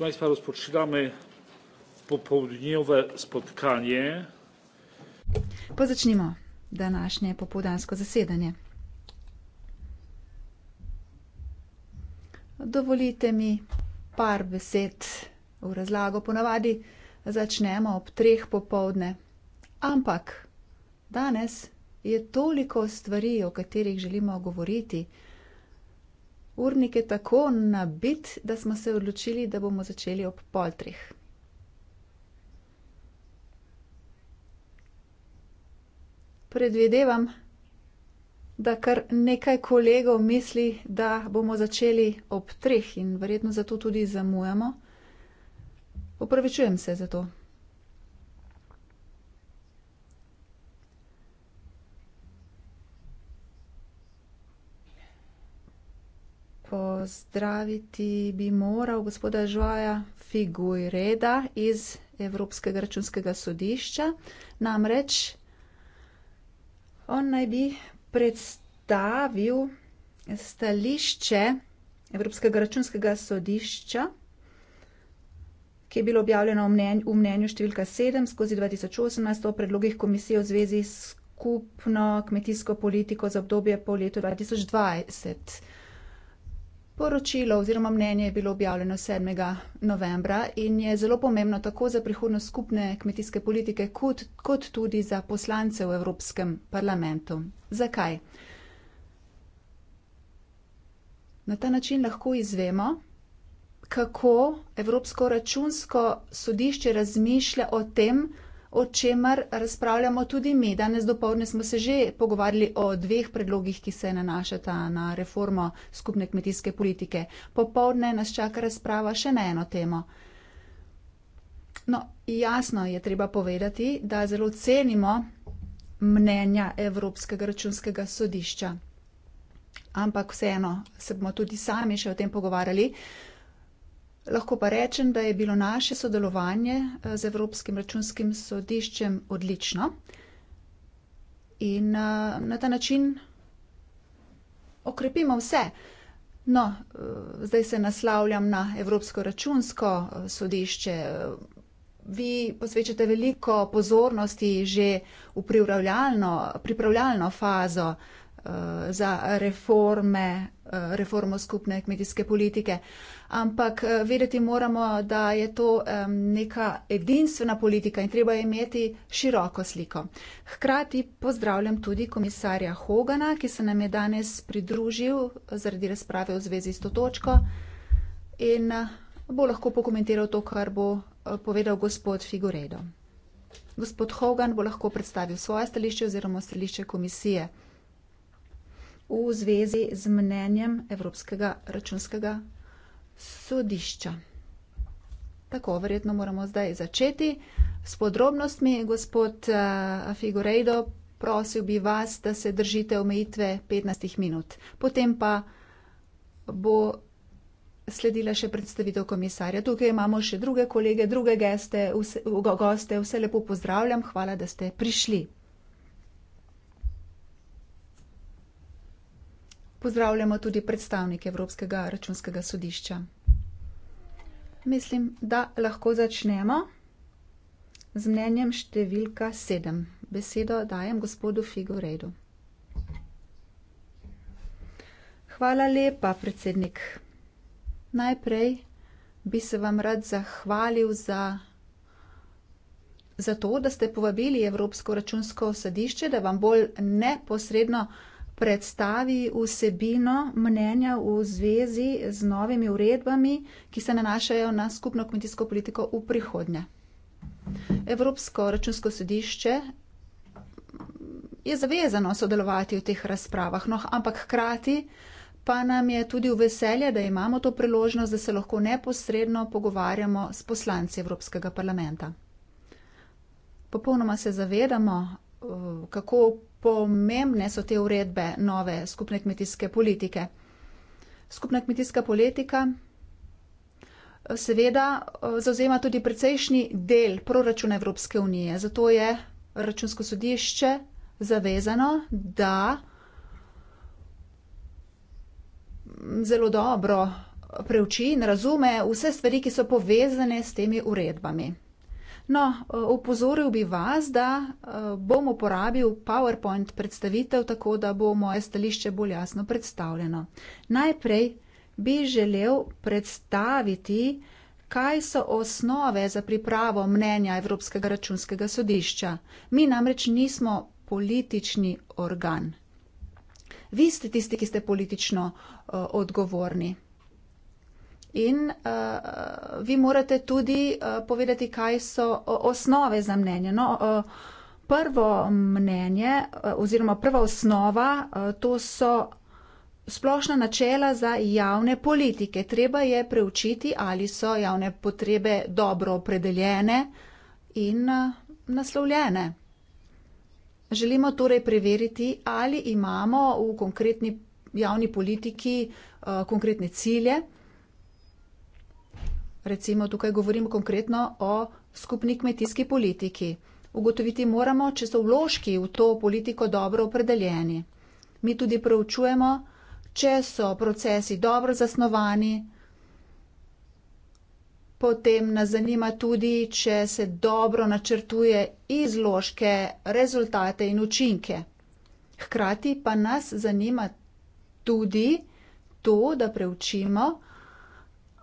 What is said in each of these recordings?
państwa, rozpoczynamy popołudniowe spotkanie. Pozacznijmy današnje popołudansko zasiedanie. Dovolite mi par besed v razlago. Ponavadi začnemo ob treh popovdne. Ampak danes je toliko stvari, o katerih želimo govoriti, urnik je tako nabit, da smo se odločili, da bomo začeli ob pol treh. Predvidevam, da kar nekaj kolegov misli, da bomo začeli ob treh in verjetno zato tudi zamujamo. Opravičujem se za to. pozdraviti bi moral gospoda Žoja Figujreda iz Evropskega računskega sodišča. Namreč on naj bi predstavil stališče Evropskega računskega sodišča, ki je bilo objavljeno v mnenju številka 7 skozi 2018 o predlogih komisije v zvezi s skupno kmetijsko politiko za obdobje po letu 2020. Poročilo oziroma mnenje je bilo objavljeno 7. novembra in je zelo pomembno tako za prihodnost skupne kmetijske politike kot, kot tudi za poslance v Evropskem parlamentu. Zakaj? Na ta način lahko izvemo, kako Evropsko računsko sodišče razmišlja o tem, o čemer razpravljamo tudi mi. Danes dopoledne smo se že pogovarjali o dveh predlogih, ki se nanašata na reformo skupne kmetijske politike. Popovdne nas čaka razprava še na eno temo. No, jasno je treba povedati, da zelo cenimo mnenja Evropskega računskega sodišča. Ampak vseeno se bomo tudi sami še o tem pogovarjali. Lahko pa rečem, da je bilo naše sodelovanje eh, z Evropskim računskim sodiščem odlično. In eh, na ta način okrepimo vse. No, eh, zdaj se naslavljam na Evropsko računsko sodišče. Vi posvečate veliko pozornosti že v pripravljalno fazo Eh, za reforme, eh, reformo skupne kmetijske politike. Ampak eh, vedeti moramo, da je to neka edinstvena politika in treba je imeti široko sliko. Hkrati pozdravljam tudi komisarja Hogana, ki se nam je danes pridružil zaradi razprave v zvezi s to točko in bo lahko pokomentiral to, kar bo povedal gospod Figuredo. Gospod Hogan bo lahko predstavil svoje stališče oziroma stališče komisije v zvezi z mnenjem Evropskega računskega sodišča. Tako, verjetno moramo zdaj začeti s podrobnostmi. Gospod eh, Figurejdo, prosil bi vas, da se držite omejitve 15 minut. Potem pa bo sledila še predstavitev komisarja. Tukaj imamo še druge kolege, druge geste, vse, goste, vse lepo pozdravljam, hvala, da ste prišli. Pozdravljamo tudi predstavnike Evropskega računskega sodišča. Mislim, da lahko začnemo z mnenjem številka sedem. Besedo dajem gospodu Figuredu. Hvala lepa, predsednik. Najprej bi se vam rad zahvalil za, za to, da ste povabili Evropsko računsko sodišče, da vam bolj neposredno predstavi vsebino mnenja v zvezi z novimi uredbami, ki se nanašajo na skupno kmetijsko politiko v prihodnje. Evropsko računsko sodišče je zavezano sodelovati v teh razpravah, no, ampak hkrati pa nam je tudi v veselje, da imamo to priložnost, da se lahko neposredno pogovarjamo s poslanci Evropskega parlamenta. Popolnoma se zavedamo, Eh, kako pomembne so te uredbe nove skupne kmetijske politike. Skupna kmetijska politika eh, seveda eh, zauzema tudi precejšnji del proračuna Evropske unije, zato je računsko sodišče zavezano, da mm, zelo dobro preuči in razume vse stvari, ki so povezane s temi uredbami. No, opozoril bi vas, da eh, bom uporabil PowerPoint predstavitev, tako da bo moje stališče bolj jasno predstavljeno. Najprej bi želel predstaviti, kaj so osnove za pripravo mnenja Evropskega računskega sodišča. Mi namreč nismo politični organ. Vi ste tisti, ki ste politično eh, odgovorni. In uh, vi morate tudi uh, povedati, kaj so osnove za mnenje. No, uh, prvo mnenje uh, oziroma prva osnova, uh, to so splošna načela za javne politike. Treba je preučiti, ali so javne potrebe dobro opredeljene in uh, naslovljene. Želimo torej preveriti, ali imamo v konkretni javni politiki uh, konkretne cilje recimo tukaj govorim konkretno o skupni kmetijski politiki. Ugotoviti moramo, če so vložki v to politiko dobro opredeljeni. Mi tudi preučujemo, če so procesi dobro zasnovani. Potem nas zanima tudi, če se dobro načrtuje izložke, rezultate in učinke. Hkrati pa nas zanima tudi to, da preučimo,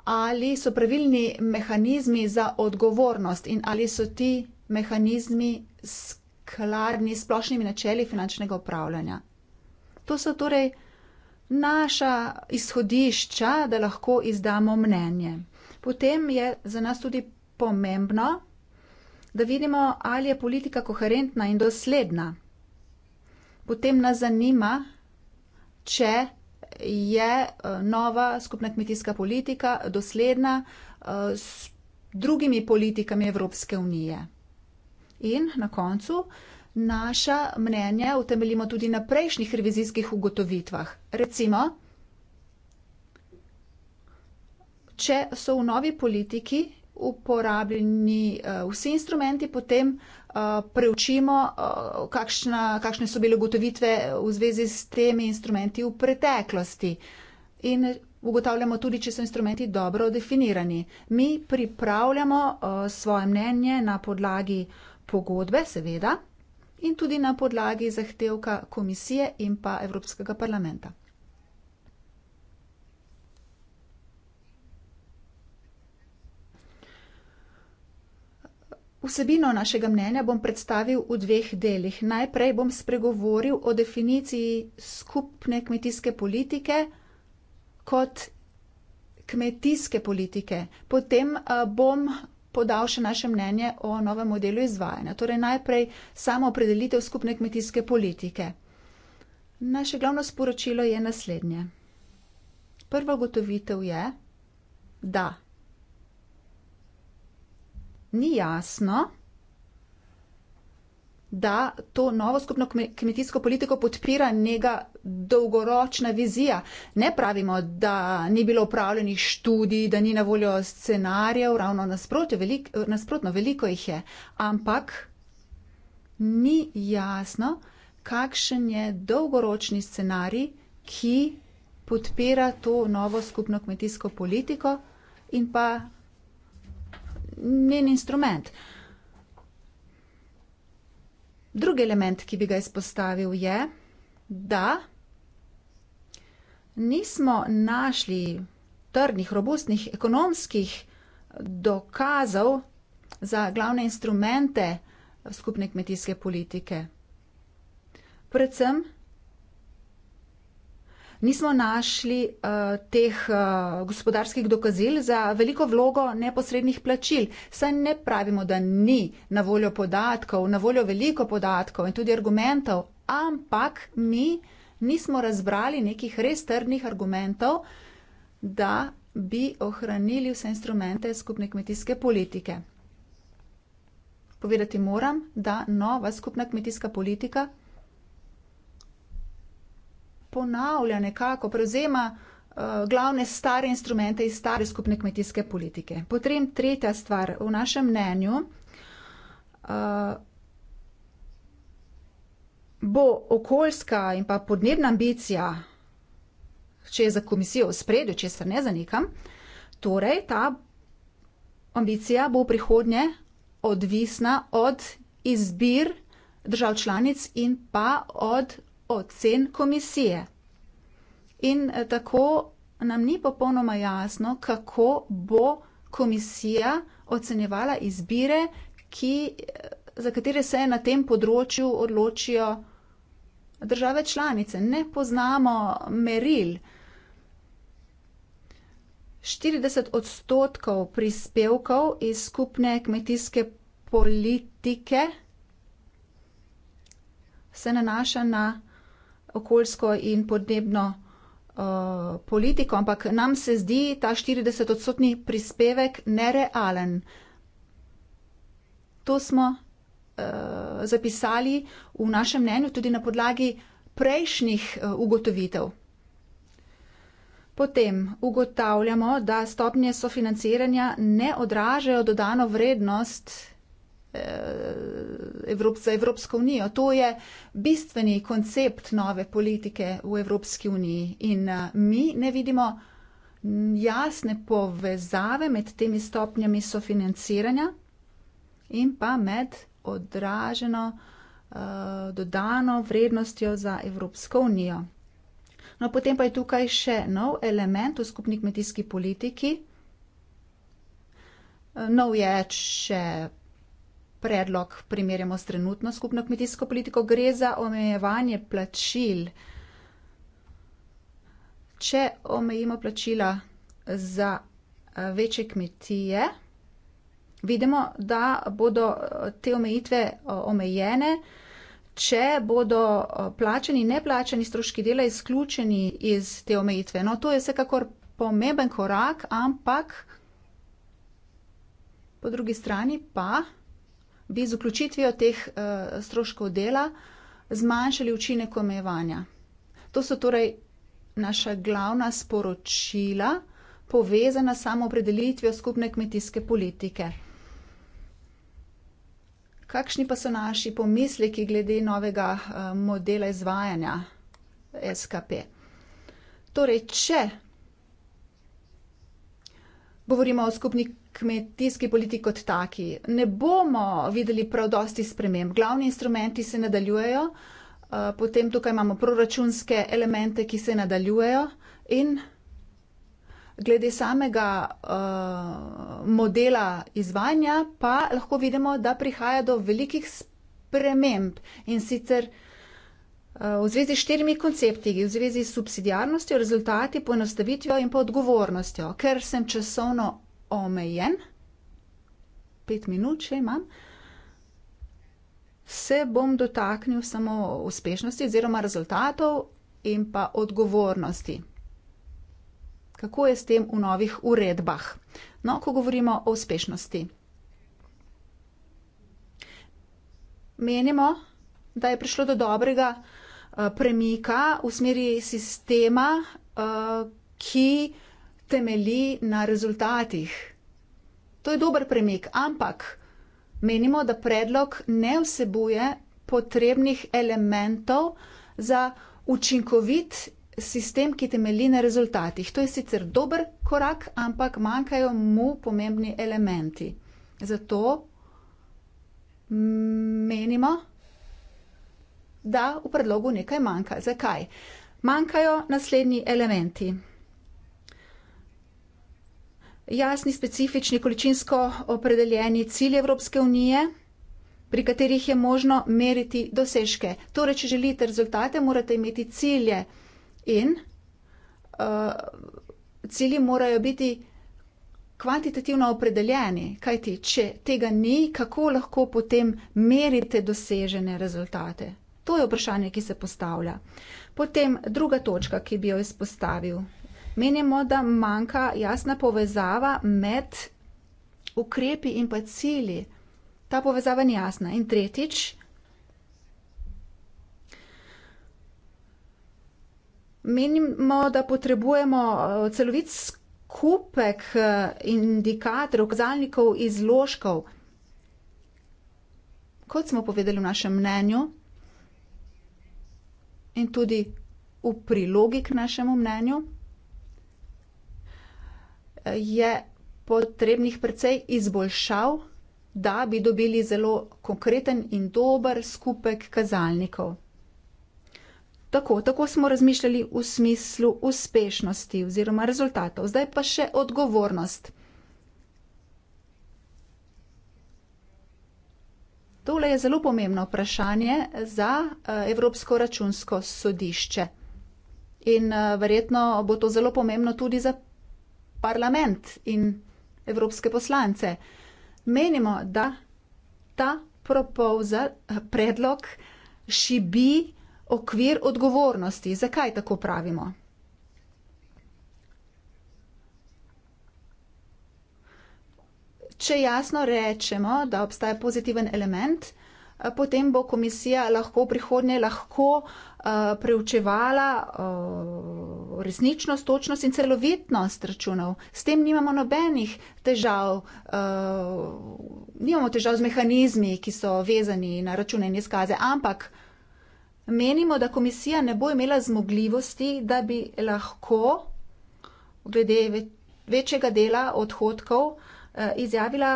ali so pravilni mehanizmi za odgovornost in ali so ti mehanizmi skladni s splošnimi načeli finančnega upravljanja. To so torej naša izhodišča, da lahko izdamo mnenje. Potem je za nas tudi pomembno, da vidimo, ali je politika koherentna in dosledna. Potem nas zanima, če je eh, nova skupna kmetijska politika dosledna eh, s drugimi politikami Evropske unije. In na koncu naša mnenja utemeljimo tudi na prejšnjih revizijskih ugotovitvah. Recimo, če so v novi politiki uporabljeni eh, vsi instrumenti, potem Eh, preučimo, eh, kakšna, kakšne so bile ugotovitve v zvezi s temi instrumenti v preteklosti. In ugotavljamo tudi, če so instrumenti dobro definirani. Mi pripravljamo eh, svoje mnenje na podlagi pogodbe, seveda, in tudi na podlagi zahtevka komisije in pa Evropskega parlamenta. Vsebino našega mnenja bom predstavil v dveh delih. Najprej bom spregovoril o definiciji skupne kmetijske politike kot kmetijske politike. Potem eh, bom podal še naše mnenje o novem modelu izvajanja. Torej najprej samo opredelitev skupne kmetijske politike. Naše glavno sporočilo je naslednje. Prva gotovitev je, da ni jasno, da to novo skupno kmetijsko politiko podpira nega dolgoročna vizija. Ne pravimo, da ni bilo upravljenih študij, da ni na voljo scenarijev, ravno nasprotno, veliko, nasprotno, veliko jih je, ampak ni jasno, kakšen je dolgoročni scenarij, ki podpira to novo skupno kmetijsko politiko in pa njen instrument. Drugi element, ki bi ga izpostavil, je, da nismo našli trdnih, robustnih ekonomskih dokazov za glavne instrumente skupne kmetijske politike. Predvsem nismo našli uh, teh uh, gospodarskih dokazil za veliko vlogo neposrednih plačil. Saj ne pravimo, da ni na voljo podatkov, na voljo veliko podatkov in tudi argumentov, ampak mi nismo razbrali nekih res trdnih argumentov, da bi ohranili vse instrumente skupne kmetijske politike. Povedati moram, da nova skupna kmetijska politika ponavlja nekako, prevzema eh, glavne stare instrumente iz stare skupne kmetijske politike. Potem tretja stvar, v našem mnenju eh, bo okoljska in pa podnebna ambicija, če je za komisijo v spredju, če se ne zanikam, torej ta ambicija bo v prihodnje odvisna od izbir držav članic in pa od ocen komisije. In eh, tako nam ni popolnoma jasno, kako bo komisija ocenjevala izbire, ki, eh, za katere se na tem področju odločijo države članice. Ne poznamo meril. 40 odstotkov prispevkov iz skupne kmetijske politike se nanaša na okoljsko in podnebno uh, politiko, ampak nam se zdi ta 40-odstotni prispevek nerealen. To smo uh, zapisali v našem mnenju tudi na podlagi prejšnjih uh, ugotovitev. Potem ugotavljamo, da stopnje sofinanciranja ne odražajo dodano vrednost Eh, Evrop, za Evropsko unijo. To je bistveni koncept nove politike v Evropski uniji in eh, mi ne vidimo jasne povezave med temi stopnjami sofinanciranja in pa med odraženo eh, dodano vrednostjo za Evropsko unijo. No, potem pa je tukaj še nov element v skupni kmetijski politiki. Nov je še predlog primerjamo s trenutno skupno kmetijsko politiko, gre za omejevanje plačil. Če omejimo plačila za eh, večje kmetije, vidimo, da bodo eh, te omejitve eh, omejene, če bodo plačeni in neplačeni stroški dela izključeni iz te omejitve. No, to je vsekakor pomemben korak, ampak po drugi strani pa bi z vključitvijo teh eh, stroškov dela zmanjšali učinek omejevanja. To so torej naša glavna sporočila, povezana s samo opredelitvijo skupne kmetijske politike. Kakšni pa so naši pomisleki glede novega eh, modela izvajanja SKP? Torej, če govorimo o skupni kmetijski politik kot taki, ne bomo videli prav dosti sprememb. Glavni instrumenti se nadaljujejo, eh, potem tukaj imamo proračunske elemente, ki se nadaljujejo in glede samega eh, modela izvanja pa lahko vidimo, da prihaja do velikih sprememb in sicer eh, V zvezi s štirimi koncepti, v zvezi s subsidijarnostjo, rezultati, poenostavitvijo in pa odgovornostjo, ker sem časovno omejen, pet minut še imam, se bom dotaknil samo uspešnosti oziroma rezultatov in pa odgovornosti. Kako je s tem v novih uredbah? No, ko govorimo o uspešnosti. Menimo, da je prišlo do dobrega eh, premika v smeri sistema, eh, ki temelji na rezultatih. To je dober premik, ampak menimo, da predlog ne vsebuje potrebnih elementov za učinkovit sistem, ki temelji na rezultatih. To je sicer dober korak, ampak manjkajo mu pomembni elementi. Zato menimo, da v predlogu nekaj manjka. Zakaj? Manjkajo naslednji elementi jasni, specifični, količinsko opredeljeni cilji Evropske unije, pri katerih je možno meriti dosežke. Torej, če želite rezultate, morate imeti cilje in uh, cilji morajo biti kvantitativno opredeljeni, kajti če tega ni, kako lahko potem merite dosežene rezultate? To je vprašanje, ki se postavlja. Potem druga točka, ki bi jo izpostavil. Menimo, da manjka jasna povezava med ukrepi in pa cilji. Ta povezava ni jasna. In tretjič. Menimo, da potrebujemo eh, celovit skupek eh, indikatorjev, kazalnikov, izložkov. Kot smo povedali v našem mnenju in tudi v prilogi k našemu mnenju je potrebnih precej izboljšav, da bi dobili zelo konkreten in dober skupek kazalnikov. Tako, tako smo razmišljali v smislu uspešnosti oziroma rezultatov. Zdaj pa še odgovornost. Tole je zelo pomembno vprašanje za eh, Evropsko računsko sodišče. In eh, verjetno bo to zelo pomembno tudi za parlament in evropske poslance. Menimo, da ta propoza, eh, predlog šibi okvir odgovornosti. Zakaj tako pravimo? Če jasno rečemo, da obstaja pozitiven element, Eh, potem bo komisija lahko v prihodnje lahko eh, preučevala eh, resničnost, točnost in celovitnost računov. S tem nimamo nobenih težav, nimamo težav z mehanizmi, ki so vezani na račune in izkaze, ampak menimo, da komisija ne bo imela zmogljivosti, da bi lahko glede večjega dela odhodkov izjavila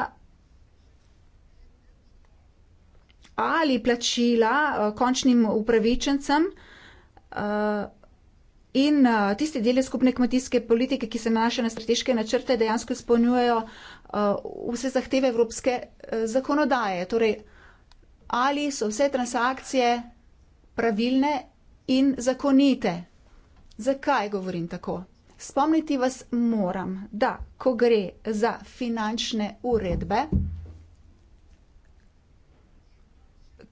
ali plačila eh, končnim upravičencem eh, in eh, tiste dele skupne kmetijske politike, ki se nanašajo na strateške načrte, dejansko izpolnjujejo vse zahteve evropske zakonodaje. Torej, ali so vse transakcije pravilne in zakonite. Zakaj govorim tako? Spomniti vas moram, da ko gre za finančne uredbe,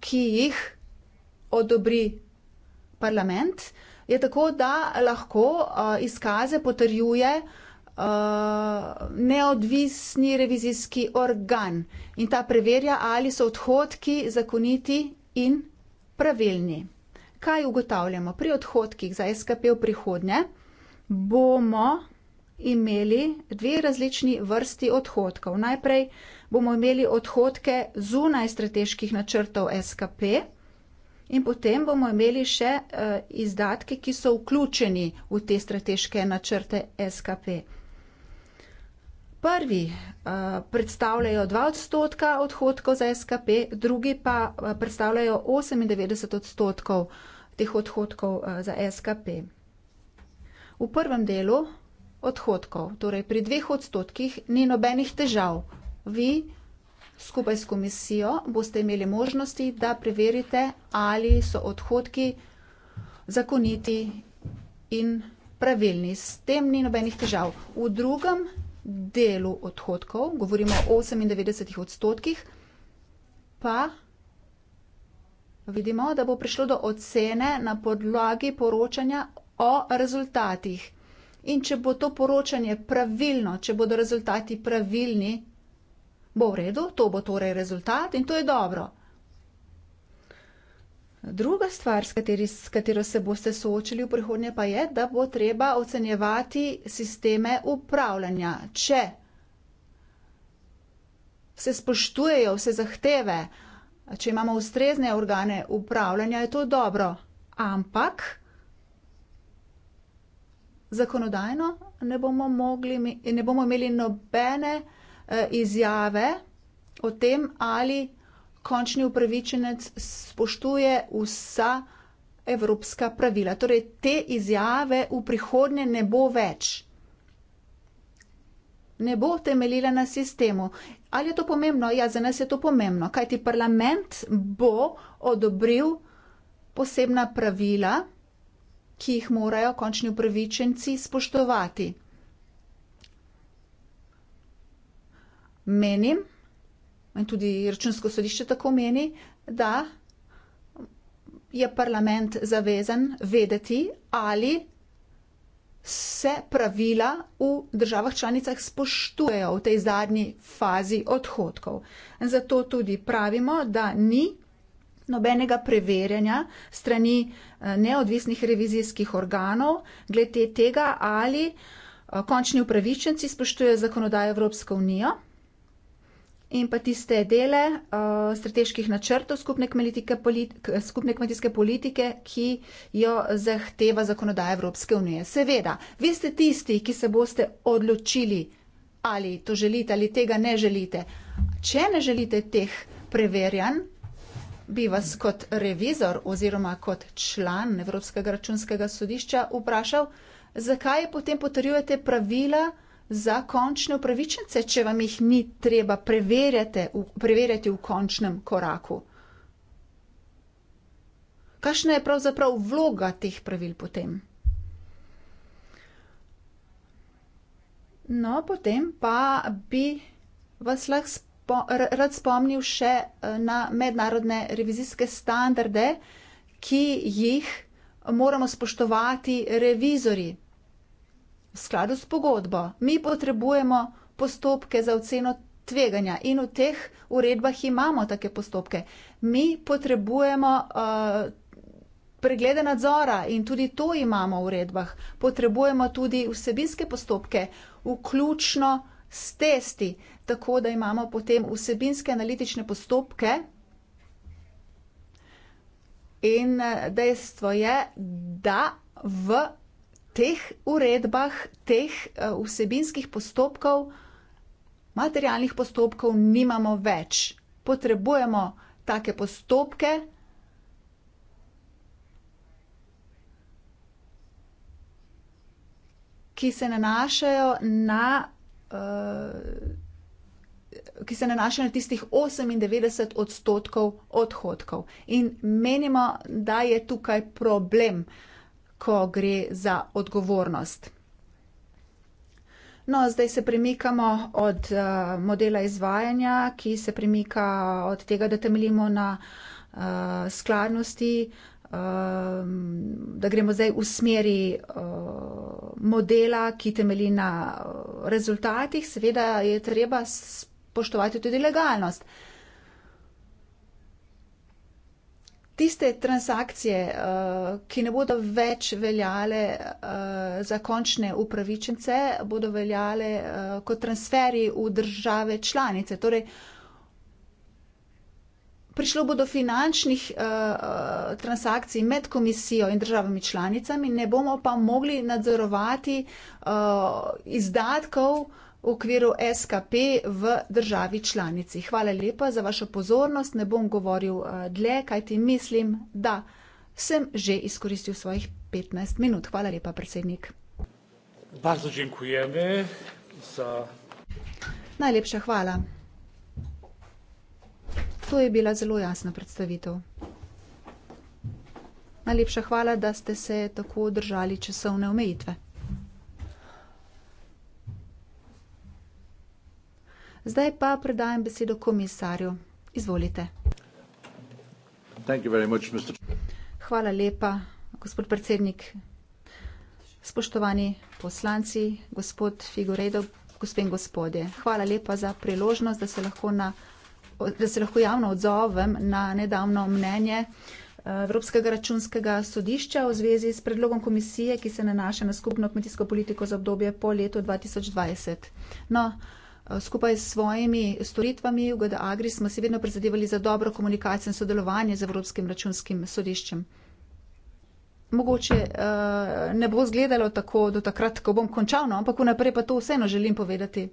ki jih odobri parlament, je tako, da lahko izkaze potrjuje neodvisni revizijski organ in ta preverja, ali so odhodki zakoniti in pravilni. Kaj ugotavljamo? Pri odhodkih za SKP v prihodnje bomo imeli dve različni vrsti odhodkov. Najprej bomo imeli odhodke zunaj strateških načrtov SKP in potem bomo imeli še eh, izdatke, ki so vključeni v te strateške načrte SKP. Prvi eh, predstavljajo 2 odstotka odhodkov za SKP, drugi pa eh, predstavljajo 98 odstotkov teh odhodkov za SKP. V prvem delu odhodkov, torej pri dveh odstotkih, ni nobenih težav vi skupaj s komisijo boste imeli možnosti, da preverite, ali so odhodki zakoniti in pravilni. S tem ni nobenih težav. V drugem delu odhodkov, govorimo o 98 odstotkih, pa vidimo, da bo prišlo do ocene na podlagi poročanja o rezultatih. In če bo to poročanje pravilno, če bodo rezultati pravilni, bo v redu, to bo torej rezultat in to je dobro. Druga stvar, s, kateri, s katero se boste soočili v prihodnje, pa je, da bo treba ocenjevati sisteme upravljanja. Če se spoštujejo vse zahteve, če imamo ustrezne organe upravljanja, je to dobro. Ampak zakonodajno ne bomo, mogli, ne bomo imeli nobene. Eh, izjave o tem, ali končni upravičenec spoštuje vsa evropska pravila. Torej, te izjave v prihodnje ne bo več. Ne bo temeljila na sistemu. Ali je to pomembno? Ja, za nas je to pomembno, kajti parlament bo odobril posebna pravila, ki jih morajo končni upravičenci spoštovati. menim, in tudi računsko sodišče tako meni, da je parlament zavezan vedeti, ali se pravila v državah članicah spoštujejo v tej zadnji fazi odhodkov. Zato tudi pravimo, da ni nobenega preverjanja strani eh, neodvisnih revizijskih organov glede tega, ali eh, končni upravičenci spoštujejo zakonodajo Evropske unije in pa tiste dele uh, strateških načrtov skupne, skupne kmetijske politike, ki jo zahteva zakonodaja Evropske unije. Seveda, vi ste tisti, ki se boste odločili, ali to želite ali tega ne želite. Če ne želite teh preverjanj, bi vas kot revizor oziroma kot član Evropskega računskega sodišča vprašal, zakaj potem potrjujete pravila, za končne upravičence, če vam jih ni treba preverjati, preverjati v končnem koraku? Kakšna je pravzaprav vloga teh pravil potem? No, potem pa bi vas lahko spo, rad spomnil še eh, na mednarodne revizijske standarde, ki jih moramo spoštovati revizori v skladu s pogodbo. Mi potrebujemo postopke za oceno tveganja in v teh uredbah imamo take postopke. Mi potrebujemo uh, preglede nadzora in tudi to imamo v uredbah. Potrebujemo tudi vsebinske postopke, vključno s testi, tako da imamo potem vsebinske analitične postopke. In eh, dejstvo je, da v teh uredbah, teh eh, vsebinskih postopkov, materialnih postopkov nimamo več. Potrebujemo take postopke, ki se nanašajo na. Uh, Ki se nanaša na tistih 98 odstotkov odhodkov. In menimo, da je tukaj problem. Uh, ko gre za odgovornost. No, zdaj se premikamo od eh, modela izvajanja, ki se premika od tega, da temeljimo na uh, skladnosti, uh, da gremo zdaj v smeri uh, modela, ki temelji na rezultatih. Seveda je treba spoštovati tudi legalnost. Uh, tiste transakcije, eh, ki ne bodo več veljale eh, za končne upravičence, bodo veljale eh, kot transferi v države članice. Torej, prišlo bo do finančnih transakcij med komisijo in državami članicami, ne bomo pa mogli nadzorovati izdatkov, v okviru SKP v državi članici. Hvala lepa za vašo pozornost, ne bom govoril eh, dlje, kajti mislim, da sem že izkoristil svojih 15 minut. Hvala lepa, predsednik. Bardzo dziękujemy za. Najlepša hvala. To je bila zelo jasna predstavitev. Najlepša hvala, da ste se tako držali časovne omejitve. Zdaj pa predajam besedo komisarju. Izvolite. Hvala lepa, gospod predsednik. Spoštovani poslanci, gospod Figuredo, gospe in gospodje. Hvala lepa za priložnost, da se lahko, na, da se lahko javno odzovem na nedavno mnenje eh, Evropskega računskega sodišča v zvezi s predlogom komisije, ki se nanaša na skupno kmetijsko politiko za obdobje po letu 2020. No, Eh, skupaj s svojimi storitvami v GDA Agri smo se vedno prizadevali za dobro komunikacijo in sodelovanje z Evropskim računskim sodiščem. Mogoče eh, ne bo zgledalo tako do takrat, ko bom končal, no, ampak vnaprej pa to vseeno želim povedati.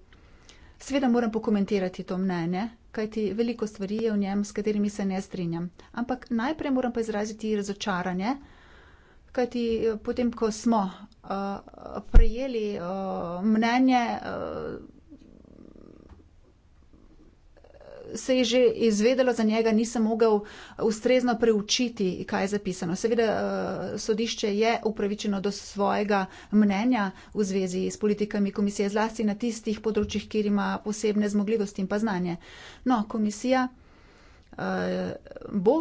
Sveda moram pokomentirati to mnenje, kajti veliko stvari je v njem, s katerimi se ne strinjam. Ampak najprej moram pa izraziti razočaranje, kajti eh, potem, ko smo uh, prejeli uh, mnenje. Uh, se je že izvedelo za njega, nisem mogel ustrezno preučiti, kaj je zapisano. Seveda eh, sodišče je upravičeno do svojega mnenja v zvezi s politikami komisije, zlasti na tistih področjih, kjer ima posebne zmogljivosti in pa znanje. No, komisija eh, bo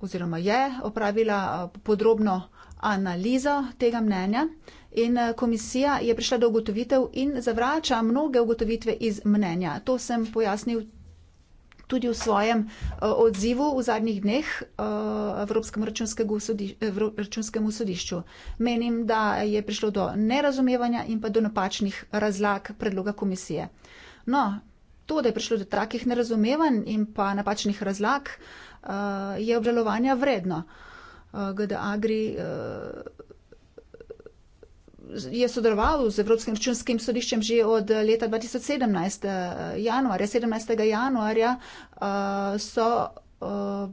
oziroma je opravila eh, podrobno analizo tega mnenja. In komisija je prišla do ugotovitev in zavrača mnoge ugotovitve iz mnenja. To sem pojasnil tudi v svojem eh, odzivu v zadnjih dneh eh, Evropskemu računskemu sodišču. Menim, da je prišlo do nerazumevanja in pa do napačnih razlag predloga komisije. No, to, da je prišlo do takih nerazumevanj in pa napačnih razlag, eh, je obdelovanja vredno. GDA Agri je sodeloval z Evropskim računskim sodiščem že od eh, leta 2017. Eh, januarja, 17. januarja eh, so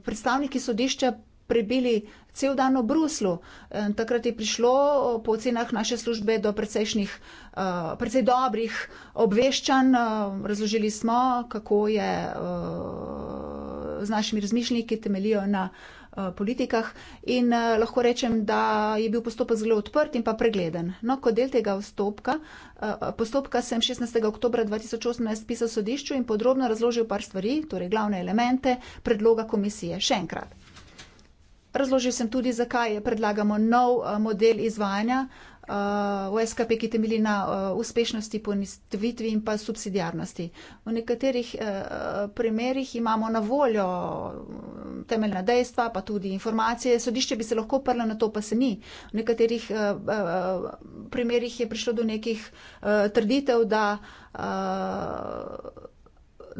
predstavniki sodišča prebili cel dan v Bruslu. Takrat je prišlo po ocenah naše službe do precejšnjih, precej dobrih obveščanj. Razložili smo, kako je z našimi razmišljniki temelijo na Eh, politikah in eh, lahko rečem, da je bil postopek zelo odprt in pa pregleden. No, kot del tega vstopka, eh, postopka sem 16. oktober 2018 pisal sodišču in podrobno razložil par stvari, torej glavne elemente predloga komisije. Še enkrat. Razložil sem tudi, zakaj predlagamo nov model izvajanja Eh, v SKP, ki temelji na eh, uspešnosti, ponistvitvi in pa subsidijarnosti. V nekaterih eh, primerjih imamo na voljo mm, temeljna dejstva, pa tudi informacije. Sodišče bi se lahko prlo na to, pa se ni. V nekaterih primerjih je prišlo do nekih trditev, da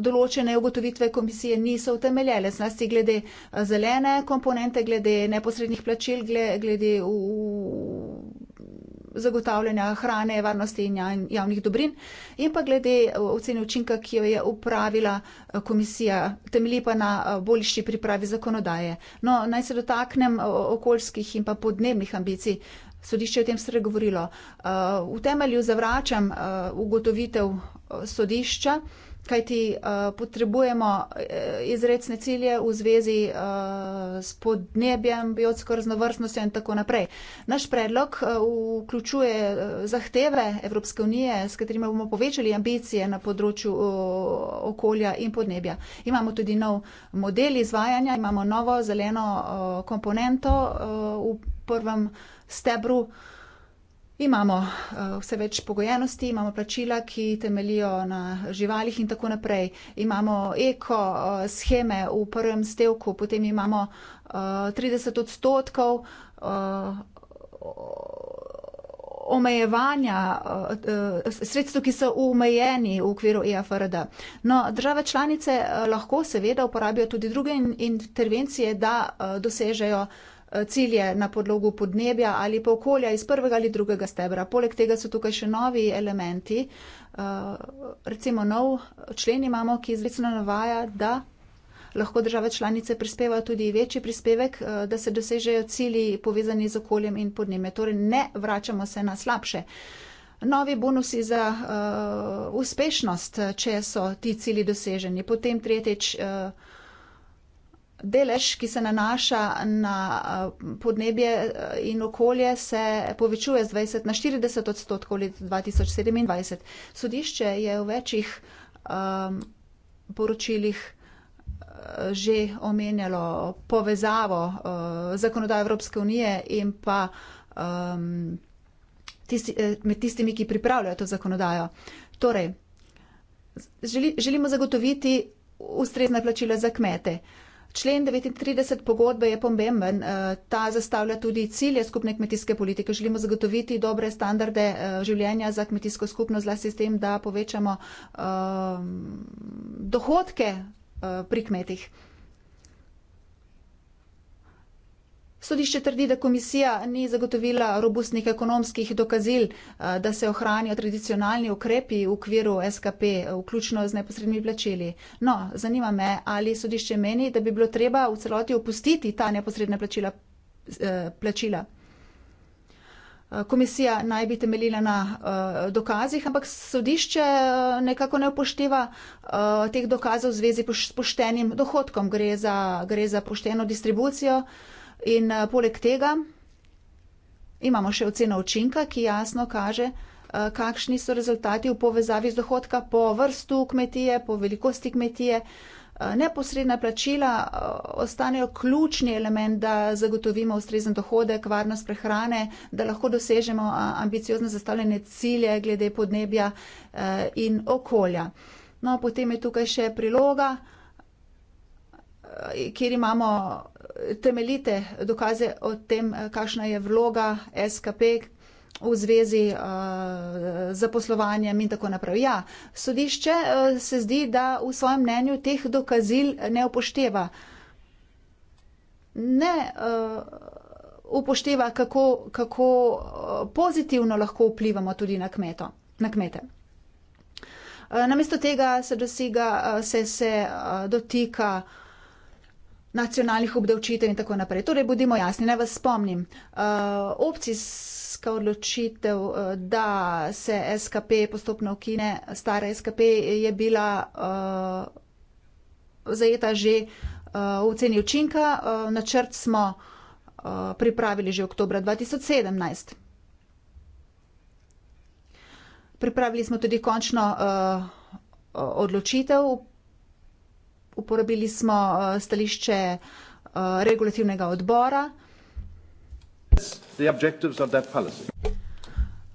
določene ugotovitve komisije niso utemeljele, znasti glede zelene komponente, glede neposrednih plačil, glede v zagotavljanja hrane, varnosti in javnih dobrin, in pa glede eh, ocene učinka, ki jo je upravila eh, komisija, temelji pa na eh, boljši pripravi zakonodaje. No, naj se dotaknem okoljskih in pa podnebnih ambicij. Sodišče je o tem spregovorilo. V temelju zavračam ugotovitev sodišča kajti uh, potrebujemo eh, izredne cilje v zvezi uh, s podnebjem, biotsko raznovrstnostjo in tako naprej. Naš predlog uh, vključuje zahteve Evropske unije, s katerimi bomo povečali ambicije na področju uh, okolja in podnebja. Imamo tudi nov model izvajanja, imamo novo zeleno uh, komponento uh, v prvem stebru. Uh, Imamo uh, vse več pogojenosti, imamo plačila, ki temelijo na živalih in tako naprej. Imamo eko uh, eh, scheme v prvem stevku, potem imamo uh, eh, 30 odstotkov. Uh, omejevanja sredstev, ki so omejeni v okviru EFRD. No, države članice lahko seveda uporabijo tudi druge intervencije, da dosežejo Eh, cilje na podlogu podnebja ali pa okolja iz prvega ali drugega stebra. Poleg tega so tukaj še novi elementi. Eh, recimo nov člen imamo, ki izrecno navaja, da lahko države članice prispevajo tudi večji prispevek, eh, da se dosežejo cilji povezani z okoljem in podnebjem. Torej ne vračamo se na slabše. Novi bonusi za uh, uspešnost, če so ti cilji doseženi. Potem tretjič. Uh, Delež, ki se nanaša na eh, podnebje eh, in okolje, se povečuje z 20 na 40 odstotkov leta 2027. Sodišče je v večjih um, poročilih eh, že omenjalo povezavo uh, zakonodaje Evropske unije in pa um, tisti, med tistimi, ki pripravljajo to zakonodajo. Torej, želi, želimo zagotoviti ustrezna plačila za kmete. Uh, Člen 39 pogodbe je pomemben. Eh, ta zastavlja tudi cilje skupne kmetijske politike. Želimo zagotoviti dobre standarde eh, življenja za kmetijsko skupnost, zlasti s tem, da povečamo eh, dohodke pri kmetih. Sodišče trdi, da komisija ni zagotovila robustnih ekonomskih dokazil, da se ohranijo tradicionalni ukrepi v okviru SKP, vključno z neposrednimi plačili. No, zanima me, ali sodišče meni, da bi bilo treba v celoti opustiti ta neposredna plačila. E, plačila. Komisija naj bi temeljila na uh, dokazih, ampak sodišče uh, nekako ne upošteva uh, teh dokazov v zvezi s poš, poštenim dohodkom. Gre za, gre za pošteno distribucijo. Uh, In eh, poleg tega imamo še oceno učinka, ki jasno kaže, eh, kakšni so rezultati v povezavi z dohodka po vrstu kmetije, po velikosti kmetije. Eh, neposredna plačila ostanejo ključni element, da zagotovimo ustrezen dohodek, varnost prehrane, da lahko dosežemo ambiciozno zastavljene cilje glede podnebja in okolja. No, potem je tukaj še priloga, kjer imamo temeljite dokaze o tem, kakšna je vloga SKP v zvezi eh, z zaposlovanjem in tako naprej. Ja, sodišče eh, se zdi, da v svojem mnenju teh dokazil ne upošteva. Ne eh, upošteva, kako, kako pozitivno lahko vplivamo tudi na, kmeto, na kmete. Namesto tega se, dosiga, se, se dotika nacionalnih obdavčitev in tako naprej. Torej, bodimo jasni, naj vas spomnim. Uh, opcijska odločitev, uh, da se SKP postopno ukine, stara SKP je bila uh, zajeta že uh, v ceni učinka. Uh, načrt smo uh, pripravili že oktobra 2017. Pripravili smo tudi končno uh, odločitev, uporabili smo eh, stališče eh, regulativnega odbora. The objectives of that policy.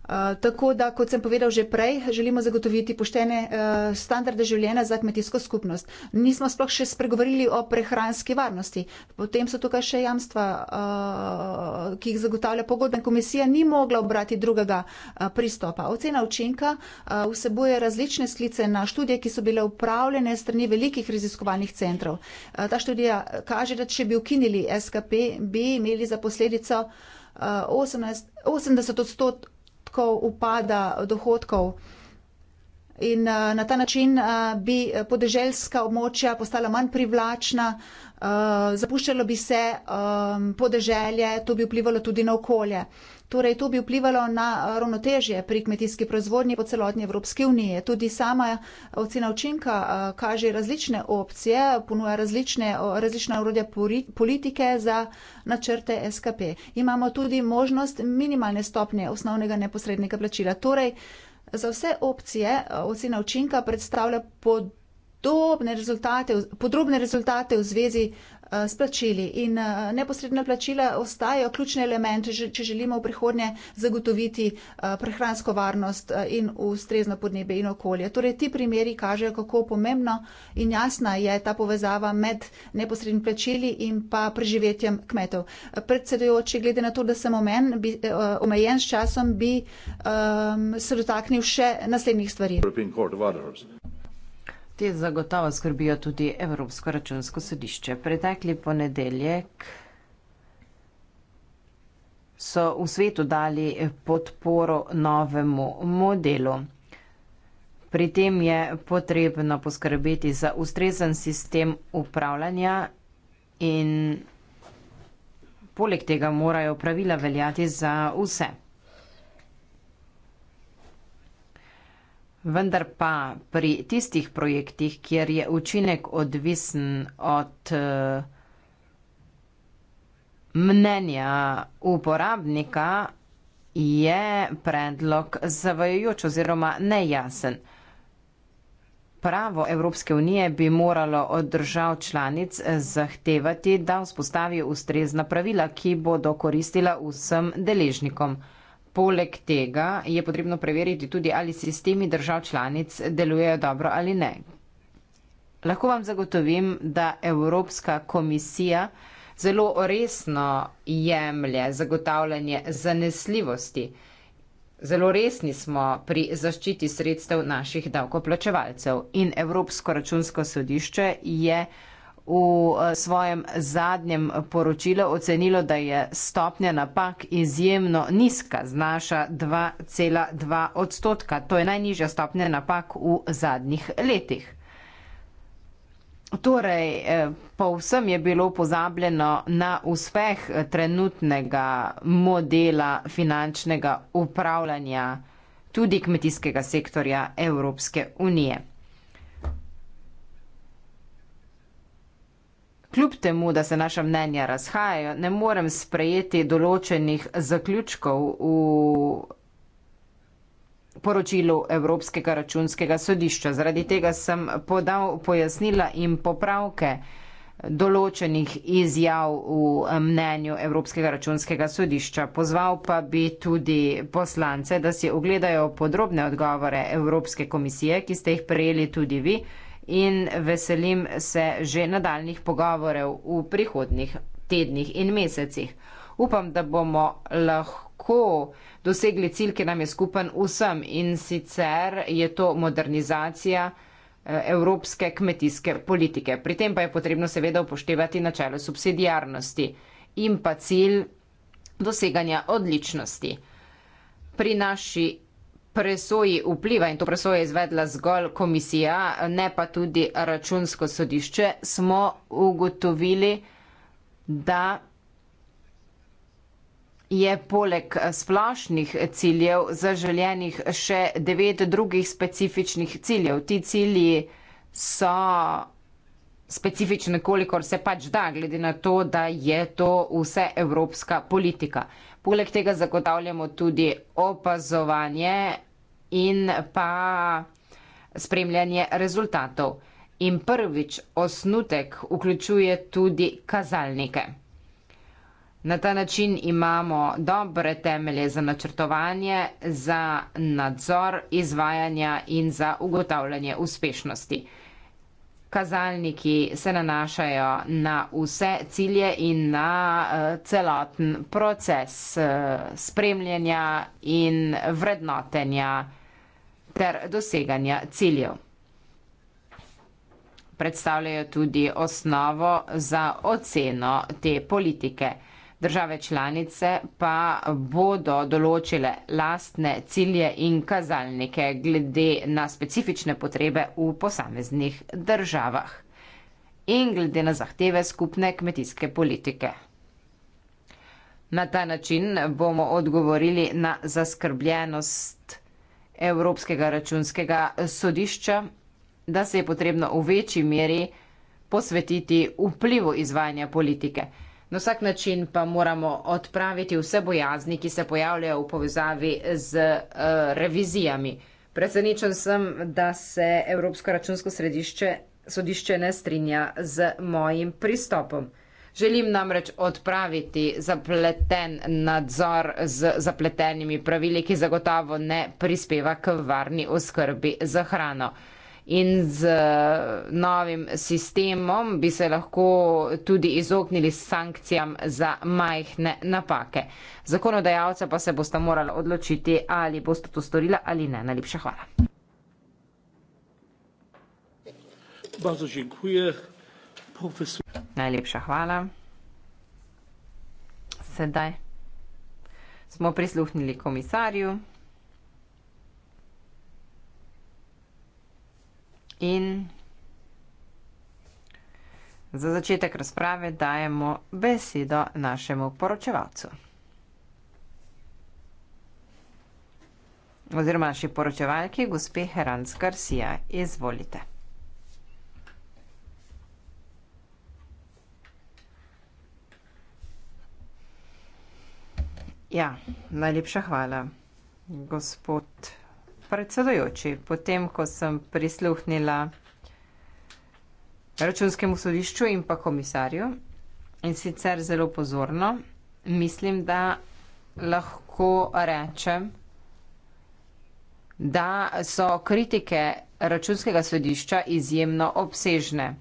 Eh, tako da, kot sem povedal že prej, želimo zagotoviti poštene uh, standarde življenja za kmetijsko skupnost. Nismo sploh še spregovorili o prehranski varnosti. Potem so tukaj še jamstva, uh, ki jih zagotavlja pogodna komisija, ni mogla obrati drugega uh, pristopa. Ocena učinka uh, vsebuje različne sklice na študije, ki so bile upravljene strani velikih raziskovalnih centrov. Uh, ta študija kaže, da če bi ukinili SKP, bi imeli za posledico uh, 18, 80 odstotkov odhodkov, upada dohodkov. In eh, na ta način eh, bi podeželska območja postala manj privlačna, eh, zapuščalo bi se podeželje, to bi vplivalo tudi na okolje. Torej, to bi vplivalo na ravnotežje pri kmetijski proizvodnji po celotni Evropski uniji. Tudi sama eh, ocena učinka eh, kaže različne opcije, ponuja različne, različne urodja politike za načrte SKP. Imamo tudi možnost minimalne stopnje osnovnega neposrednega plačila. Torej, za vse opcije eh, ocena učinka predstavlja pod. Rezultate, podrobne rezultate v zvezi Eh, s plačili. In eh, neposredna plačila ostajajo ključni element, če želimo v prihodnje zagotoviti eh, prehransko varnost in ustrezno podnebje in okolje. Torej, ti primeri kažejo, kako pomembno in jasna je ta povezava med neposrednim plačili in pa preživetjem kmetov. Predsedujoči, glede na to, da sem omen, bi, omejen s časom, bi um, se dotaknil še naslednjih stvari. Te zagotovo skrbijo tudi Evropsko računsko sodišče. Pretekli ponedeljek so v svetu dali podporo novemu modelu. Pri tem je potrebno poskrbeti za ustrezen sistem upravljanja in poleg tega morajo pravila veljati za vse. Vendar pa pri tistih projektih, kjer je učinek odvisen od eh, mnenja uporabnika, je predlog zavajajoč oziroma nejasen. Pravo Evropske unije bi moralo od držav članic eh, zahtevati, da vzpostavijo ustrezna pravila, ki bodo koristila vsem deležnikom. Poleg tega je potrebno preveriti tudi, ali sistemi držav članic delujejo dobro ali ne. Lahko vam zagotovim, da Evropska komisija zelo resno jemlje zagotavljanje zanesljivosti. Zelo resni smo pri zaščiti sredstev naših davkoplačevalcev in Evropsko računsko sodišče je v eh, svojem zadnjem poročilu ocenilo, da je stopnja napak izjemno nizka, znaša 2,2 odstotka. To je najnižja stopnja napak v zadnjih letih. Torej, eh, povsem je bilo pozabljeno na uspeh eh, trenutnega modela finančnega upravljanja tudi kmetijskega sektorja Evropske unije. Kljub temu, da se naša mnenja razhajajo, ne morem sprejeti določenih zaključkov v poročilu Evropskega računskega sodišča. Zaradi tega sem podal pojasnila in popravke določenih izjav v mnenju Evropskega računskega sodišča. Pozval pa bi tudi poslance, da si ogledajo podrobne odgovore Evropske komisije, ki ste jih prejeli tudi vi in veselim se že nadaljnih pogovorov v prihodnih tednih in mesecih. Upam, da bomo lahko dosegli cilj, ki nam je skupen vsem in sicer je to modernizacija eh, evropske kmetijske politike. Pri tem pa je potrebno seveda upoštevati načelo subsidijarnosti in pa cilj doseganja odličnosti. Pri naši presoji vpliva in to presojo je izvedla zgolj komisija, ne pa tudi računsko sodišče, smo ugotovili, da je poleg splošnih ciljev zaželjenih še devet drugih specifičnih ciljev. Ti cilji so specifične, kolikor se pač da, glede na to, da je to vse evropska politika. Poleg tega zagotavljamo tudi opazovanje in pa spremljanje rezultatov. In prvič osnutek vključuje tudi kazalnike. Na ta način imamo dobre temelje za načrtovanje, za nadzor izvajanja in za ugotavljanje uspešnosti. Kazalniki se nanašajo na vse cilje in na eh, celoten proces eh, spremljanja in vrednotenja ter doseganja ciljev. Predstavljajo tudi osnovo za oceno te politike. Države članice pa bodo določile lastne cilje in kazalnike glede na specifične potrebe v posameznih državah in glede na zahteve skupne kmetijske politike. Na ta način bomo odgovorili na zaskrbljenost Evropskega računskega sodišča, da se je potrebno v večji meri posvetiti vplivu izvajanja politike. Na vsak način pa moramo odpraviti vse bojazni, ki se pojavljajo v povezavi z uh, revizijami. Presenečen sem, da se Evropsko računsko sodišče ne strinja z mojim pristopom. Želim namreč odpraviti zapleten nadzor z zapletenimi pravili, ki zagotovo ne prispeva k varni oskrbi za hrano. In z eh, novim sistemom bi se lahko tudi izognili sankcijam za majhne napake. Zakonodajalca pa se boste morali odločiti, ali boste to storila ali ne. Najlepša hvala. Bardzo dziękuję. Najlepša hvala. Sedaj smo prisluhnili komisarju in za začetek razprave dajemo besedo našemu poročevalcu. Oziroma naši poročevalki, gospe Heranc Garcia, izvolite. Ja, najlepša hvala, gospod predsedojoči. Potem, ko sem prisluhnila računskemu sodišču in pa komisarju in sicer zelo pozorno, mislim, da lahko rečem, da so kritike računskega sodišča izjemno obsežne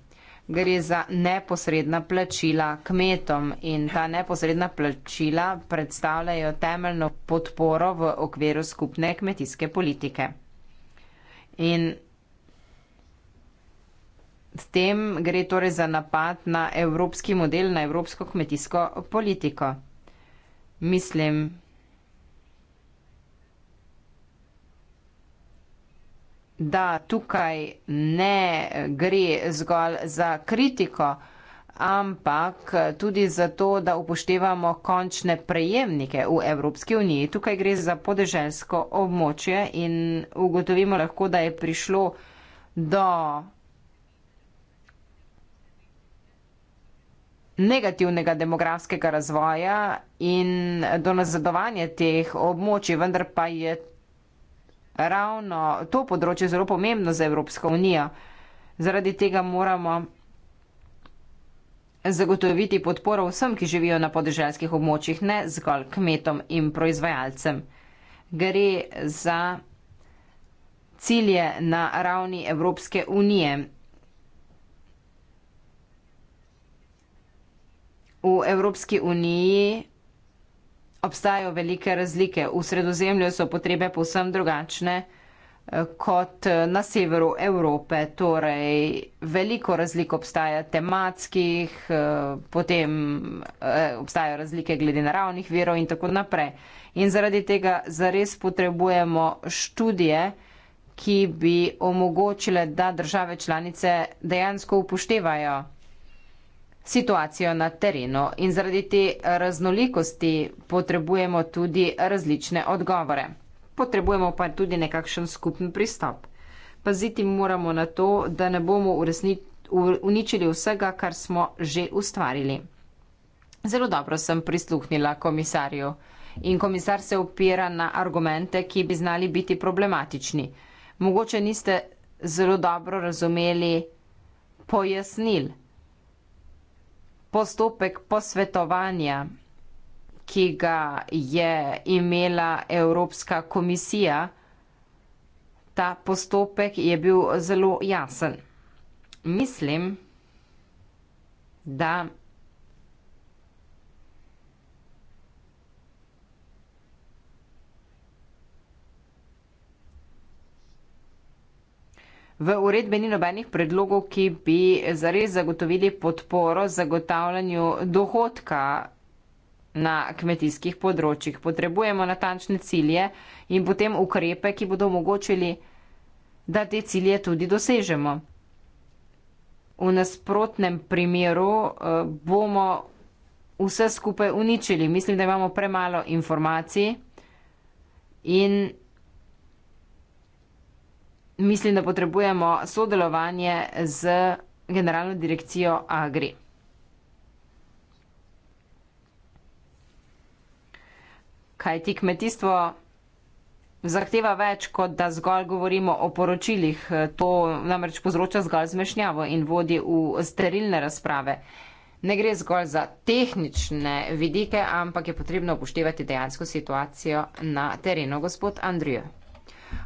gre za neposredna plačila kmetom in ta neposredna plačila predstavljajo temeljno podporo v okviru skupne kmetijske politike. In s tem gre torej za napad na evropski model, na evropsko kmetijsko politiko. Mislim, da tukaj ne gre zgolj za kritiko, ampak tudi za to, da upoštevamo končne prejemnike v Evropski uniji. Tukaj gre za podeželsko območje in ugotovimo lahko, da je prišlo do negativnega demografskega razvoja in do nazadovanja teh območij, vendar pa je ravno to področje zelo pomembno za Evropsko unijo. Zaradi tega moramo zagotoviti podporo vsem, ki živijo na podeželskih območjih, ne zgolj kmetom in proizvajalcem. Gre za cilje na ravni Evropske unije. V Evropski uniji obstajajo velike razlike. V sredozemlju so potrebe povsem drugačne eh, kot eh, na severu Evrope. Torej, veliko razlik obstaja tematskih, eh, potem obstajajo razlike glede naravnih verov in tako naprej. In zaradi tega zares potrebujemo študije, ki bi omogočile, da države članice dejansko upoštevajo situacijo na terenu in zaradi te raznolikosti potrebujemo tudi različne odgovore. Potrebujemo pa tudi nekakšen skupen pristop. Paziti moramo na to, da ne bomo uničili vsega, kar smo že ustvarili. Zelo dobro sem prisluhnila komisarju in komisar se opira na argumente, ki bi znali biti problematični. Mogoče niste zelo dobro razumeli pojasnil postopek posvetovanja, ki ga je imela Evropska komisija, ta postopek je bil zelo jasen. Mislim, da V uredbi ni nobenih predlogov, ki bi zares zagotovili podporo zagotavljanju dohodka na kmetijskih področjih. Potrebujemo natančne cilje in potem ukrepe, ki bodo omogočili, da te cilje tudi dosežemo. V nasprotnem primeru eh, bomo vse skupaj uničili. Mislim, da imamo premalo informacij in mislim, da potrebujemo sodelovanje z generalno direkcijo Agri. Kaj ti kmetijstvo zahteva več, kot da zgolj govorimo o poročilih. To namreč povzroča zgolj zmešnjavo in vodi v sterilne razprave. Ne gre zgolj za tehnične vidike, ampak je potrebno upoštevati dejansko situacijo na terenu, gospod Andrijo.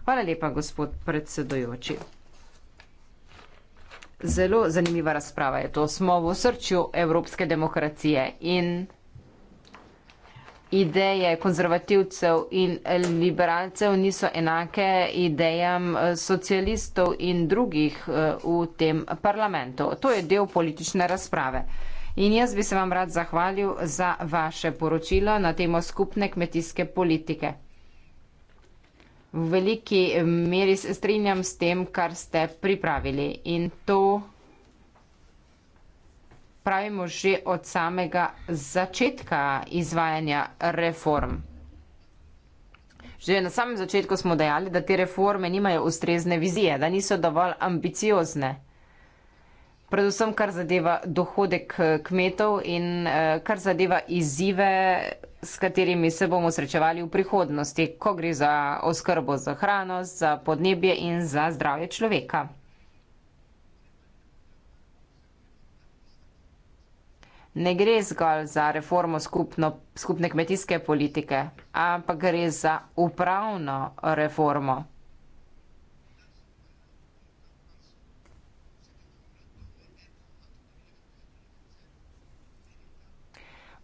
Hvala lepa, gospod predsedojoči. Zelo zanimiva razprava je to. Smo v srčju evropske demokracije in ideje konzervativcev in liberalcev niso enake idejam eh, socialistov in drugih eh, v tem parlamentu. To je del politične razprave. In jaz bi se vam rad zahvalil za vaše poročilo na temo skupne kmetijske politike v veliki meri strinjam s tem, kar ste pripravili in to pravimo že od samega začetka izvajanja reform. Že na samem začetku smo dejali, da te reforme nimajo ustrezne vizije, da niso dovolj ambiciozne predvsem kar zadeva dohodek eh, kmetov in eh, kar zadeva izzive, s katerimi se bomo srečevali v prihodnosti, ko gre za oskrbo za hrano, za podnebje in za zdravje človeka. Ne gre zgolj za reformo skupno, skupne kmetijske politike, ampak gre za upravno reformo.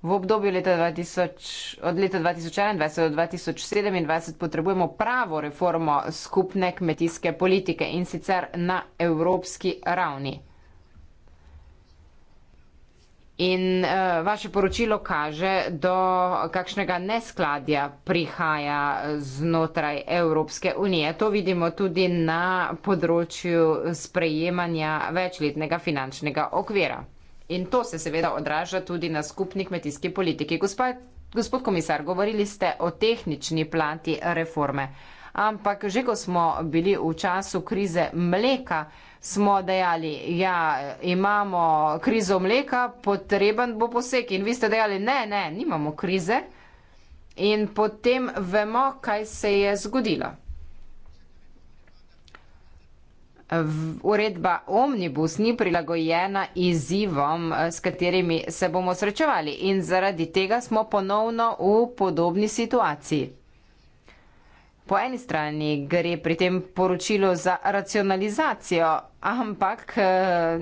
V obdobju leta 2000, od leta 2021 do 2027 potrebujemo pravo reformo skupne kmetijske politike in sicer na evropski ravni. In uh, vaše poročilo kaže, do kakšnega neskladja prihaja znotraj Evropske unije. To vidimo tudi na področju sprejemanja večletnega finančnega okvira. In to se seveda odraža tudi na skupni kmetijski politiki. Gospod, gospod komisar, govorili ste o tehnični plati reforme, ampak že ko smo bili v času krize mleka, smo dejali, ja, imamo krizo mleka, potreben bo poseg in vi ste dejali, ne, ne, nimamo krize. In potem vemo, kaj se je zgodilo. Uredba omnibus ni prilagojena izzivom, eh, s katerimi se bomo srečevali in zaradi tega smo ponovno v podobni situaciji. Po eni strani gre pri tem poročilo za racionalizacijo, ampak eh,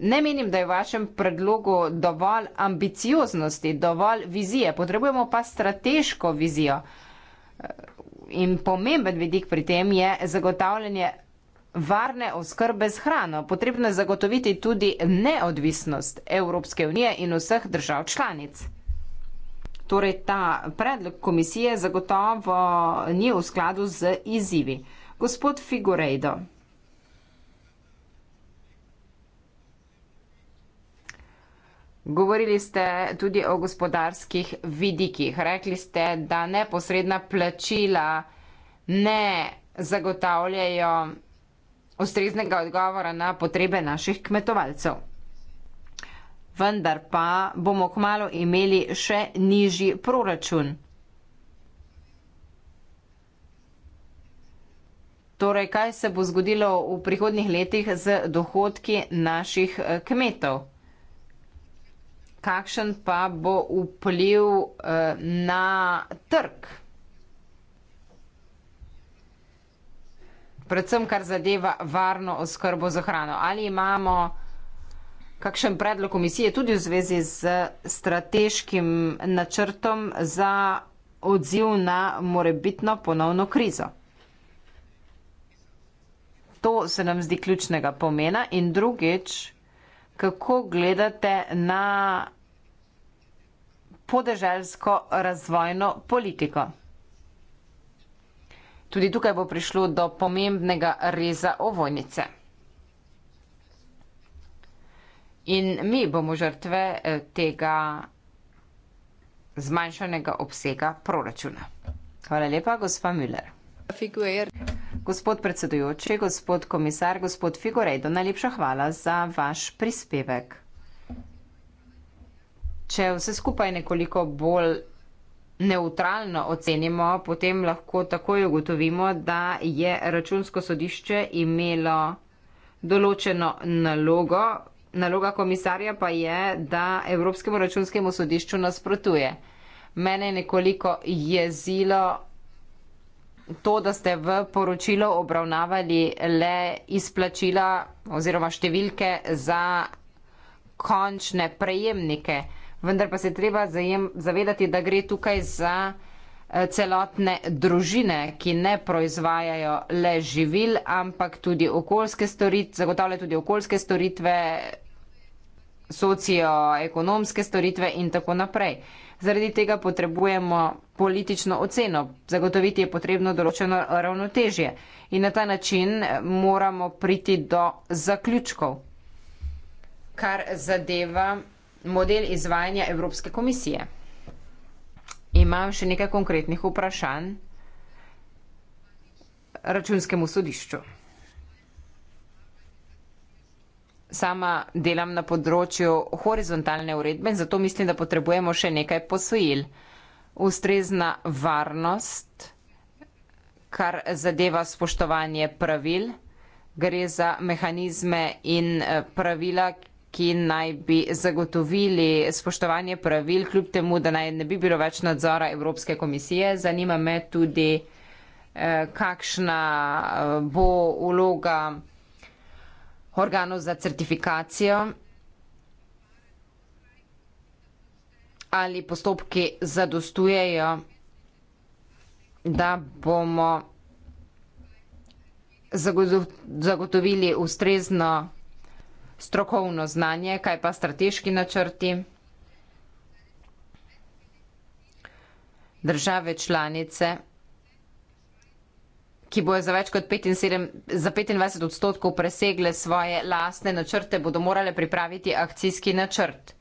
ne menim, da je v vašem predlogu dovolj ambicioznosti, dovolj vizije. Potrebujemo pa strateško vizijo. Eh, in pomemben vidik pri tem je zagotavljanje varne oskrbe z hrano. Potrebno je zagotoviti tudi neodvisnost Evropske unije in vseh držav članic. Torej, ta predlog komisije zagotovo ni v skladu z izzivi. Gospod Figurejdo. Govorili ste tudi o gospodarskih vidikih. Rekli ste, da neposredna plačila ne zagotavljajo ustreznega odgovora na potrebe naših kmetovalcev. Vendar pa bomo kmalo imeli še nižji proračun. Torej, kaj se bo zgodilo v prihodnih letih z dohodki naših eh, kmetov? Kakšen pa bo vpliv eh, na trg? predvsem kar zadeva varno oskrbo za hrano. Ali imamo kakšen predlog komisije tudi v zvezi z strateškim načrtom za odziv na morebitno ponovno krizo? To se nam zdi ključnega pomena in drugič, kako gledate na podeželsko razvojno politiko? Tudi tukaj bo prišlo do pomembnega reza ovojnice. In mi bomo žrtve eh, tega zmanjšanega obsega proračuna. Hvala lepa, gospa Müller. Figuer. Gospod predsedujoči, gospod komisar, gospod Figurejdo, najlepša hvala za vaš prispevek. Če vse skupaj nekoliko bolj neutralno ocenimo, potem lahko takoj ugotovimo, da je računsko sodišče imelo določeno nalogo, naloga komisarja pa je, da Evropskemu računskemu sodišču nasprotuje. Mene je nekoliko jezilo to, da ste v poročilo obravnavali le izplačila oziroma številke za končne prejemnike vendar pa se je treba zajem, zavedati, da gre tukaj za eh, celotne družine, ki ne proizvajajo le živil, ampak tudi okoljske storitve, zagotavljajo tudi okoljske storitve, socioekonomske storitve in tako naprej. Zaradi tega potrebujemo politično oceno. Zagotoviti je potrebno določeno ravnotežje in na ta način eh, moramo priti do zaključkov. Kar zadeva model izvajanja Evropske komisije. Imam še nekaj konkretnih vprašanj računskemu sodišču. Sama delam na področju horizontalne uredbe in zato mislim, da potrebujemo še nekaj posojil. Ustrezna varnost, kar zadeva spoštovanje pravil, gre za mehanizme in eh, pravila, ki ki naj bi zagotovili spoštovanje pravil, kljub temu, da naj ne bi bilo več nadzora Evropske komisije. Zanima me tudi, eh, kakšna eh, bo uloga organov za certifikacijo. Ali postopki zadostujejo, da bomo zagotovili ustrezno strokovno znanje, kaj pa strateški načrti. Države članice, ki bojo za več kot 75, za 25 odstotkov presegle svoje lastne načrte, bodo morale pripraviti akcijski načrt.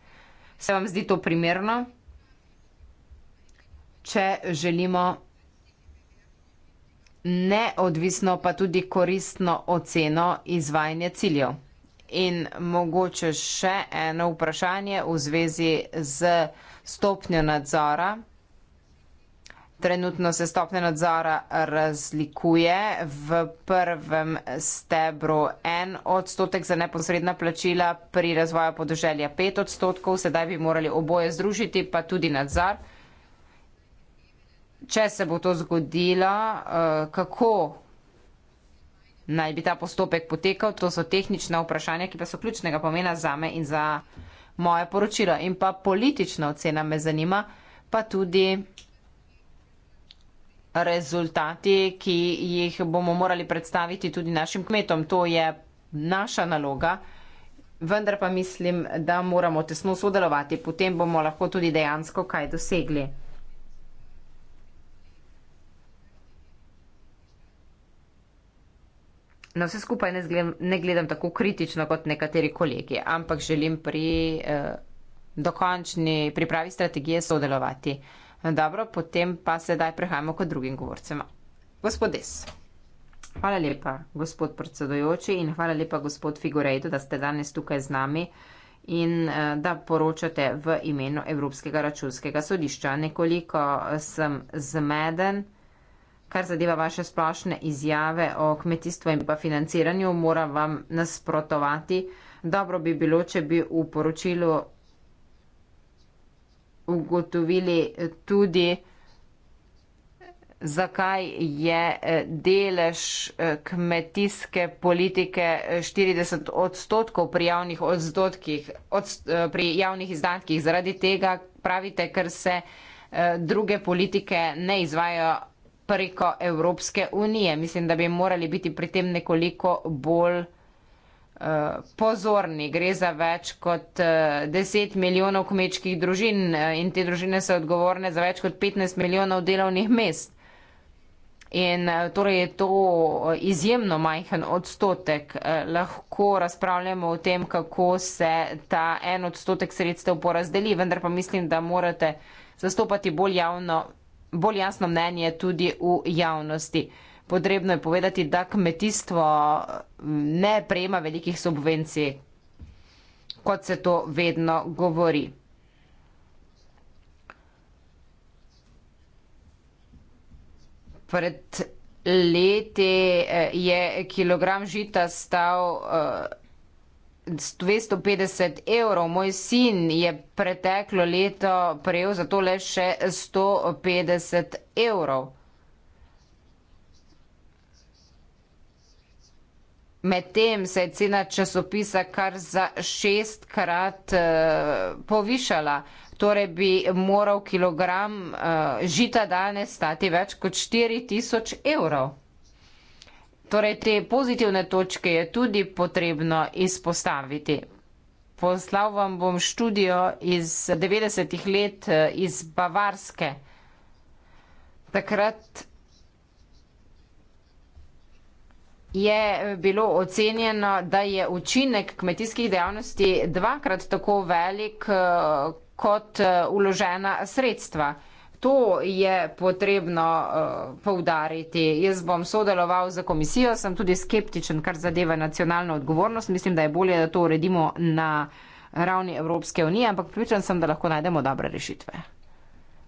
Se vam zdi to primerno? Če želimo neodvisno, pa tudi koristno oceno izvajanja ciljev in mogoče še eno vprašanje v zvezi z stopnjo nadzora. Trenutno se stopnja nadzora razlikuje. V prvem stebru en odstotek za neposredna plačila, pri razvoju podeželja pet odstotkov, sedaj bi morali oboje združiti, pa tudi nadzor. Če se bo to zgodilo, eh, kako naj bi ta postopek potekal. To so tehnična vprašanja, ki pa so ključnega pomena za me in za moje poročilo. In pa politična ocena me zanima, pa tudi rezultati, ki jih bomo morali predstaviti tudi našim kmetom. To je naša naloga, vendar pa mislim, da moramo tesno sodelovati, potem bomo lahko tudi dejansko kaj dosegli. na vse skupaj ne gledam, ne gledam tako kritično kot nekateri kolegi, ampak želim pri eh, dokončni pripravi strategije sodelovati. Dobro, potem pa sedaj prehajamo kot drugim govorcem. Gospodes. Hvala lepa, gospod predsedojoči in hvala lepa, gospod Figurejdo, da ste danes tukaj z nami in eh, da poročate v imenu Evropskega računskega sodišča. Nekoliko eh, sem zmeden. Kar zadeva vaše splošne izjave o kmetijstvu in pa financiranju, moram vam nasprotovati. Dobro bi bilo, če bi v poročilu ugotovili tudi, zakaj je eh, delež eh, kmetijske politike 40 eh, odstotkov pri javnih, odstotkih, odst, pri javnih izdatkih. Zaradi tega pravite, ker se druge politike ne izvajo preko Evropske unije. Mislim, da bi morali biti pri tem nekoliko bolj eh, pozorni. Gre za več kot 10 eh, milijonov kmečkih družin eh, in te družine so odgovorne za več kot 15 milijonov delovnih mest. In torej je to izjemno majhen odstotek. Lahko razpravljamo o tem, kako se ta en odstotek sredstev porazdeli, vendar pa mislim, da morate zastopati bolj javno bolj jasno mnenje tudi v javnosti. Potrebno je povedati, da kmetijstvo mm, ne prejema velikih subvencij, kot se to vedno govori. Pred leti eh, je kilogram žita stal eh, 250 evrov. Moj sin je preteklo leto prejel za to le še 150 evrov. Medtem se je cena časopisa kar za šestkrat uh, povišala, torej bi moral kilogram uh, žita danes stati več kot 4000 evrov. Torej, te pozitivne točke je tudi potrebno izpostaviti. Poslal vam bom študijo iz 90-ih let eh, iz Bavarske. Takrat je bilo ocenjeno, da je učinek kmetijskih dejavnosti dvakrat tako velik eh, kot uložena eh, sredstva to je potrebno uh, eh, povdariti. Jaz bom sodeloval za komisijo, sem tudi skeptičen, kar zadeva nacionalno odgovornost. Mislim, da je bolje, da to uredimo na ravni Evropske unije, ampak pripričan sem, da lahko najdemo dobre rešitve.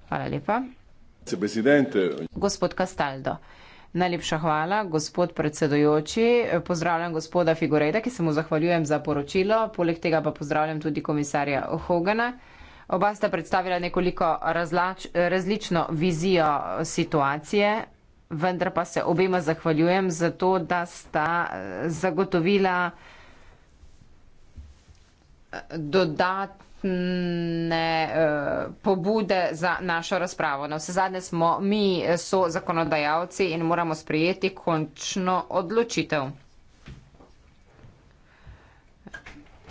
Hvala lepa. Gospod Castaldo. Najlepša hvala, gospod predsedojoči. Pozdravljam gospoda Figureda, ki se mu zahvaljujem za poročilo. Poleg tega pa pozdravljam tudi komisarja Hogana. Oba sta predstavila nekoliko razlač, različno vizijo situacije, vendar pa se obema zahvaljujem za to, da sta eh, zagotovila eh, dodatne eh, pobude za našo razpravo. Na vse zadnje smo mi so zakonodajalci in moramo sprejeti končno odločitev.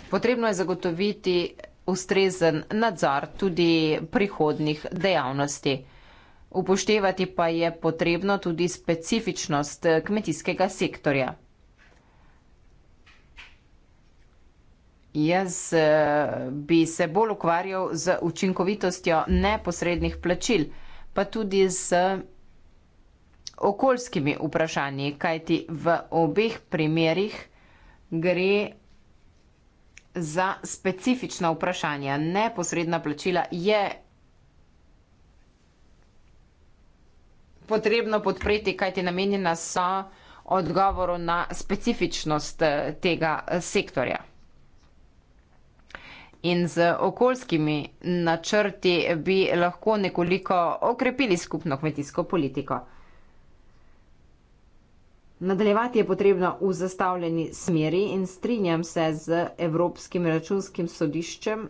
Potrebno je zagotoviti ustrezen nadzor tudi prihodnih dejavnosti. Upoštevati pa je potrebno tudi specifičnost kmetijskega sektorja. Jaz eh, bi se bolj ukvarjal z učinkovitostjo neposrednih plačil, pa tudi z okoljskimi vprašanji, kajti v obeh primerjih gre za specifična vprašanja. Neposredna plačila je potrebno podpreti, kajti namenjena so odgovoru na specifičnost eh, tega eh, sektorja. In z okoljskimi načrti bi lahko nekoliko okrepili skupno kmetijsko politiko. Nadaljevati je potrebno v zastavljeni smeri in strinjam se z Evropskim računskim sodiščem,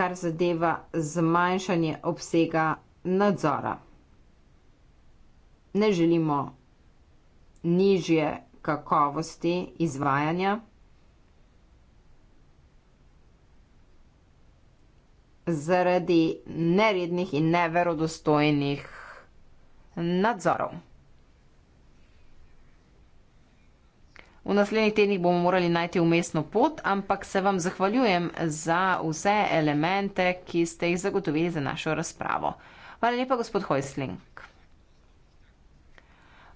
kar zadeva zmanjšanje obsega nadzora. Ne želimo nižje kakovosti izvajanja. zaradi nerednih in neverodostojnih nadzorov. V naslednjih tednih bomo morali najti umestno pot, ampak se vam zahvaljujem za vse elemente, ki ste jih zagotovili za našo razpravo. Hvala lepa, gospod Hojsling.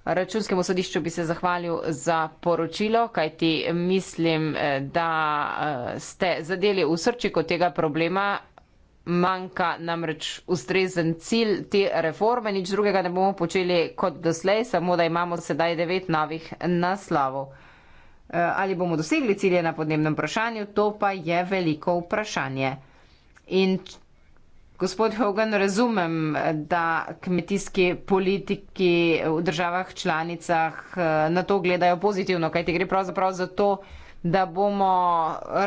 Računskemu sodišču bi se zahvalil za poročilo, kajti mislim, da eh, ste zadeli v srčiko tega problema. Manjka namreč ustrezen cilj te reforme, nič drugega ne bomo počeli kot doslej, samo da imamo sedaj devet novih naslovov. Eh, ali bomo dosegli cilje na podnebnem vprašanju, to pa je veliko vprašanje. In gospod Hogan, razumem, da kmetijski politiki v državah članicah eh, na to gledajo pozitivno, kajti gre pravzaprav za to, da bomo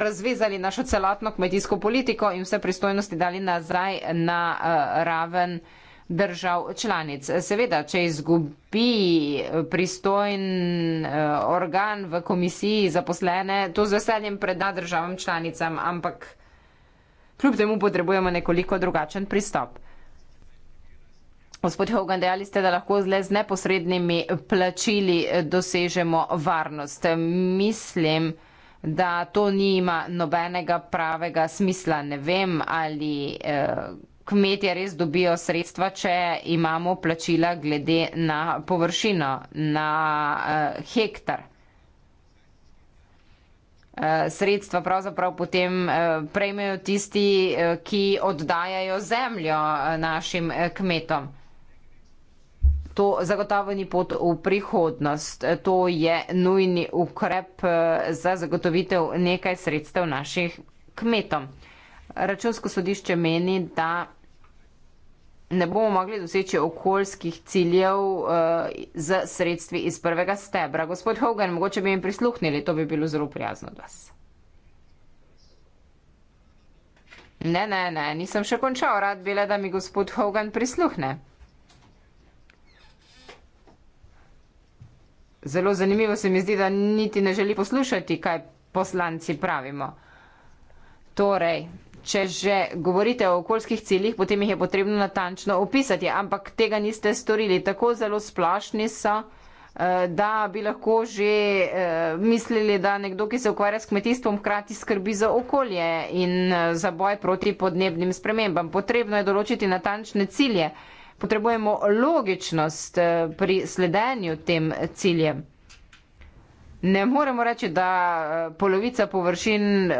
razvezali našo celotno kmetijsko politiko in vse pristojnosti dali nazaj na eh, raven držav članic. Seveda, če izgubi pristojen eh, organ v komisiji zaposlene, to z veseljem preda državam članicam, ampak kljub temu potrebujemo nekoliko drugačen pristop. Gospod Hogan, dejali ste, da lahko le z neposrednimi plačili eh, dosežemo varnost. Mislim, da to nima nobenega pravega smisla. Ne vem, ali. Eh, kmetje res dobijo sredstva, če imamo plačila glede na površino, na uh, hektar. Eh, sredstva pravzaprav potem eh, prejmejo tisti, ki oddajajo zemljo našim kmetom. To zagotovo ni pot v prihodnost. To je nujni ukrep za zagotovitev nekaj sredstev našim kmetom. Računsko sodišče meni, da ne bomo mogli doseči okoljskih ciljev uh, z sredstvi iz prvega stebra. Gospod Hogan, mogoče bi jim prisluhnili, to bi bilo zelo prijazno od vas. Ne, ne, ne, nisem še končal, rad bi le, da mi gospod Hogan prisluhne. Zelo zanimivo se mi zdi, da niti ne želi poslušati, kaj poslanci pravimo. Torej, če že govorite o okoljskih ciljih, potem jih je potrebno natančno opisati, ampak tega niste storili. Tako zelo splašni so, eh, da bi lahko že eh, mislili, da nekdo, ki se ukvarja s kmetijstvom, hkrati skrbi za okolje in eh, za boj proti podnebnim spremembam. Potrebno je določiti natančne cilje. Potrebujemo logičnost pri sledenju tem ciljem. Ne moremo reči, da, eh, polovica površin, eh,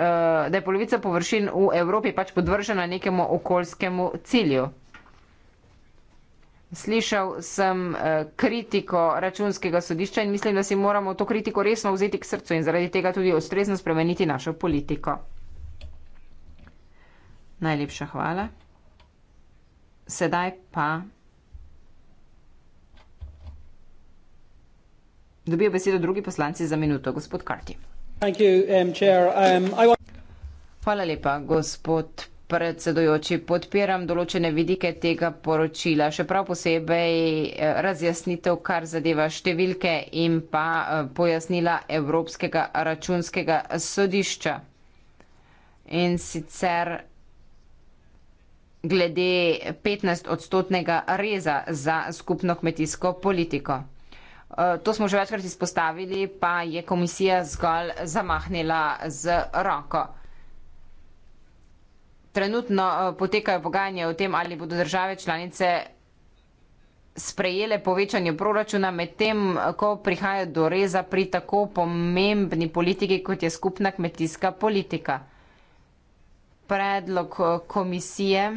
da je polovica površin v Evropi pač podvržena nekemu okoljskemu cilju. Slišal sem eh, kritiko računskega sodišča in mislim, da si moramo to kritiko resno vzeti k srcu in zaradi tega tudi ustrezno spremeniti našo politiko. Najlepša hvala. Sedaj pa. Dobijo besedo drugi poslanci za minuto, gospod Karti. Um, um, Hvala lepa, gospod predsedojoči. Podpiram določene vidike tega poročila, še prav posebej eh, razjasnitev, kar zadeva številke in pa eh, pojasnila Evropskega računskega sodišča. In sicer glede 15-odstotnega reza za skupno kmetijsko politiko. Eh, to smo že večkrat izpostavili, pa je komisija zgolj zamahnila z roko. Trenutno eh, potekajo pogajanje o tem, ali bodo države članice sprejele povečanje proračuna med tem, eh, ko prihaja do reza pri tako pomembni politiki, kot je skupna kmetijska politika. Predlog komisije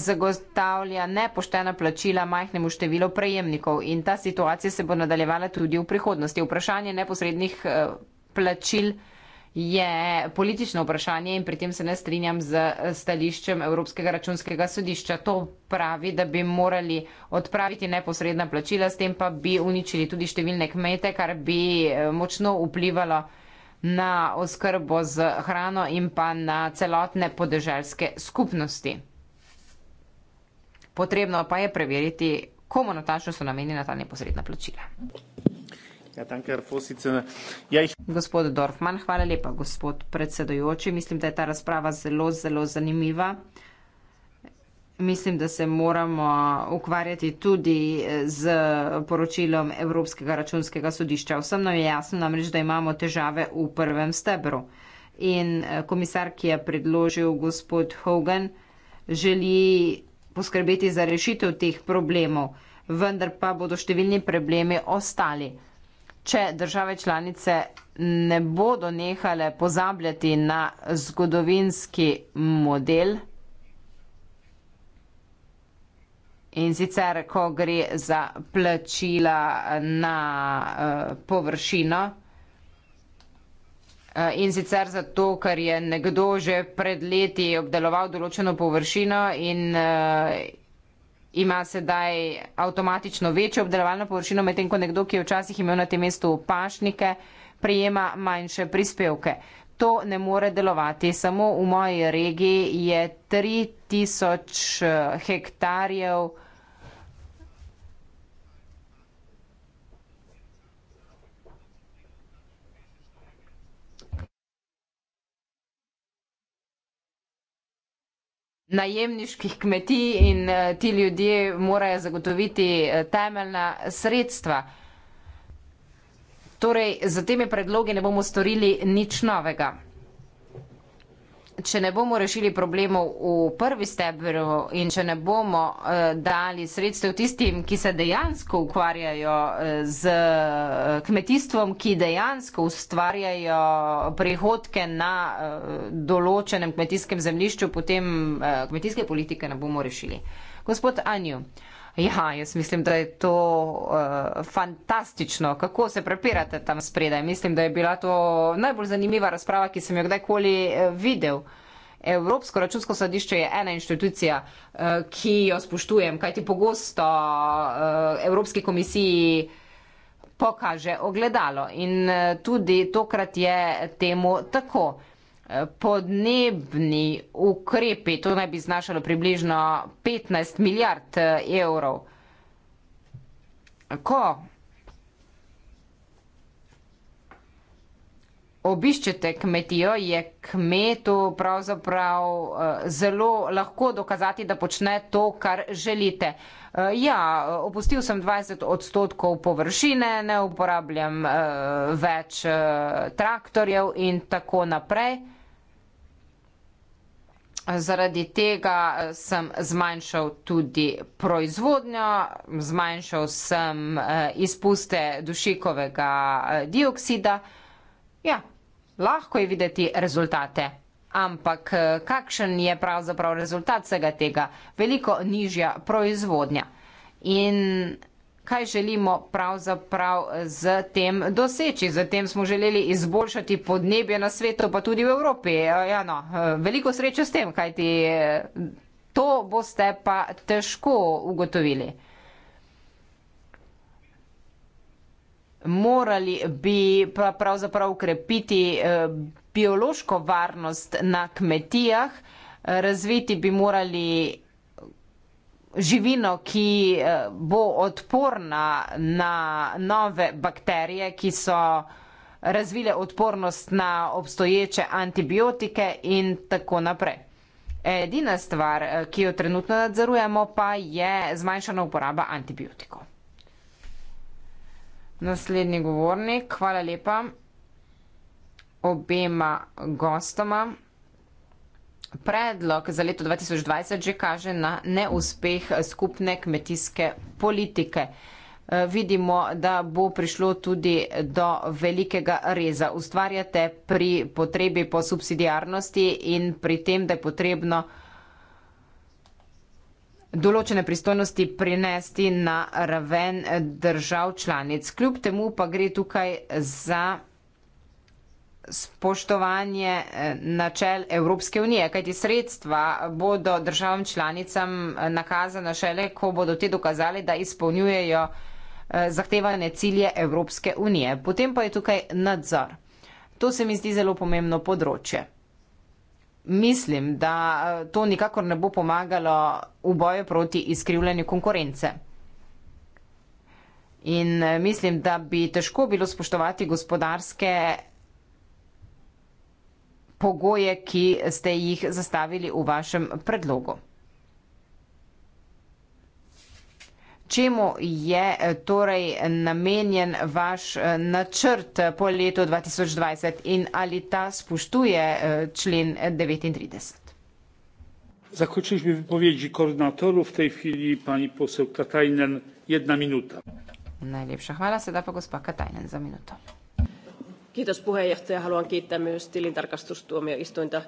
zagotavlja nepoštena plačila majhnemu številu prejemnikov in ta situacija se bo nadaljevala tudi v prihodnosti. Vprašanje neposrednih eh, plačil je politično vprašanje in pri tem se ne strinjam z eh, stališčem Evropskega računskega sodišča. To pravi, da bi morali odpraviti neposredna plačila, s tem pa bi uničili tudi številne kmete, kar bi eh, močno vplivalo na oskrbo z hrano in pa na celotne podeželske skupnosti. Potrebno pa je preveriti, komu natančno so namenjena ta neposredna plačila. Ja, ja gospod Dorfman, hvala lepa, gospod predsedojoči. Mislim, da je ta razprava zelo, zelo zanimiva. Mislim, da se moramo ukvarjati tudi eh, z poročilom Evropskega računskega sodišča. Vsem nam je jasno namreč, da imamo težave v prvem stebru. In eh, komisar, ki je predložil gospod Hogan, želi poskrbeti za rešitev teh problemov, vendar pa bodo številni problemi ostali. Če države članice ne bodo nehale pozabljati na zgodovinski model in sicer, ko gre za plačila na eh, površino, Eh, in sicer zato, ker je nekdo že pred leti obdeloval določeno površino in uh, ima sedaj avtomatično večjo obdelovalno površino, medtem ko nekdo, ki je včasih imel na tem mestu pašnike, prijema manjše prispevke. To ne more delovati. Samo v moji regiji je 3000 eh, hektarjev uh, najemniških kmetij in eh, ti ljudje morajo zagotoviti eh, temeljna sredstva. Torej, za temi predlogi ne bomo storili nič novega če ne bomo rešili problemov v prvi stebru in če ne bomo uh, dali sredstev tistim, ki se dejansko ukvarjajo uh, z eh, kmetijstvom, ki dejansko ustvarjajo prihodke na uh, določenem kmetijskem zemljišču, potem uh, kmetijske politike ne bomo rešili. Gospod Anju, uh, Ja, jaz mislim, da je to uh, fantastično, kako se prepirate tam spredaj. Mislim, da je bila to najbolj zanimiva razprava, ki sem jo kdajkoli eh, videl. Evropsko računsko sodišče je ena inštitucija, eh, ki jo spoštujem, kajti pogosto Evropski komisiji pokaže ogledalo in tudi tokrat je temu tako podnebni ukrepi, to naj bi znašalo približno 15 milijard eh, evrov. Ko obiščete kmetijo, je kmetu pravzaprav eh, zelo lahko dokazati, da počne to, kar želite. Eh, ja, opustil sem 20 odstotkov površine, ne uporabljam več traktorjev in tako naprej zaradi tega eh, sem zmanjšal tudi proizvodnjo, zmanjšal sem eh, izpuste dušikovega eh, dioksida. Ja, lahko je videti rezultate. Ampak kakšen je pravzaprav rezultat vsega tega? Veliko nižja proizvodnja. In kaj želimo pravzaprav z tem doseči. Zatem smo želeli izboljšati podnebje na svetu, pa tudi v Evropi. E, ja, no, e, veliko sreče s tem, kajti e, to boste pa težko ugotovili. Morali bi pa pravzaprav ukrepiti biološko varnost na kmetijah, razviti bi morali živino, ki eh, bo odporna na nove bakterije, ki so razvile odpornost na obstoječe antibiotike in tako naprej. Edina stvar, eh, ki jo trenutno nadzorujemo, pa je zmanjšana uporaba antibiotikov. Naslednji govornik, hvala lepa obema gostoma predlog za leto 2020 že kaže na neuspeh skupne kmetijske politike. E, vidimo, da bo prišlo tudi do velikega reza. Ustvarjate pri potrebi po subsidijarnosti in pri tem, da je potrebno določene pristojnosti prinesti na raven držav članic. Kljub temu pa gre tukaj za spoštovanje eh, načel Evropske unije, kajti sredstva bodo državam članicam eh, nakazana šele, ko bodo te dokazali, da izpolnjujejo eh, zahtevane cilje Evropske unije. Potem pa je tukaj nadzor. To se mi zdi zelo pomembno področje. Mislim, da to nikakor ne bo pomagalo v boju proti izkrivljanju konkurence. In mislim, da bi težko bilo spoštovati gospodarske pogoje, ki ste jih zastavili v vašem predlogu. Čemu je eh, torej namenjen vaš eh, načrt po letu 2020 in ali ta spoštuje eh, člen 39? Zakočišmi vypovedi koordinatorov v tej hvili, pani posel Katajnen, jedna minuta. Najlepša hvala, sedaj pa gospa Katajnen za minuto. Kiitos puheenjohtaja. Haluan kiittää myös tilintarkastustuomioistuinta.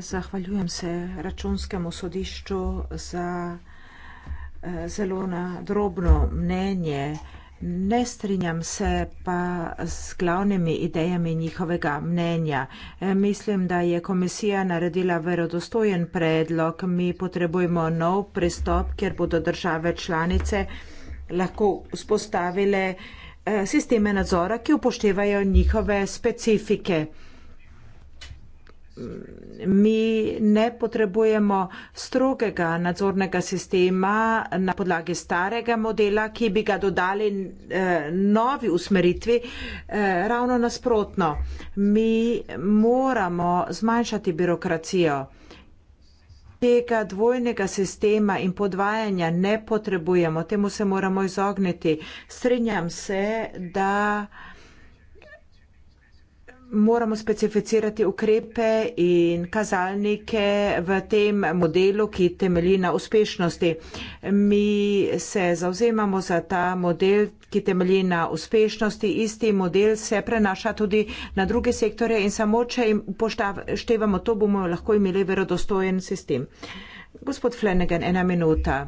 Zahvaljujem se računskemu sodišču za eh, zelo na drobno mnenje. Ne strinjam se pa z glavnimi idejami njihovega mnenja. Eh, mislim, da je komisija naredila verodostojen predlog. Mi potrebujemo nov pristop, kjer bodo države članice lahko vzpostavile Eh, sisteme nadzora, ki upoštevajo njihove specifike. Mi ne potrebujemo strogega nadzornega sistema na podlagi starega modela, ki bi ga dodali eh, novi usmeritvi. Eh, ravno nasprotno, mi moramo zmanjšati birokracijo tega dvojnega sistema in podvajanja ne potrebujemo, temu se moramo izogniti. Strenjam se, da moramo specificirati ukrepe in kazalnike v tem modelu, ki temelji na uspešnosti. Mi se zauzemamo za ta model, ki temelji na uspešnosti. Isti model se prenaša tudi na druge sektore in samo, če jim poštevamo to, bomo lahko imeli verodostojen sistem. Gospod Flanagan, ena minuta.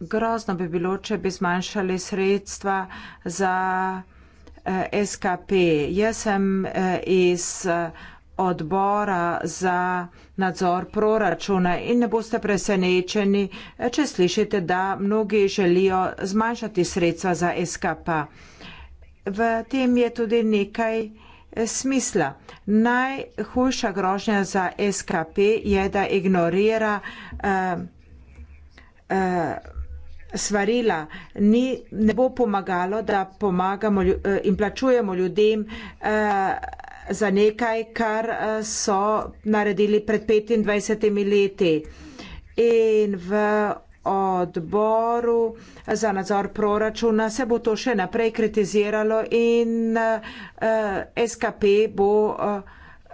grozno bi bilo, če bi zmanjšali sredstva za eh, SKP. Jaz sem eh, iz eh, odbora za nadzor proračuna in ne boste presenečeni, eh, če slišite, da mnogi želijo zmanjšati sredstva za SKP. V tem je tudi nekaj eh, smisla. Najhujša grožnja za SKP je, da ignorira eh, eh, svarila, ni, ne bo pomagalo, da pomagamo eh, in plačujemo ljudem eh, za nekaj, kar eh, so naredili pred 25 leti. In v odboru za nadzor proračuna se bo to še naprej kritiziralo in SKP bo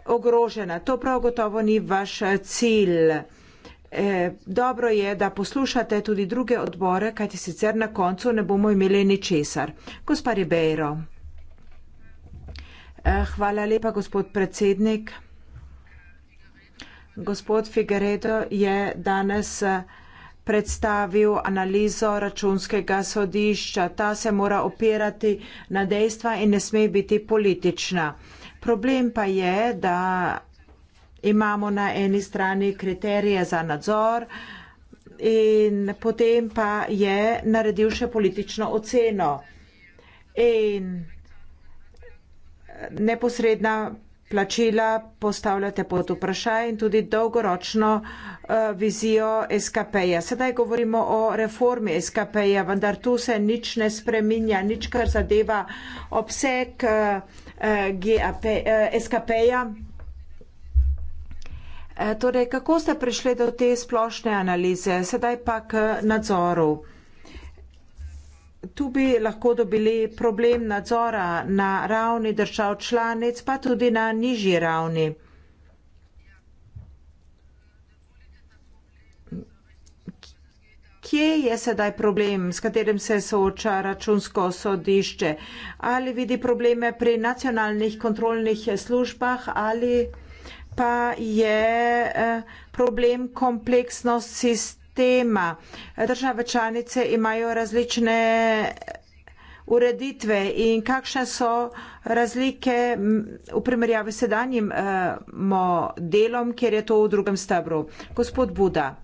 ogrožena. To prav gotovo ni vaš cilj. E, dobro je, da poslušate tudi druge odbore, kajti sicer na koncu ne bomo imeli ničesar. Gospa Ribeiro. E, hvala lepa, gospod predsednik. Gospod Figueredo je danes eh, predstavil analizo računskega sodišča. Ta se mora opirati na dejstva in ne sme biti politična. Problem pa je, da imamo na eni strani kriterije za nadzor in potem pa je naredil še politično oceno in neposredna plačila postavljate pod vprašaj in tudi dolgoročno eh, vizijo SKP-ja. Sedaj govorimo o reformi SKP-ja, vendar tu se nič ne spreminja, nič kar zadeva obseg eh, eh, SKP-ja. E, torej, kako ste prišli do te splošne analize, sedaj pa k nadzoru? Tu bi lahko dobili problem nadzora na ravni držav članic, pa tudi na nižji ravni. Kje je sedaj problem, s katerim se sooča računsko sodišče? Ali vidi probleme pri nacionalnih kontrolnih službah ali pa je eh, problem kompleksnost sistema. Države članice imajo različne ureditve in kakšne so razlike v primerjavi s sedanjim eh, modelom, kjer je to v drugem stebru. Gospod Buda,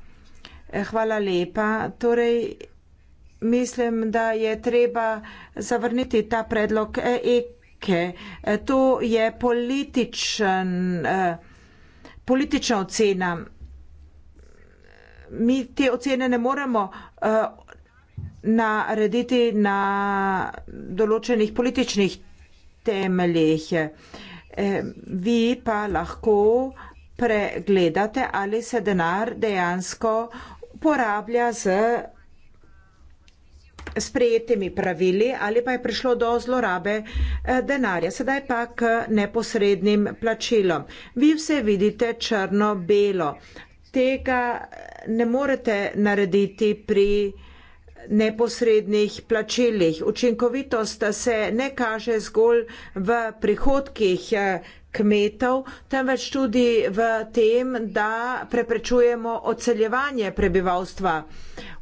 eh, hvala lepa. Torej, mislim, da je treba zavrniti ta predlog EEK. To je političen. Uh, politična ocena. Mi te ocene ne moremo uh, narediti na določenih političnih temeljih. Uh, vi pa lahko pregledate, ali se denar dejansko porablja z sprejetimi pravili ali pa je prišlo do zlorabe eh, denarja. Sedaj pa k neposrednim plačilom. Vi vse vidite črno-belo. Tega eh, ne morete narediti pri neposrednih plačilih. Učinkovitost se ne kaže zgolj v prihodkih eh, kmetov, temveč tudi v tem, da preprečujemo odseljevanje prebivalstva.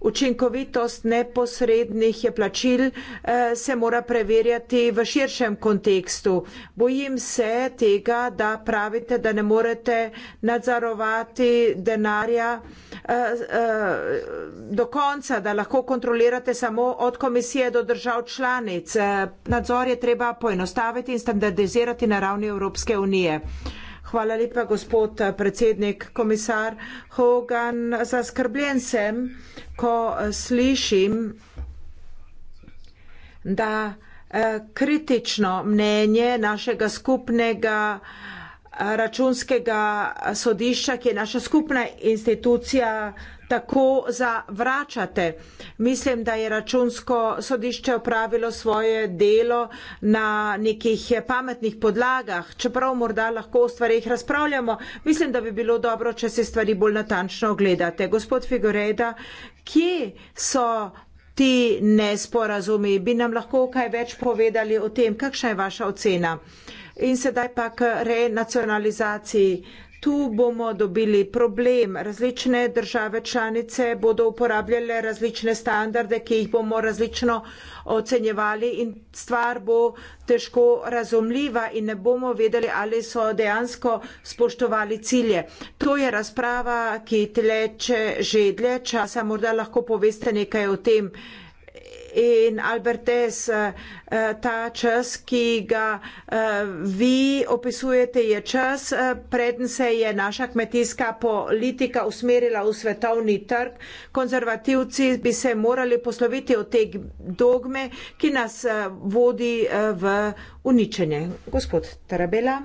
Učinkovitost neposrednih plačil eh, se mora preverjati v širšem kontekstu. Bojim se tega, da pravite, da ne morete nadzorovati denarja eh, eh, do konca, da lahko kontrolirate samo od komisije do držav članic. Nadzor je treba poenostaviti in standardizirati na ravni Evropske unije. Hvala lepa, gospod predsednik, komisar Hogan. Zaskrbljen sem, ko slišim, da eh, kritično mnenje našega skupnega eh, računskega eh, sodišča, ki je naša skupna institucija tako zavračate. Mislim, da je računsko sodišče opravilo svoje delo na nekih pametnih podlagah, čeprav morda lahko o stvarih razpravljamo. Mislim, da bi bilo dobro, če se stvari bolj natančno ogledate. Gospod Figoreda, kje so ti nesporazumi? Bi nam lahko kaj več povedali o tem, kakšna je vaša ocena? In sedaj pa k renacionalizaciji. Tu bomo dobili problem. Različne države članice bodo uporabljale različne standarde, ki jih bomo različno ocenjevali in stvar bo težko razumljiva in ne bomo vedeli, ali so dejansko spoštovali cilje. To je razprava, ki teče že dlje časa. Morda lahko poveste nekaj o tem in Albertes, eh, eh, ta čas, ki ga eh, vi opisujete, je čas, preden se je naša kmetijska politika usmerila v svetovni trg. Konzervativci bi se morali posloviti od te dogme, ki nas vodi v uničenje. Gospod Trabela.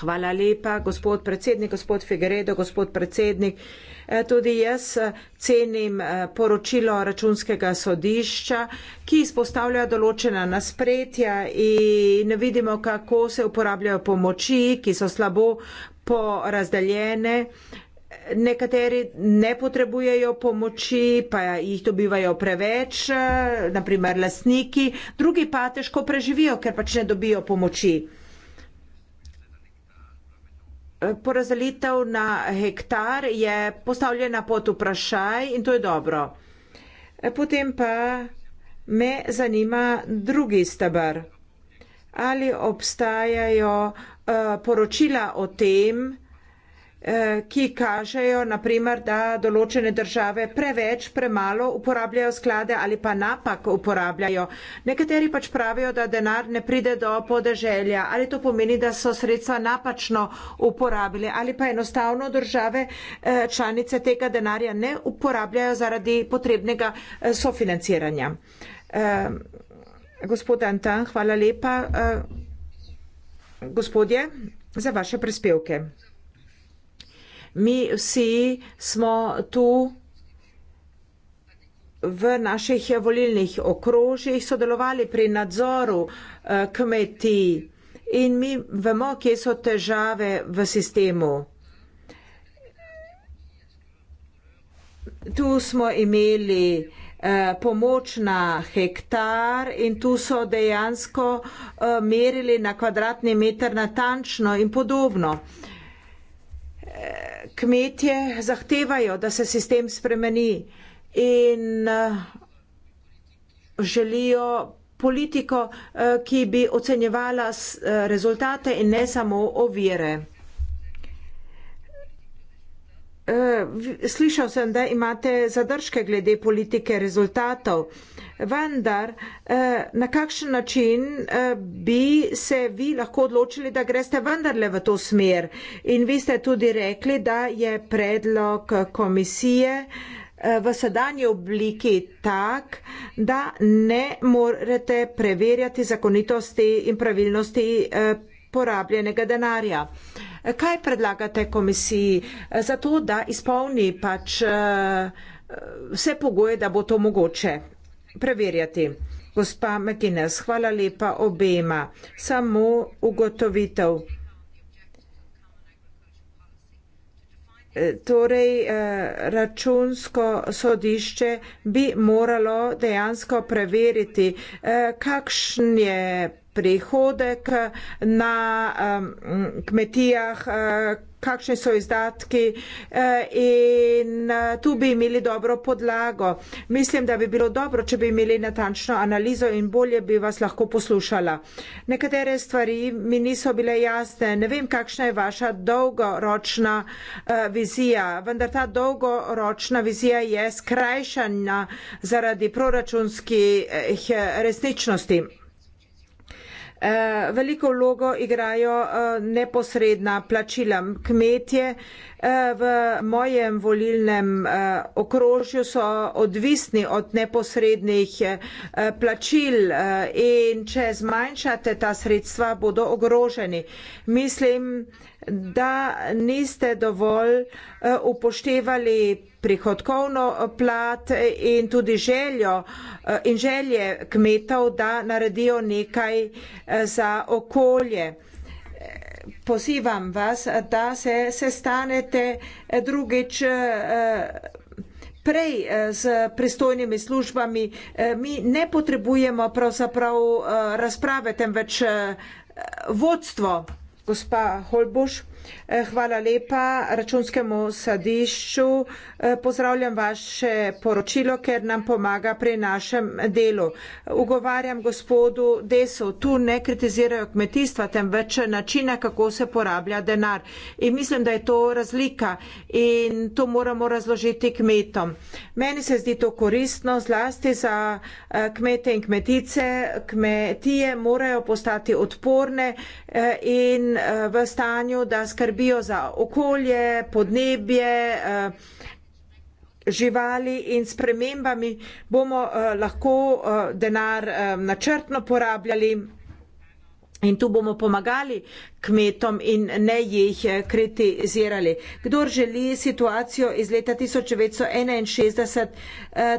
Hvala lepa, gospod predsednik, gospod Figueredo, gospod predsednik. E, tudi jaz e, cenim e, poročilo računskega sodišča, ki izpostavlja določena nasprejetja in vidimo, kako se uporabljajo pomoči, ki so slabo porazdeljene. Nekateri ne potrebujejo pomoči, pa jih dobivajo preveč, naprimer lasniki, drugi pa težko preživijo, ker pač ne dobijo pomoči porazdelitev na hektar je postavljena pod vprašaj in to je dobro. Potem pa me zanima drugi stebr. Ali obstajajo eh, poročila o tem, Eh, ki kažejo, naprimer, da določene države preveč, premalo uporabljajo sklade ali pa napak uporabljajo. Nekateri pač pravijo, da denar ne pride do podeželja ali to pomeni, da so sredstva napačno uporabili ali pa enostavno države eh, članice tega denarja ne uporabljajo zaradi potrebnega eh, sofinanciranja. Gospod Antan, hvala lepa. Gospodje, za vaše prispevke mi vsi smo tu v naših volilnih okrožjih sodelovali pri nadzoru eh, kmetij in mi vemo, kje so težave v sistemu. Tu smo imeli eh, pomoč na hektar in tu so dejansko eh, merili na kvadratni meter natančno in podobno kmetje zahtevajo, da se sistem spremeni in eh, želijo politiko, eh, ki bi ocenjevala eh, rezultate in ne samo ovire. Eh, slišal sem, da imate zadržke glede politike rezultatov, vendar eh, na kakšen način eh, bi se vi lahko odločili, da greste vendarle v to smer? In vi ste tudi rekli, da je predlog komisije v sedanji obliki tak, da ne morete preverjati zakonitosti in pravilnosti porabljenega denarja. Kaj predlagate komisiji eh, za to, da izpolni pač eh, vse pogoje, da bo to mogoče preverjati? Gospa Metines, hvala lepa obema. Samo ugotovitev. Eh, torej, računsko sodišče bi moralo dejansko preveriti, kakšen je prihodek na kmetijah, eh, kakšni so izdatki eh, in eh, tu bi imeli dobro podlago. Mislim, da bi bilo dobro, če bi imeli natančno analizo in bolje bi vas lahko poslušala. Nekatere stvari mi niso bile jasne. Ne vem, kakšna je vaša dolgoročna vizija, vendar ta dolgoročna vizija je skrajšana zaradi proračunskih resničnosti. Eh, veliko vlogo igrajo eh, neposredna plačila kmetje. Eh, v mojem volilnem okrožju so odvisni od neposrednih plačil in če zmanjšate ta sredstva, bodo ogroženi. Mislim, da niste dovolj upoštevali prihodkovno plat in tudi željo eh, in želje kmetov, da naredijo nekaj eh, za okolje. Pozivam vas, da se, se stanete eh, drugič prej z pristojnimi službami. Mi ne potrebujemo pravzaprav razprave, temveč vodstvo. Gospa Holbuš. Eh, hvala lepa računskemu sadišču. Eh, pozdravljam vaše poročilo, ker nam pomaga pri našem delu. Ugovarjam gospodu Desu, tu ne kritizirajo kmetijstva, temveč načina, kako se porablja denar. In mislim, da je to razlika in to moramo razložiti kmetom. Meni se zdi to koristno, zlasti za eh, kmete in kmetice. Kmetije morajo postati odporne in v stanju, da skrbijo za okolje, podnebje, eh, živali in spremembami, bomo eh, lahko eh, denar načrtno porabljali in tu bomo pomagali kmetom in ne jih kritizirali. Kdor želi situacijo iz leta 1961,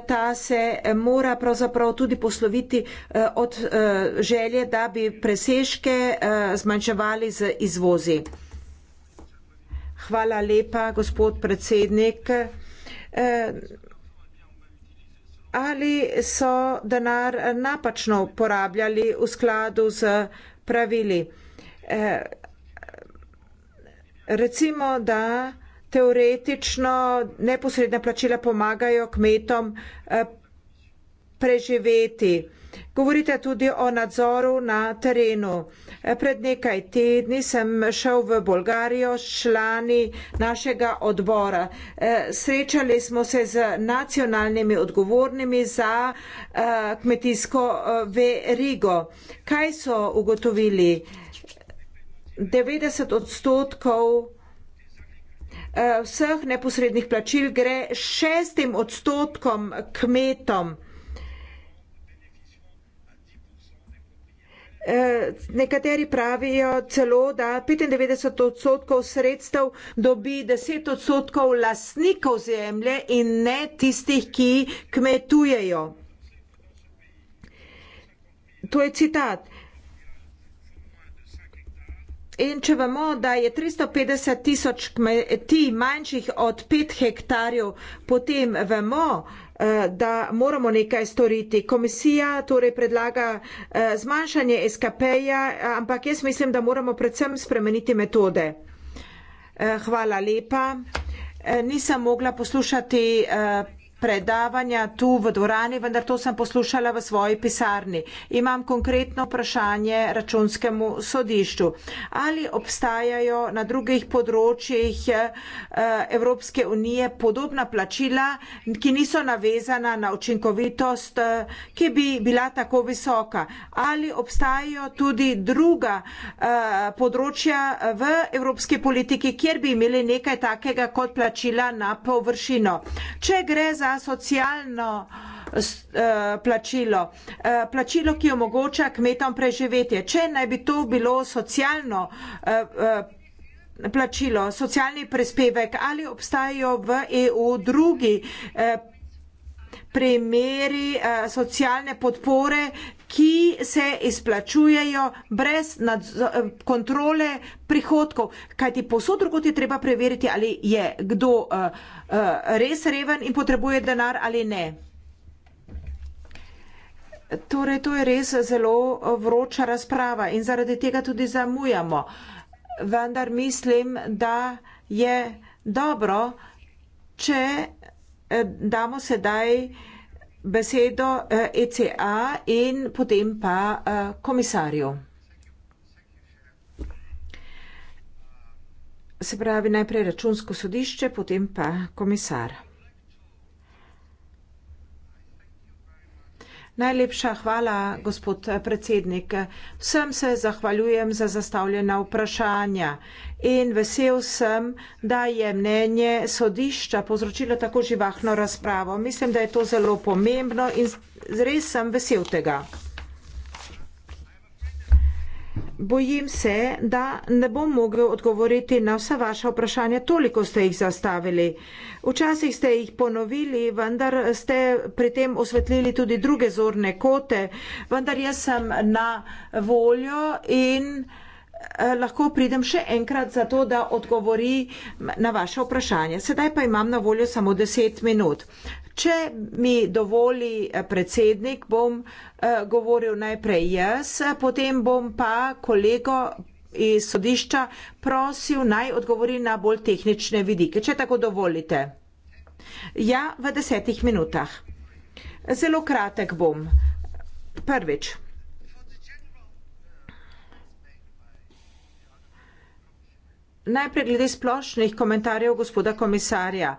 ta se mora pravzaprav tudi posloviti od želje, da bi presežke zmanjševali z izvozi. Hvala lepa, gospod predsednik. Eh, ali so denar napačno uporabljali v skladu z pravili? Eh, recimo, da teoretično neposredna plačila pomagajo kmetom eh, preživeti. Govorite tudi o nadzoru na terenu. Pred nekaj tedni sem šel v Bolgarijo s člani našega odbora. E, srečali smo se z nacionalnimi odgovornimi za e, kmetijsko e, verigo. Kaj so ugotovili? 90 odstotkov vseh neposrednih plačil gre šestim odstotkom kmetom. Eh, nekateri pravijo celo, da 95 odstotkov sredstev dobi 10 odstotkov lasnikov zemlje in ne tistih, ki kmetujejo. To je citat. In če vemo, da je 350 tisoč kmetij manjših od 5 hektarjev, potem vemo, Eh, da moramo nekaj storiti. Komisija torej predlaga eh, zmanjšanje SKP-ja, ampak jaz mislim, da moramo predvsem spremeniti metode. Eh, hvala lepa. Nisem mogla poslušati predavanja tu v dvorani, vendar to sem poslušala v svoji pisarni. Imam konkretno vprašanje računskemu sodišču. Ali obstajajo na drugih področjih eh, Evropske unije podobna plačila, ki niso navezana na učinkovitost, eh, ki bi bila tako visoka? Ali obstajajo tudi druga eh, področja v evropski politiki, kjer bi imeli nekaj takega kot plačila na površino? Če gre za socialno eh, plačilo, eh, plačilo, ki omogoča kmetom preživetje. Če naj bi to bilo socialno eh, plačilo, socialni prispevek, ali obstajajo v EU drugi primeri socialne podpore, ki se izplačujejo brez eh, kontrole prihodkov. Kaj ti posod drugot je treba preveriti, ali je kdo uh, uh, res reven in potrebuje denar ali ne. Torej, to je res zelo vroča razprava in zaradi tega tudi zamujamo. Vendar mislim, da je dobro, če damo sedaj eh, besedo ECA eh, e in potem pa eh, komisarju. Se pravi najprej računsko sodišče, potem pa komisar. Najlepša hvala, gospod predsednik. Vsem se zahvaljujem za zastavljena vprašanja in vesel sem, da je mnenje sodišča povzročilo tako živahno razpravo. Mislim, da je to zelo pomembno in res sem vesel tega bojim se, da ne bom mogel odgovoriti na vsa vaša vprašanja, toliko ste jih zastavili. Včasih ste jih ponovili, vendar ste pri tem osvetlili tudi druge zorne kote, vendar jaz sem na voljo in eh, lahko pridem še enkrat za to, da odgovori na vaše vprašanje. Sedaj pa imam na voljo samo deset minut. Če mi dovoli eh, predsednik, bom eh, govoril najprej jaz, potem bom pa kolego iz sodišča prosil naj odgovori na bolj tehnične vidike, če tako dovolite. Ja, v desetih minutah. Zelo kratek bom. Prvič. Najprej glede splošnih komentarjev gospoda komisarja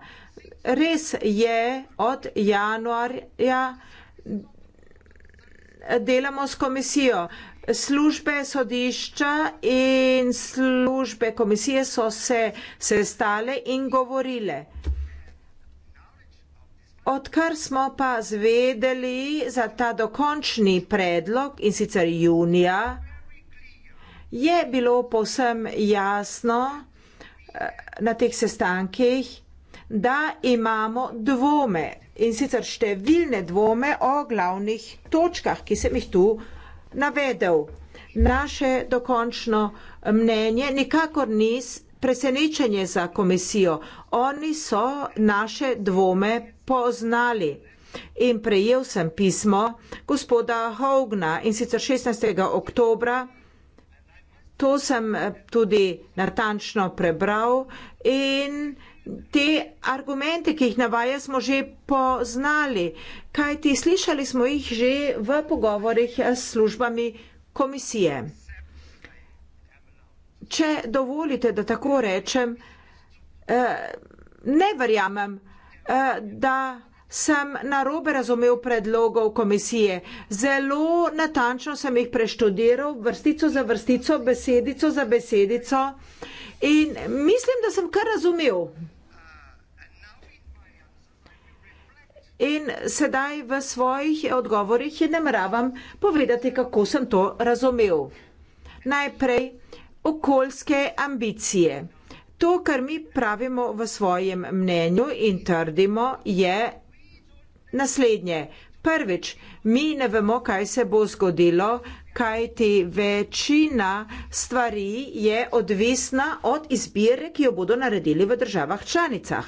res je od januarja, delamo s komisijo. Službe sodišča in službe komisije so se sestale in govorile. Odkar smo pa zvedeli za ta dokončni predlog in sicer junija, je bilo posem jasno eh, na teh sestankih, da imamo dvome in sicer številne dvome o glavnih točkah, ki sem jih tu navedel. Naše dokončno mnenje nikakor ni presenečenje za komisijo. Oni so naše dvome poznali. In prejel sem pismo gospoda Hogna in sicer 16. oktobra. To sem eh, tudi natančno prebral in Te argumente, ki jih navaja, smo že poznali, kajti slišali smo jih že v pogovorih s službami komisije. Če dovolite, da tako rečem, eh, ne verjamem, eh, da sem narobe razumel predlogov komisije. Zelo natančno sem jih preštudiral, vrstico za vrstico, besedico za besedico in mislim, da sem kar razumel. in sedaj v svojih odgovorih ne maram povedati, kako sem to razumel. Najprej okoljske ambicije. To, kar mi pravimo v svojem mnenju in trdimo, je naslednje. Prvič, mi ne vemo, kaj se bo zgodilo, kajti večina stvari je odvisna od izbire, ki jo bodo naredili v državah članicah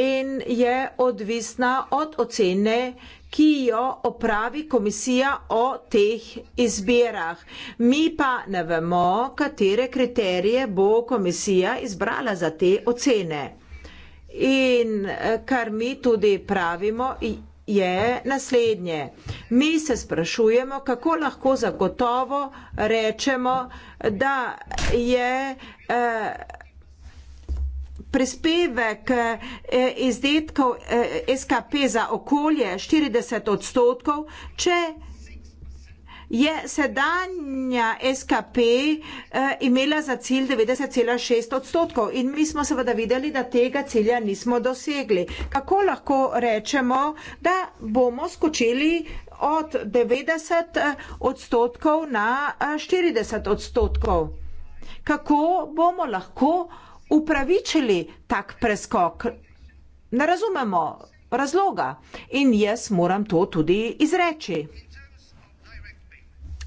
in je odvisna od ocene, ki jo opravi komisija o teh izbirah. Mi pa ne vemo, katere kriterije bo komisija izbrala za te ocene. In eh, kar mi tudi pravimo, je naslednje. Mi se sprašujemo, kako lahko zagotovo rečemo, da je. Eh, prispevek eh, izdetkov eh, SKP za okolje 40 odstotkov, če je sedanja SKP eh, imela za cilj 90,6 odstotkov in mi smo seveda videli, da tega cilja nismo dosegli. Kako lahko rečemo, da bomo skočili od 90 odstotkov na 40 odstotkov? Kako bomo lahko rečemo, upravičili tak preskok. Ne razumemo razloga in jaz moram to tudi izreči.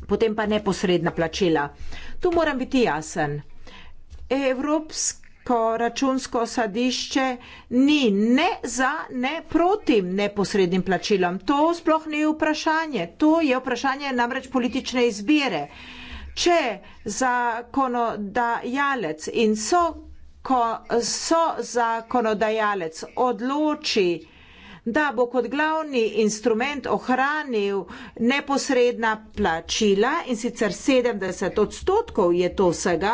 Potem pa neposredna plačila. Tu moram biti jasen. Evropsko računsko sadišče ni ne za, ne proti neposrednim plačilom. To sploh ni vprašanje. To je vprašanje namreč politične izbire. Če zakonodajalec in so ko so zakonodajalec odloči, da bo kot glavni instrument ohranil neposredna plačila in sicer 70 odstotkov je to vsega,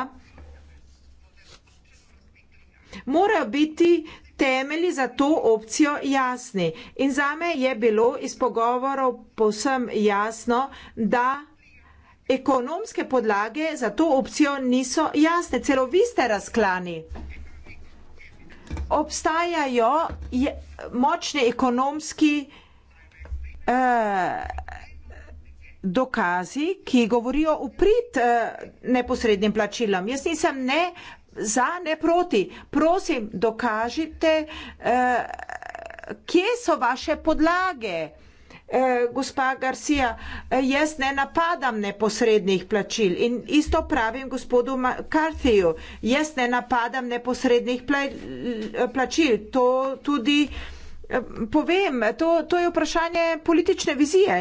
morajo biti temelji za to opcijo jasni. In zame je bilo iz pogovorov posem jasno, da ekonomske podlage za to opcijo niso jasne, celo vi ste razklani. Obstajajo je, močni ekonomski eh, dokazi, ki govorijo v prid eh, neposrednim plačilom. Jaz nisem ne za, ne proti. Prosim, dokažite, eh, kje so vaše podlage eh, gospa Garcia, eh, jaz ne napadam neposrednih plačil in isto pravim gospodu Karthiju, jaz ne napadam neposrednih pla plačil. To tudi eh, povem, to, to je vprašanje politične vizije.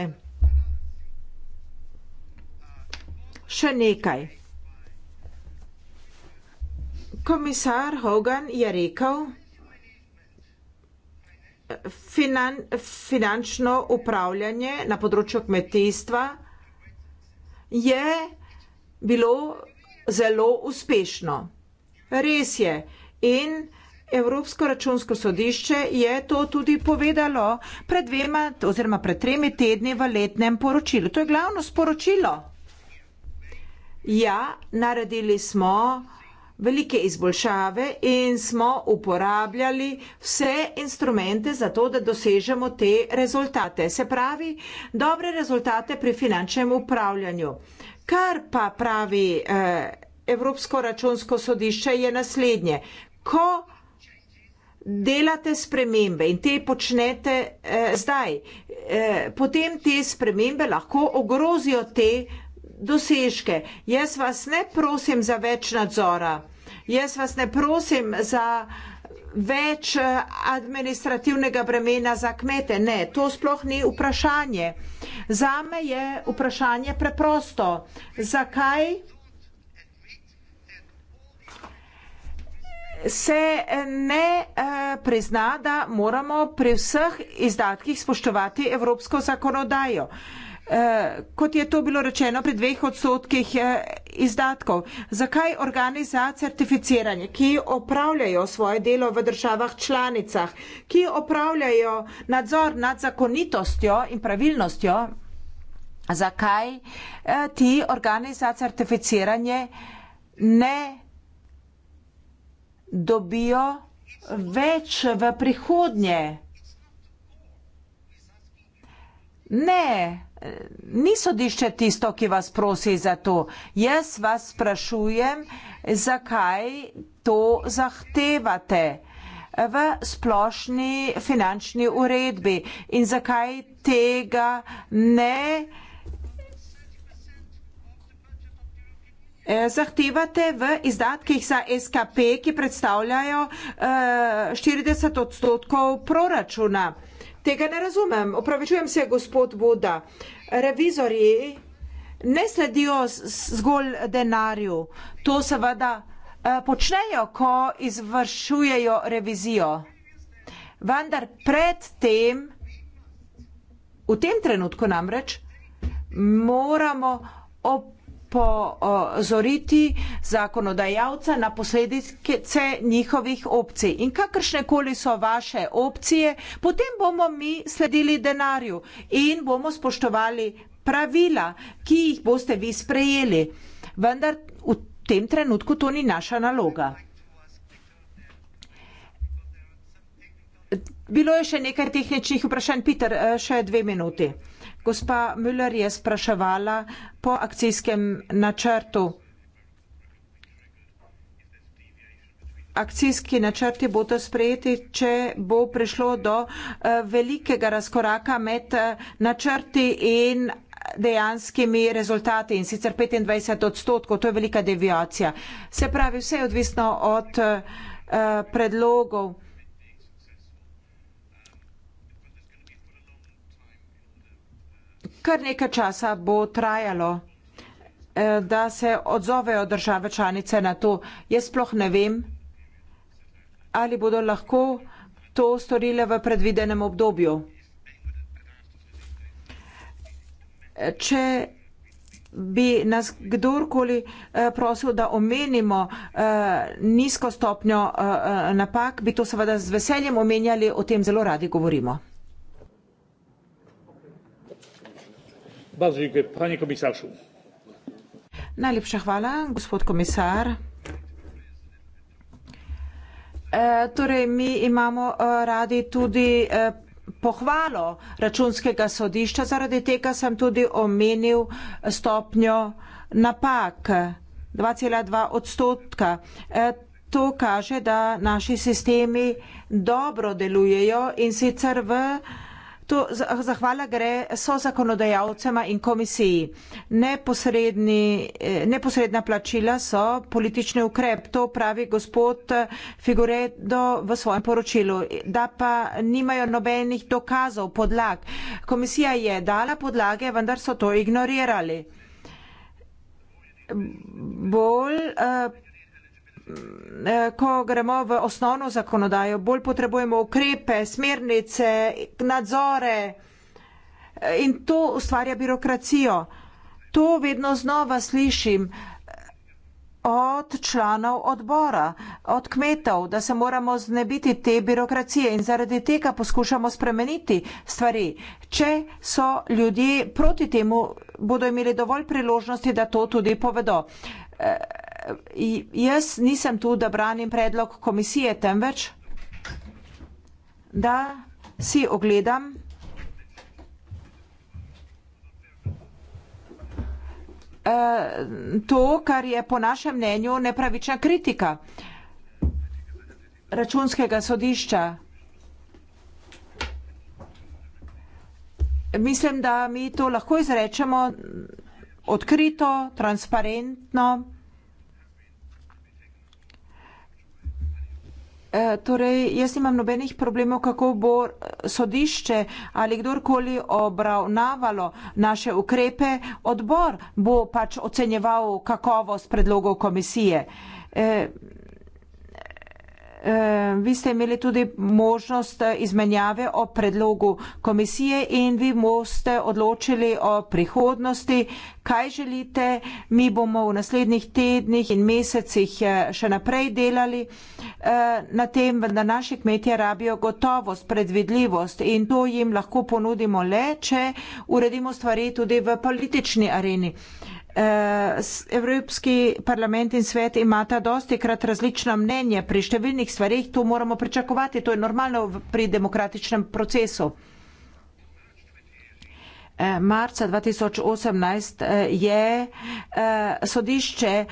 Še nekaj. Komisar Hogan je rekel, finan, finančno upravljanje na področju kmetijstva je bilo zelo uspešno. Res je. In Evropsko računsko sodišče je to tudi povedalo pred dvema oziroma pred tremi tedni v letnem poročilu. To je glavno sporočilo. Ja, naredili smo velike izboljšave in smo uporabljali vse instrumente za to, da dosežemo te rezultate. Se pravi, dobre rezultate pri finančnem upravljanju. Kar pa pravi eh, Evropsko računsko sodišče je naslednje. Ko delate spremembe in te počnete eh, zdaj, eh, potem te spremembe lahko ogrozijo te dosežke. Jaz vas ne prosim za več nadzora, jaz vas ne prosim za več eh, administrativnega bremena za kmete. Ne, to sploh ni vprašanje. Za me je vprašanje preprosto. Zakaj se ne eh, prizna, da moramo pri vseh izdatkih spoštovati evropsko zakonodajo? Eh, kot je to bilo rečeno, pri dveh odstotkih eh, izdatkov. Zakaj organi za certificiranje, ki opravljajo svoje delo v državah članicah, ki opravljajo nadzor nad zakonitostjo in pravilnostjo, zakaj eh, ti organi za certificiranje ne dobijo več v prihodnje? Ne ni sodišče tisto, ki vas prosi za to. Jaz vas sprašujem, zakaj to zahtevate v splošni finančni uredbi in zakaj tega ne eh, zahtevate v izdatkih za SKP, ki predstavljajo 40 eh, odstotkov proračuna. Tega ne razumem. Opravičujem se, gospod Buda. Revizori ne sledijo zgolj denarju. To seveda eh, počnejo, ko izvršujejo revizijo. Vendar predtem, v tem trenutku namreč, moramo opraviti po zoriti zakonodajalca na posledice njihovih opcij. In kakršne koli so vaše opcije, potem bomo mi sledili denarju in bomo spoštovali pravila, ki jih boste vi sprejeli. Vendar v tem trenutku to ni naša naloga. Bilo je še nekaj tehničnih vprašanj. Peter, eh, še dve minuti. Gospa Müller je spraševala po akcijskem načrtu. Akcijski načrti bodo sprejeti, če bo prišlo do eh, velikega razkoraka med eh, načrti in dejanskimi rezultati in sicer 25 odstotkov, to je velika deviacija. Se pravi, vse je odvisno od eh, predlogov. kar nekaj časa bo trajalo, eh, da se odzovejo države članice na to. Jaz sploh ne vem, ali bodo lahko to storile v predvidenem obdobju. Če bi nas kdorkoli eh, prosil, da omenimo eh, nizko stopnjo napak, bi to seveda z veseljem omenjali, o tem zelo radi govorimo. Bardzo dziękuję, panie komisarzu. Najlepsza chwała, gospod komisar. E, torej, mi imamo e, radi tudi e, pohvalo računskega sodišča, zaradi tega sem tudi omenil e, stopnjo napak 2,2 odstotka. E, to kaže, da naši sistemi dobro delujejo in sicer v To zahvala gre so zakonodajalcema in komisiji. Eh, neposredna plačila so politični ukrep, to pravi gospod Figuredo v svojem poročilu, da pa nimajo nobenih dokazov, podlag. Komisija je dala podlage, vendar so to ignorirali. Bolj uh, Eh, ko gremo v osnovno zakonodajo, bolj potrebujemo ukrepe, smernice, nadzore eh, in to ustvarja birokracijo. To vedno znova slišim eh, od članov odbora, od kmetov, da se moramo znebiti te birokracije in zaradi tega poskušamo spremeniti stvari. Če so ljudje proti temu, bodo imeli dovolj priložnosti, da to tudi povedo jaz nisem tu, da branim predlog komisije, temveč, da si ogledam eh, to, kar je po našem mnenju nepravična kritika računskega sodišča. Mislim, da mi to lahko izrečemo odkrito, transparentno, odkrito, E, torej, jaz nimam nobenih problemov, kako bo sodišče ali kdorkoli obravnavalo naše ukrepe. Odbor bo pač ocenjeval kakovost predlogov komisije. E, Eh, vi ste imeli tudi možnost izmenjave o predlogu komisije in vi boste odločili o prihodnosti, kaj želite. Mi bomo v naslednjih tednih in mesecih eh, še naprej delali eh, na tem, da naši kmetje rabijo gotovost, predvidljivost in to jim lahko ponudimo le, če uredimo stvari tudi v politični areni. Eh, Evropski parlament in svet imata dosti krat različna mnenja pri številnih stvarih, to moramo pričakovati, to je normalno pri demokratičnem procesu. Eh, marca 2018 eh, je eh, sodišče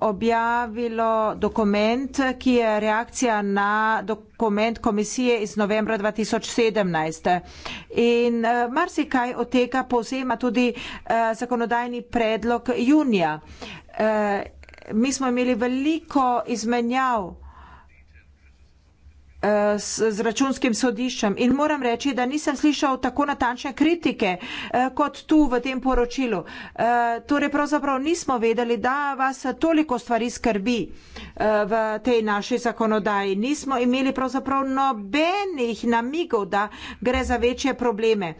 objavilo dokument, ki je reakcija na dokument komisije iz novembra 2017. In marsikaj od tega povzema tudi zakonodajni predlog junija. Mi smo imeli veliko izmenjav z, eh, z računskim sodiščem. In moram reči, da nisem slišal tako natančne kritike eh, kot tu v tem poročilu. Eh, torej, pravzaprav nismo vedeli, da vas toliko stvari skrbi v tej naši zakonodaji. Nismo imeli pravzaprav nobenih namigov, da gre za večje probleme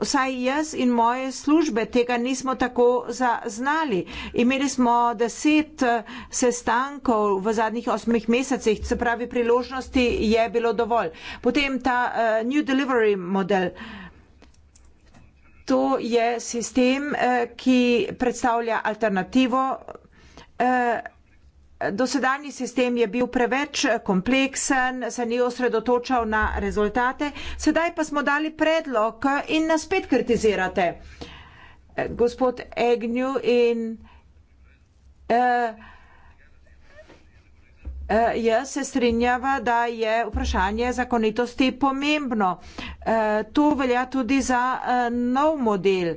vsaj jaz in moje službe tega nismo tako zaznali. Imeli smo deset eh, sestankov v zadnjih osmih mesecih, se pravi, priložnosti je bilo dovolj. Potem ta uh, New Delivery model. To je sistem, uh, ki predstavlja alternativo. Uh, dosedanji sistem je bil preveč eh, kompleksen, se ni osredotočal na rezultate, sedaj pa smo dali predlog eh, in nas spet kritizirate. Eh, gospod Egnju in uh, uh, jaz se strinjava, da je vprašanje zakonitosti pomembno. Uh, to velja tudi za uh, nov model.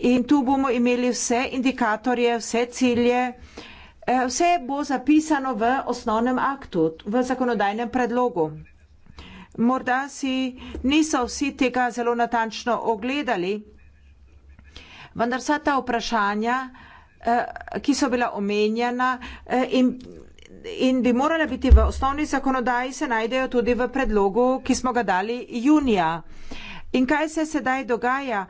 In tu bomo imeli vse indikatorje, vse cilje. Uh, Eh, vse bo zapisano v osnovnem aktu, v zakonodajnem predlogu. Morda si niso vsi tega zelo natančno ogledali, vendar vsa ta vprašanja, eh, ki so bila omenjena eh, in, in bi morala biti v osnovni zakonodaji, se najdejo tudi v predlogu, ki smo ga dali junija. In kaj se sedaj dogaja?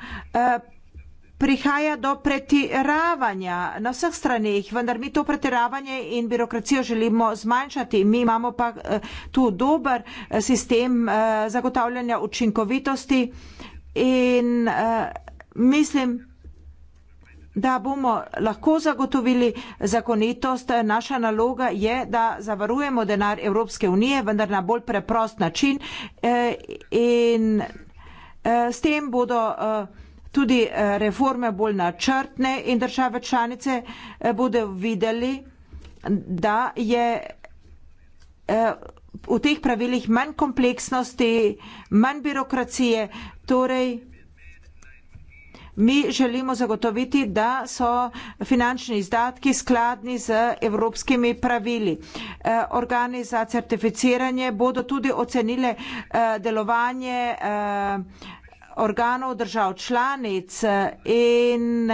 prihaja do pretiravanja na vseh stranih, vendar mi to pretiravanje in birokracijo želimo zmanjšati. Mi imamo pa eh, tu dober eh, sistem eh, zagotavljanja učinkovitosti in mislim, da bomo lahko zagotovili zakonitost. Naša naloga je, da zavarujemo denar Evropske unije, vendar na bolj preprost način in s tem bodo tudi eh, reforme bolj načrtne in države članice eh, bodo videli, da je eh, v teh pravilih manj kompleksnosti, manj birokracije, torej mi želimo zagotoviti, da so finančni izdatki skladni z evropskimi pravili. Organi za certificiranje bodo tudi ocenile delovanje vsega, organov držav članic in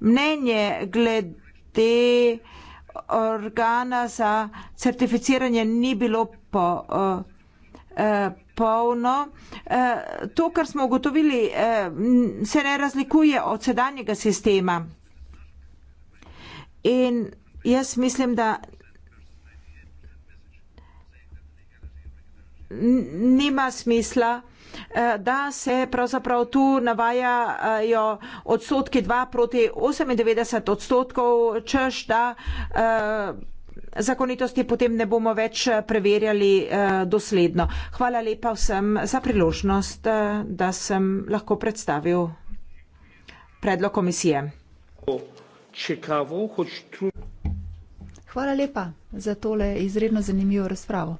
mnenje glede organa za certificiranje ni bilo po, eh, polno. Eh, to, kar smo ugotovili, eh, se ne razlikuje od sedanjega sistema. In jaz mislim, da nima smisla, Eh, da se pravzaprav tu navajajo odstotki 2 proti 98 odstotkov, češ da eh, zakonitosti potem ne bomo več preverjali eh, dosledno. Hvala lepa vsem za priložnost, da sem lahko predstavil predlog komisije. Hvala lepa za tole izredno zanimivo razpravo.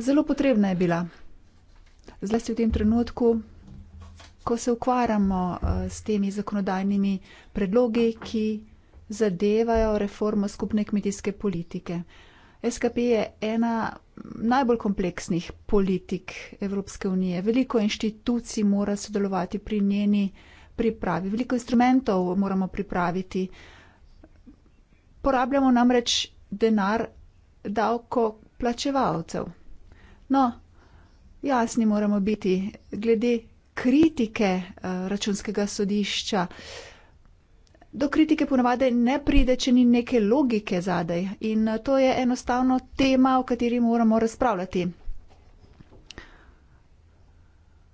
zelo potrebna je bila. Zlasti v tem trenutku, ko se ukvarjamo eh, s temi zakonodajnimi predlogi, ki zadevajo reformo skupne kmetijske politike. SKP je ena najbolj kompleksnih politik Evropske unije. Veliko inštitucij mora sodelovati pri njeni pripravi, veliko instrumentov moramo pripraviti. Porabljamo namreč denar davko plačevalcev. No, jasni moramo biti glede kritike eh, računskega sodišča. Do kritike ponavadi ne pride, če ni neke logike zadaj in eh, to je enostavno tema, o kateri moramo razpravljati.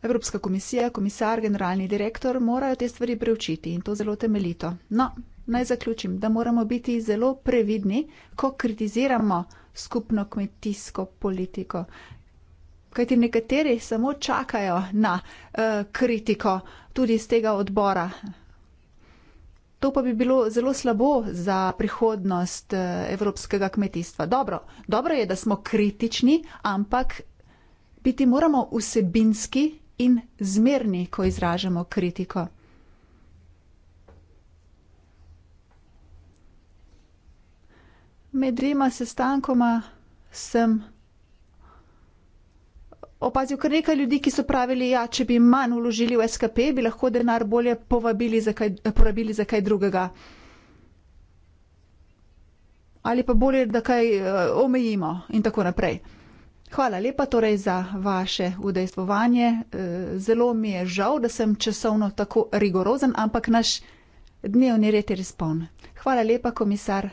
Evropska komisija, komisar, generalni direktor morajo te stvari preučiti in to zelo temeljito. No, naj zaključim, da moramo biti zelo previdni, ko kritiziramo skupno kmetijsko politiko kajti nekateri samo čakajo na uh, kritiko tudi iz tega odbora. To pa bi bilo zelo slabo za prihodnost eh, evropskega kmetijstva. Dobro, dobro je, da smo kritični, ampak biti moramo vsebinski in zmerni, ko izražamo kritiko. Med dvema sestankoma sem opazil kar nekaj ljudi, ki so pravili, ja, če bi manj uložili v SKP, bi lahko denar bolje povabili za kaj, porabili za kaj drugega. Ali pa bolje, da kaj eh, omejimo in tako naprej. Hvala lepa torej za vaše udejstvovanje. Eh, zelo mi je žal, da sem časovno tako rigorozen, ampak naš dnevni red je respon. Hvala lepa, komisar.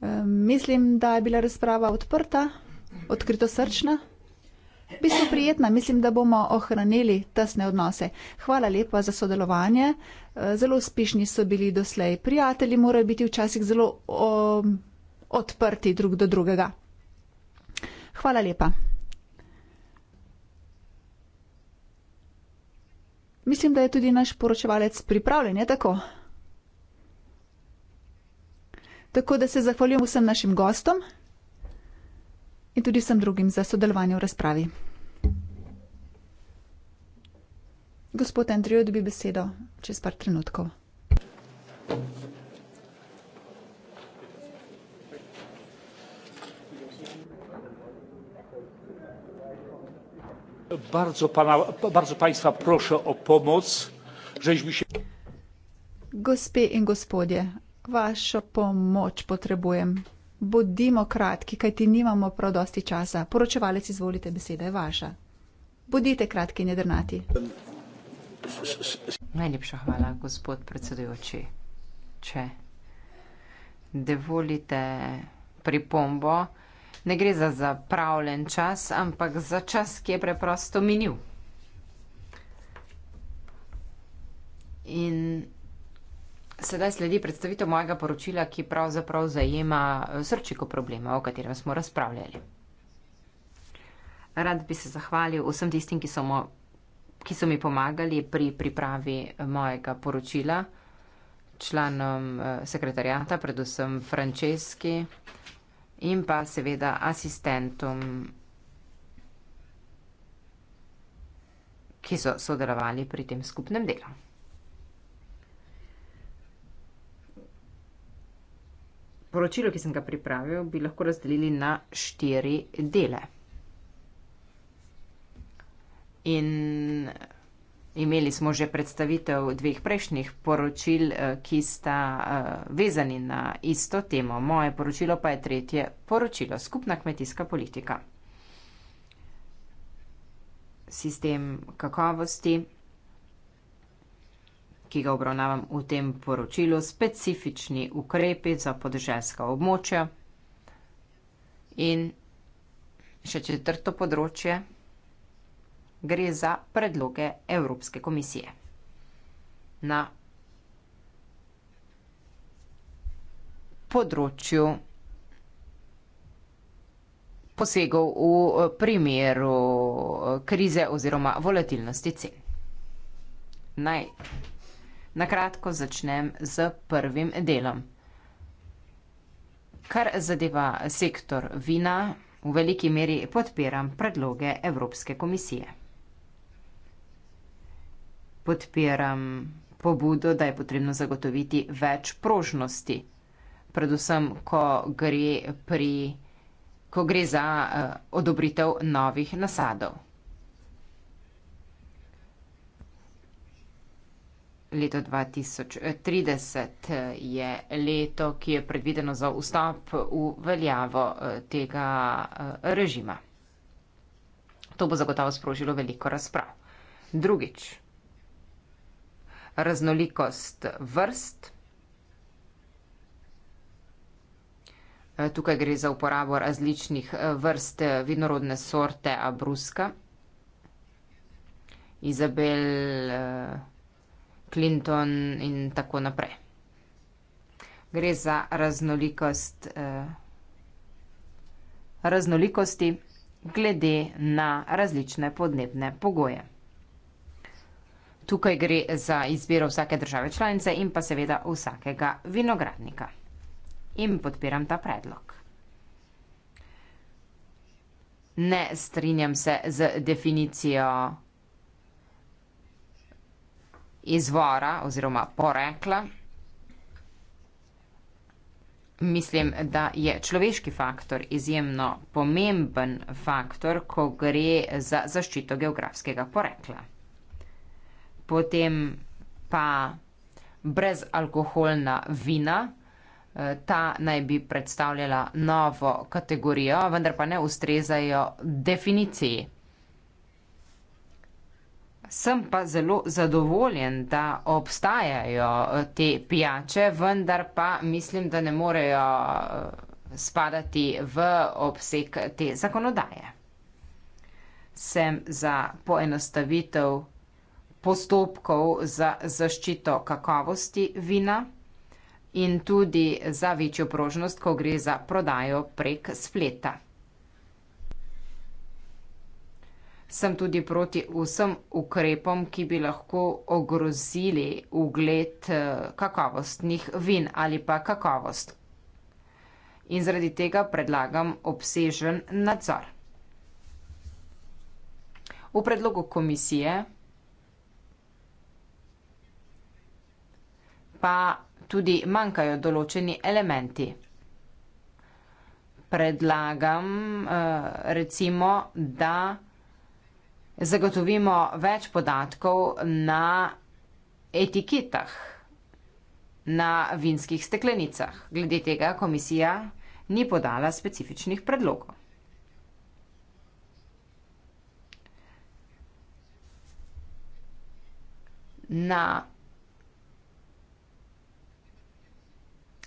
Eh, mislim, da je bila razprava odprta odkrito srčna. Bi se prijetna, mislim, da bomo ohranili tesne odnose. Hvala lepa za sodelovanje. Eh, zelo uspešni so bili doslej. Prijatelji morajo biti včasih zelo o, eh, odprti drug do drugega. Hvala lepa. Mislim, da je tudi naš poročevalec pripravljen, je tako? Tako da se zahvaljujem vsem našim gostom in tudi vsem drugim za sodelovanje v razpravi. Gospod Andrej, dobi besedo čez par trenutkov. Bardzo, pana, bardzo Państwa proszę o pomoc, żeśmy się. Gospie i Gospodzie, Waszą pomoc potrzebujemy. Bodimo kratki, kaj ti nimamo prav dosti časa. Poročevalec, izvolite, beseda je vaša. Bodite kratki, nedrnati. Najlepša hvala, gospod predsedujoči. Če dovolite pripombo, ne gre za zapravljen čas, ampak za čas, ki je preprosto minil. In Sedaj sledi predstavitev mojega poročila, ki pravzaprav zajema eh, srčiko problema, o katerem smo razpravljali. Rad bi se zahvalil vsem tistim, ki so, mo, ki so mi pomagali pri pripravi eh, mojega poročila, članom eh, sekretarjata, predvsem Franceski in pa seveda asistentom, ki so sodelovali pri tem skupnem delu. Poročilo, ki sem ga pripravil, bi lahko razdelili na štiri dele. In imeli smo že predstavitev dveh prejšnjih poročil, eh, ki sta eh, vezani na isto temo. Moje poročilo pa je tretje poročilo, skupna kmetijska politika. Sistem kakovosti, ki ga obravnavam v tem poročilu, specifični ukrepi za podeželska območja. In še četrto področje gre za predloge Evropske komisije. Na področju posegov v primeru eh, krize oziroma volatilnosti cen. Naj Na kratko začnem z prvim delom. Kar zadeva sektor vina, v veliki meri podpiram predloge Evropske komisije. Podpiram pobudo, da je potrebno zagotoviti več prožnosti, predvsem, ko gre, pri, ko gre za uh, odobritev novih nasadov. Leto 2030 je leto, ki je predvideno za vstop v veljavo eh, tega eh, režima. To bo zagotovo sprožilo veliko razprav. Drugič, raznolikost vrst. Eh, tukaj gre za uporabo različnih vrst vinorodne sorte Abruska. Izabel. Clinton in tako naprej. Gre za raznolikost, eh, raznolikosti glede na različne podnebne pogoje. Tukaj gre za izbiro vsake države članice in pa seveda vsakega vinogradnika. In podpiram ta predlog. Ne strinjam se z definicijo izvora oziroma porekla. Mislim, da je človeški faktor izjemno pomemben faktor, ko gre za zaščito geografskega porekla. Potem pa brezalkoholna vina, eh, ta naj bi predstavljala novo kategorijo, vendar pa ne ustrezajo definiciji sem pa zelo zadovoljen, da obstajajo eh, te pijače, vendar pa mislim, da ne morejo eh, spadati v obseg te zakonodaje. Sem za poenostavitev postopkov za zaščito kakovosti vina in tudi za večjo prožnost, ko gre za prodajo prek spleta. sem tudi proti vsem ukrepom, ki bi lahko ogrozili ugled eh, kakovostnih vin ali pa kakovost. In zaradi tega predlagam obsežen nadzor. V predlogu komisije pa tudi manjkajo določeni elementi. Predlagam eh, recimo, da zagotovimo več podatkov na etiketah, na vinskih steklenicah. Glede tega komisija ni podala specifičnih predlogov. Na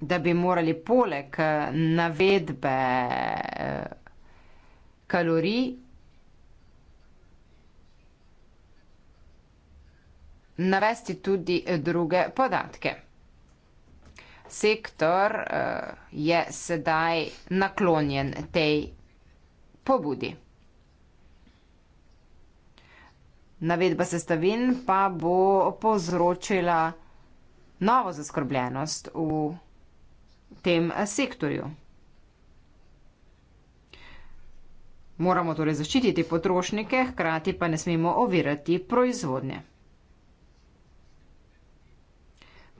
da bi morali poleg eh, navedbe eh, kalorij navesti tudi eh, druge podatke. Sektor je sedaj naklonjen tej pobudi. Navedba sestavin pa bo povzročila novo zaskrbljenost v kalorij tem eh, sektorju. Moramo torej zaščititi potrošnike, hkrati pa ne smemo ovirati proizvodnje.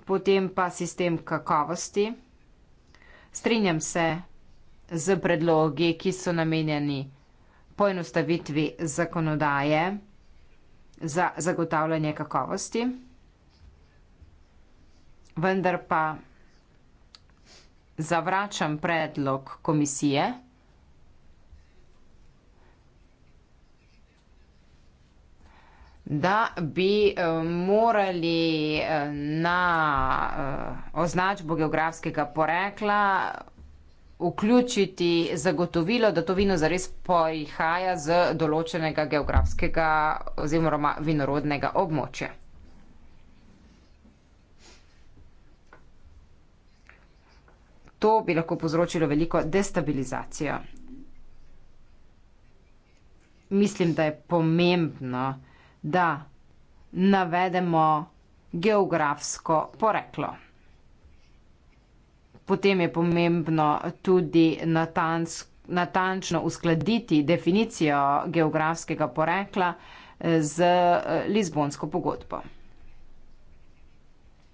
Potem pa sistem kakovosti. Strinjam se z predlogi, ki so namenjeni poenostavitvi zakonodaje za zagotavljanje kakovosti. Vendar pa zavračam predlog komisije. da bi eh, morali eh, na eh, označbo geografskega porekla vključiti zagotovilo, da to vino zares prihaja z določenega geografskega oziroma vinorodnega območja. To bi lahko povzročilo veliko destabilizacijo. Mislim, da je pomembno, da navedemo geografsko poreklo. Potem je pomembno tudi natanc, natančno uskladiti definicijo geografskega porekla eh, z eh, Lizbonsko pogodbo.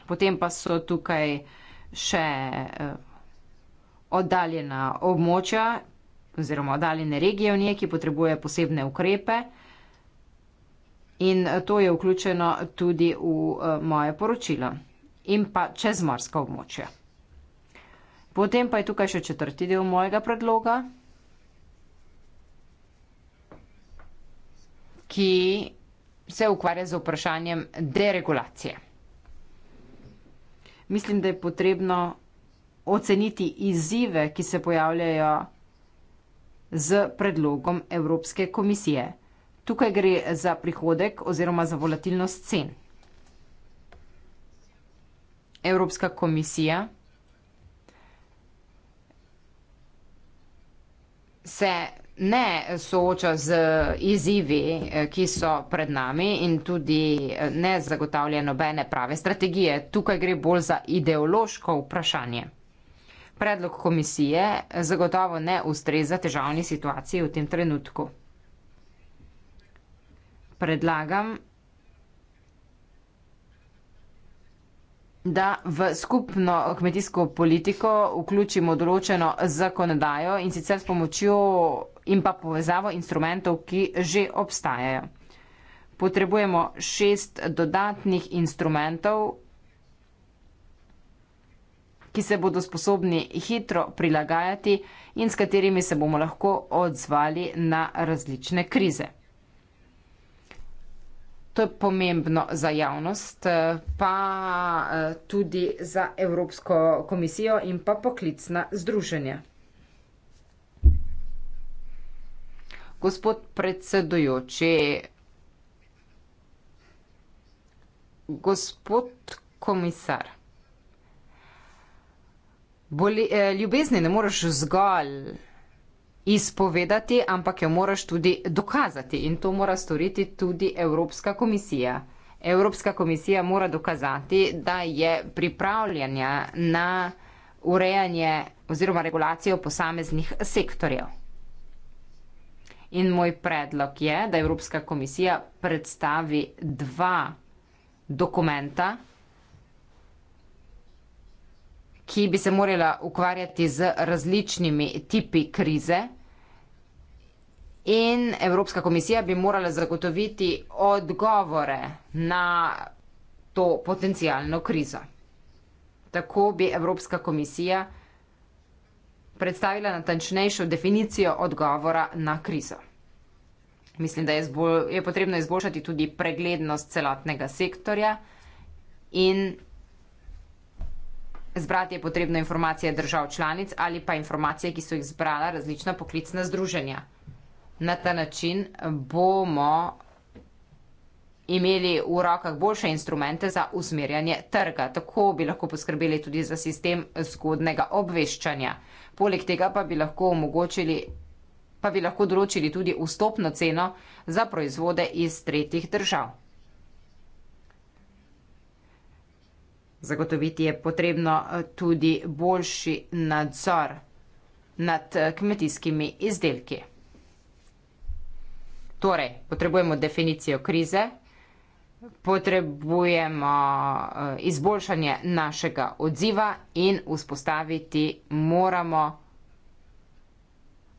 Potem pa so tukaj še eh, oddaljena območja oziroma oddaljene regije v njej, ki potrebuje posebne ukrepe. In eh, to je vključeno tudi v eh, moje poročilo in pa čezmorska območja. Potem pa je tukaj še četrti del mojega predloga, ki se ukvarja z vprašanjem deregulacije. Mislim, da je potrebno oceniti izzive, ki se pojavljajo z predlogom Evropske komisije. Tukaj gre za prihodek oziroma za volatilnost cen. Evropska komisija se ne sooča z izzivi, ki so pred nami in tudi ne zagotavlja nobene prave strategije. Tukaj gre bolj za ideološko vprašanje predlog komisije zagotovo ne ustreza težavni situaciji v tem trenutku. Predlagam, da v skupno kmetijsko politiko vključimo določeno zakonodajo in sicer s pomočjo in pa povezavo instrumentov, ki že obstajajo. Potrebujemo šest dodatnih instrumentov, ki se bodo sposobni hitro prilagajati in s katerimi se bomo lahko odzvali na različne krize. To je pomembno za javnost, pa eh, tudi za Evropsko komisijo in pa poklicna združenja. Gospod predsedujoči, gospod komisar. Boli, eh, ljubezni ne moreš zgolj izpovedati, ampak jo moraš tudi dokazati in to mora storiti tudi Evropska komisija. Evropska komisija mora dokazati, da je pripravljena na urejanje oziroma regulacijo posameznih sektorjev. In moj predlog je, da Evropska komisija predstavi dva dokumenta, ki bi se morala ukvarjati z različnimi tipi krize. In Evropska komisija bi morala zagotoviti odgovore na to potencijalno krizo. Tako bi Evropska komisija predstavila natančnejšo definicijo odgovora na krizo. Mislim, da je, zbolj, je potrebno izboljšati tudi preglednost celotnega sektorja in Zbrati je potrebno informacije držav članic ali pa informacije, ki so jih zbrala različna poklicna združenja. Na ta način bomo imeli v rokah boljše instrumente za usmerjanje trga. Tako bi lahko poskrbeli tudi za sistem zgodnega obveščanja. Poleg tega pa bi lahko omogočili pa bi lahko določili tudi vstopno ceno za proizvode iz tretjih držav. Zagotoviti je potrebno eh, tudi boljši nadzor nad eh, kmetijskimi izdelki. Torej, potrebujemo definicijo krize, potrebujemo eh, izboljšanje našega odziva in vzpostaviti moramo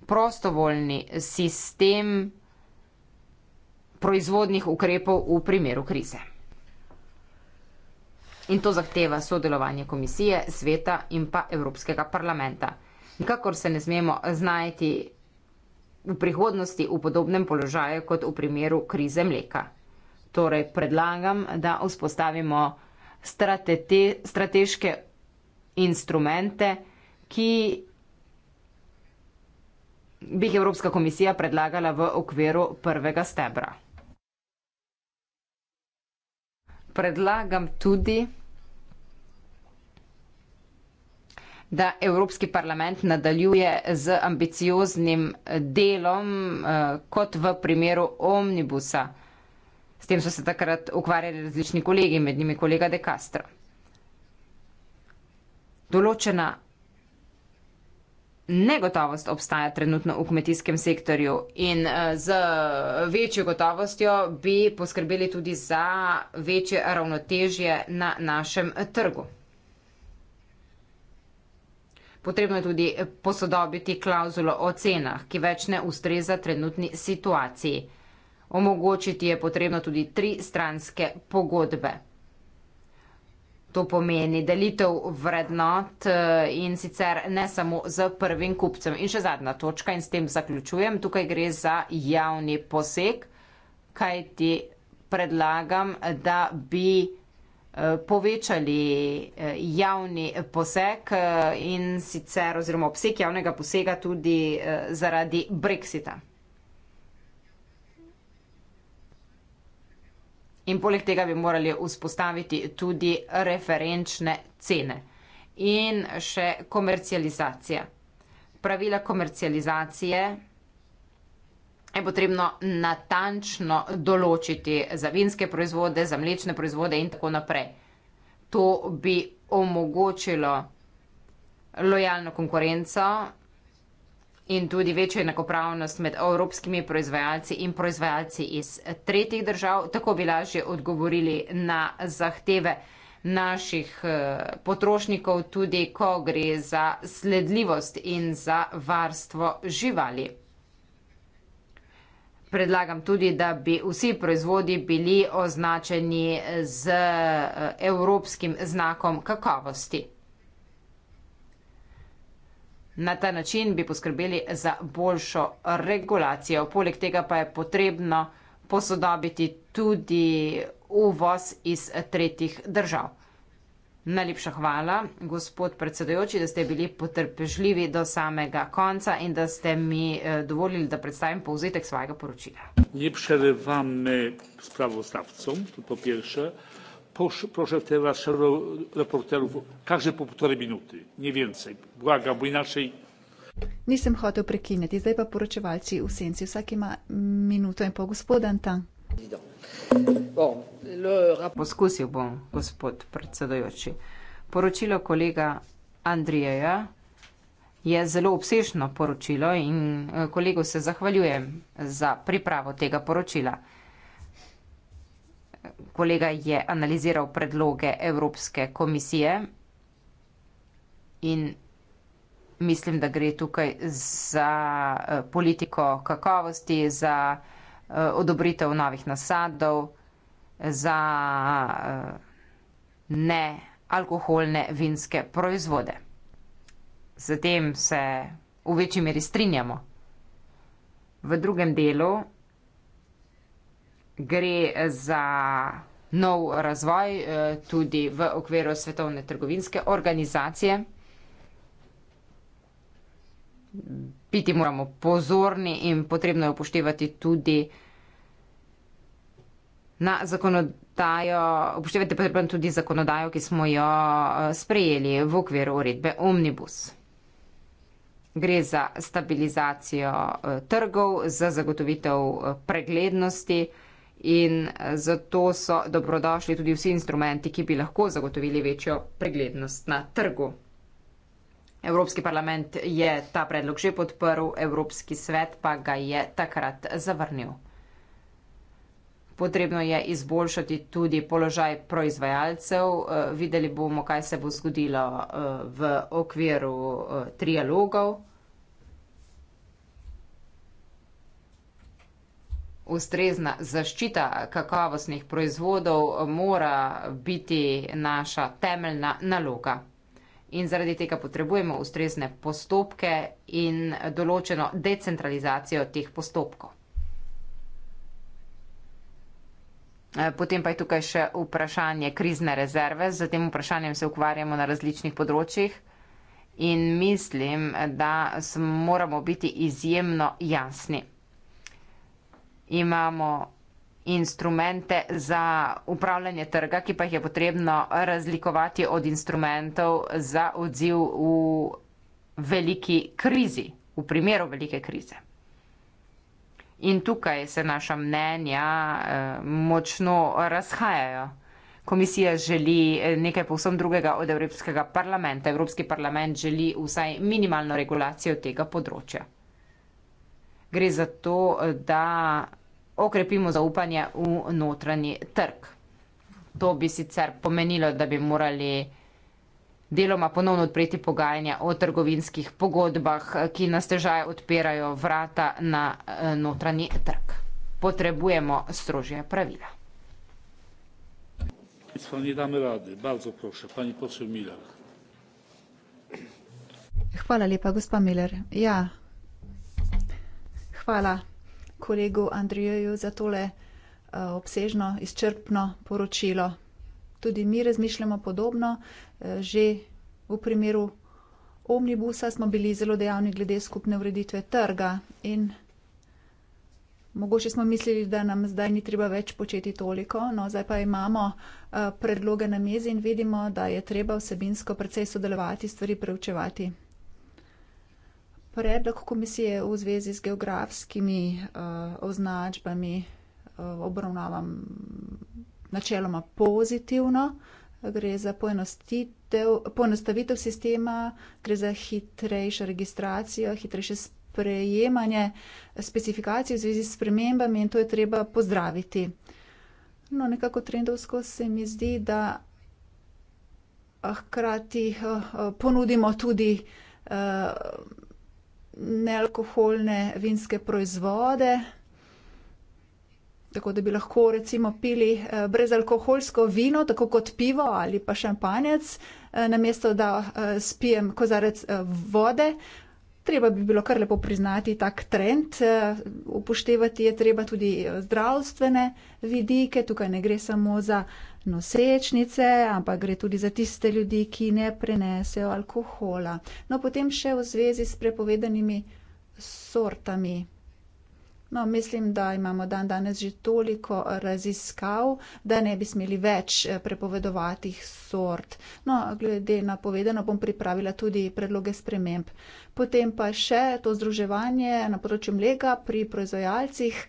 prostovoljni sistem proizvodnih ukrepov v primeru krize in to zahteva sodelovanje komisije, sveta in pa Evropskega parlamenta. Nikakor se ne smemo znajti v prihodnosti v podobnem položaju kot v primeru krize mleka. Torej predlagam, da vzpostavimo strate strateške instrumente, ki bi jih Evropska komisija predlagala v okviru prvega stebra. predlagam tudi, da Evropski parlament nadaljuje z ambicioznim delom eh, kot v primeru omnibusa. S tem so se takrat ukvarjali različni kolegi, med njimi kolega De Castro. Določena negotovost obstaja trenutno v kmetijskem sektorju in eh, z večjo gotovostjo bi poskrbeli tudi za večje ravnotežje na našem eh, trgu. Potrebno je tudi posodobiti klauzulo o cenah, ki več ne ustreza trenutni situaciji. Omogočiti je potrebno tudi tri stranske pogodbe to pomeni delitev vrednot eh, in sicer ne samo z prvim kupcem. In še zadnja točka in s tem zaključujem, tukaj gre za javni poseg, kaj ti predlagam, da bi eh, povečali eh, javni poseg in sicer oziroma obseg javnega posega tudi zaradi brexita. In poleg tega bi morali vzpostaviti tudi referenčne cene in še komercializacije. Pravila komercializacije je potrebno natančno določiti za vinske proizvode, za mlečne proizvode in tako naprej. To bi omogočilo lojalno konkurenco in tudi večjo enakopravnost med evropskimi proizvajalci in proizvajalci iz tretjih držav. Tako bi lažje odgovorili na zahteve naših eh, potrošnikov, tudi ko gre za sledljivost in za varstvo živali. Predlagam tudi, da bi vsi proizvodi bili označeni z eh, evropskim znakom kakovosti. Na ta način bi poskrbeli za boljšo regulacijo. Poleg tega pa je potrebno posodobiti tudi uvoz iz tretjih držav. Najlepša hvala, gospod predsedojoči, da ste bili potrpežljivi do samega konca in da ste mi eh, dovolili, da predstavim povzetek svojega poročila. Najlepša hvala vam, eh, spravoslavcom, to po prvo proszę teraz szanownych reporterów, każdy po półtorej minuty, nie więcej. Błagam, bo inaczej. Nie jestem chciał prekinać, zdaj pa poroczewalci w sensie, wszaki ma minutę i pół, gospodan tam. Poskusil bom, gospod predsedojoči. Poročilo kolega Andrijeja je zelo obsežno poročilo in eh, kolegu se zahvaljujem za pripravo tega poročila kolega je analiziral predloge Evropske komisije in mislim, da gre tukaj za eh, politiko kakovosti, za eh, odobritev novih nasadov, za eh, nealkoholne vinske proizvode. Zatem se v večji meri strinjamo. V drugem delu gre za nov razvoj eh, tudi v okviru Svetovne trgovinske organizacije. Biti moramo pozorni in potrebno je upoštevati tudi na zakonodajo, upoštevati potrebno tudi zakonodajo, ki smo jo eh, sprejeli v okviru uredbe Omnibus. Gre za stabilizacijo eh, trgov, za zagotovitev preglednosti, in eh, zato so dobrodošli tudi vsi instrumenti, ki bi lahko zagotovili večjo preglednost na trgu. Evropski parlament je ta predlog že podprl, Evropski svet pa ga je takrat zavrnil. Potrebno je izboljšati tudi položaj proizvajalcev. Eh, videli bomo, kaj se bo zgodilo eh, v okviru trialogov. ustrezna zaščita kakovostnih proizvodov mora biti naša temeljna naloga. In zaradi tega potrebujemo ustrezne postopke in določeno decentralizacijo teh postopkov. Eh, potem pa je tukaj še vprašanje krizne rezerve. Z tem vprašanjem se ukvarjamo na različnih področjih in mislim, da moramo biti izjemno jasni imamo instrumente za upravljanje trga, ki pa jih je potrebno razlikovati od instrumentov za odziv v veliki krizi, v primeru velike krize. In tukaj se naša mnenja eh, močno razhajajo. Komisija želi eh, nekaj povsem drugega od Evropskega parlamenta. Evropski parlament želi vsaj minimalno regulacijo tega področja gre za to, da okrepimo zaupanje v notranji trg. To bi sicer pomenilo, da bi morali deloma ponovno odpreti pogajanja o trgovinskih pogodbah, ki nas težaje odpirajo vrata na eh, notranji trg. Potrebujemo strožje pravila. Hvala lepa, gospa Miller. Ja hvala kolegu Andrijeju za tole eh, obsežno, izčrpno poročilo. Tudi mi razmišljamo podobno, eh, že v primeru omnibusa smo bili zelo dejavni glede skupne ureditve trga in mogoče smo mislili, da nam zdaj ni treba več početi toliko, no zdaj pa imamo eh, predloge na mizi in vidimo, da je treba vsebinsko precej sodelovati, stvari preučevati predlog komisije v zvezi z geografskimi uh, označbami uh, obravnavam načeloma pozitivno. Gre za poenostavitev sistema, gre za hitrejšo registracijo, hitrejše sprejemanje specifikacij v zvezi s spremembami in to je treba pozdraviti. No, nekako trendovsko se mi zdi, da eh, hkrati ponudimo tudi nealkoholne vinske proizvode, tako da bi lahko recimo pili eh, brezalkoholsko vino, tako kot pivo ali pa šampanjec, eh, namesto da eh, spijem kozarec vode treba bi bilo kar lepo priznati tak trend. Eh, upoštevati je treba tudi eh, zdravstvene vidike. Tukaj ne gre samo za nosečnice, ampak gre tudi za tiste ljudi, ki ne prenesejo alkohola. No, potem še v zvezi s prepovedanimi sortami. No, mislim, da imamo dan danes že toliko raziskav, da ne bi smeli več eh, prepovedovatih sort. No, glede na povedano bom pripravila tudi predloge sprememb. Potem pa še to združevanje na področju mleka pri proizvajalcih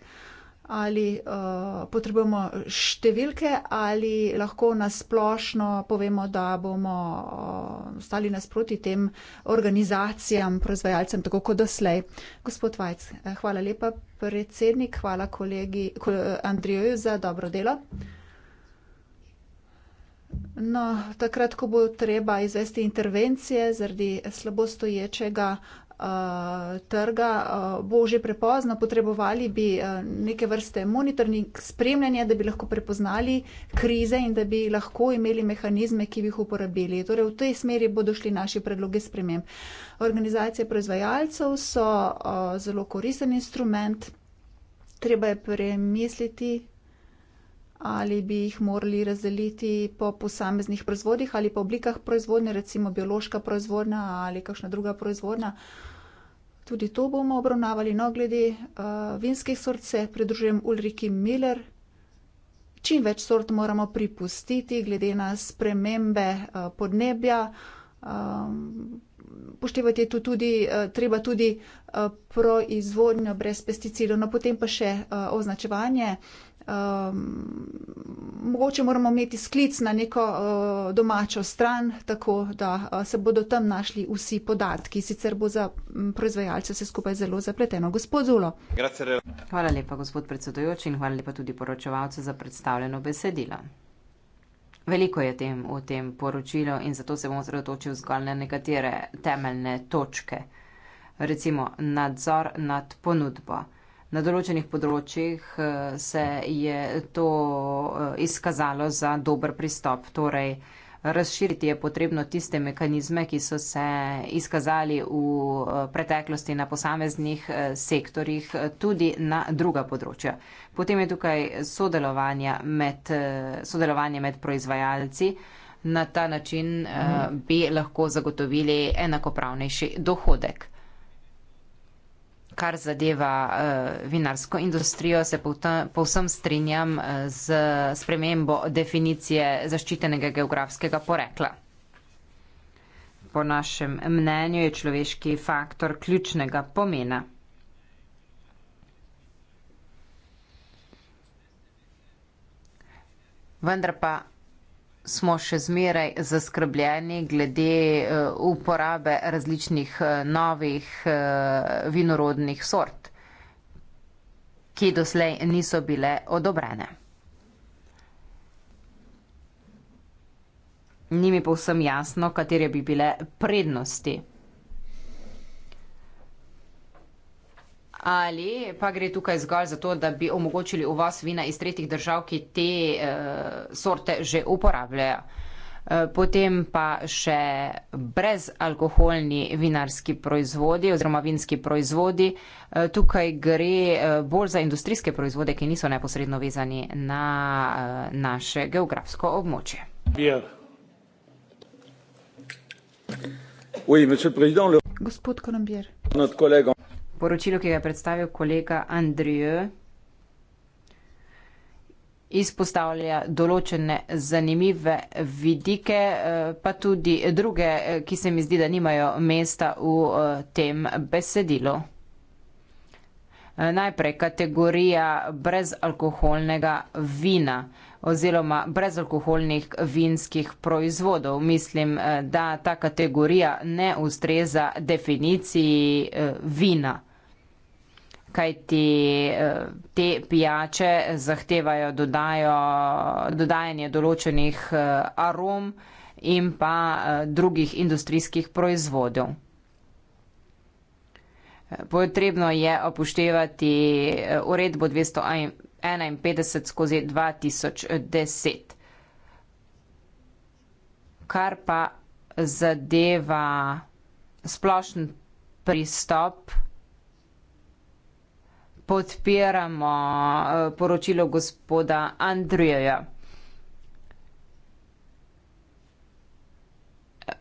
ali uh, potrebujemo številke, ali lahko nasplošno povemo, da bomo uh, stali nasproti tem organizacijam, proizvajalcem, tako kot doslej. Gospod Vajc, eh, hvala lepa predsednik, hvala kolegi ko, Andrijoju za dobro delo. No, takrat, ko bo treba izvesti intervencije zaradi slabostoječega uh, Eh, trga, eh, bo že prepozno. Potrebovali bi eh, neke vrste monitoring, spremljanje, da bi lahko prepoznali krize in da bi lahko imeli mehanizme, ki bi jih uporabili. Torej, v tej smeri bodo šli naši predloge sprememb. Organizacije proizvajalcev so zelo koristen instrument. Treba je premisliti, ali bi jih morali razdeliti po posameznih proizvodih ali po oblikah proizvodnje, recimo biološka proizvodnja ali kakšna druga proizvodnja. Tudi to bomo obravnavali, no glede uh, vinskih sort se pridružujem Ulriki Miller. Čim več sort moramo pripustiti, glede na spremembe uh, podnebja. Eh, um, poštevati je tu tudi, uh, treba tudi uh, proizvodnjo brez pesticidov, no potem pa še uh, označevanje. Uh, um, mogoče moramo imeti sklic na neko uh, domačo stran, tako da uh, se bodo tam našli vsi podatki. Sicer bo za proizvajalce vse skupaj zelo zapleteno. Gospod Zulo. Hvala lepa, gospod predsedojoči, in hvala lepa tudi poročevalcu za predstavljeno besedilo. Veliko je tem v tem poročilu in zato se bom osredotočil zgolj na nekatere temeljne točke. Recimo nadzor nad ponudbo na določenih področjih eh, se je to eh, izkazalo za dober pristop. Torej, razširiti je potrebno tiste mehanizme, ki so se izkazali v eh, preteklosti na posameznih sektorjih, tudi na druga področja. Potem je tukaj med, sodelovanje med proizvajalci. Na ta način mhm. bi lahko zagotovili enakopravnejši dohodek kar zadeva uh, vinarsko industrijo, se povsem strinjam uh, eh, z spremembo definicije zaščitenega geografskega porekla. Po našem mnenju je človeški faktor ključnega pomena. Vendar pa smo še zmeraj zaskrbljeni glede eh, uporabe različnih eh, novih eh, vinorodnih sort, ki doslej niso bile odobrene. Ni mi povsem jasno, katere bi bile prednosti Ali pa gre tukaj zgolj za to, da bi omogočili uvoz vina iz tretjih držav, ki te uh, sorte že uporabljajo. Eh, potem pa še brezalkoholni vinarski proizvodi oziroma vinski proizvodi. Eh, tukaj gre bolj za industrijske proizvode, ki niso neposredno vezani na naše geografsko območje. Gospod Kolombier poročilo, ki ga je predstavil kolega Andrije, izpostavlja določene zanimive vidike, eh, pa tudi druge, eh, ki se mi zdi, da nimajo mesta v eh, tem besedilu. Najprej kategorija brezalkoholnega vina oziroma brezalkoholnih vinskih proizvodov. Mislim, da ta kategorija ne ustreza definiciji vina kajti eh, te pijače zahtevajo dodajo, dodajanje določenih eh, arom in pa eh, drugih industrijskih proizvodov. Potrebno je opuštevati uredbo 251 skozi 2010. Kar pa zadeva splošen pristop podpiramo eh, poročilo gospoda Andrijeja.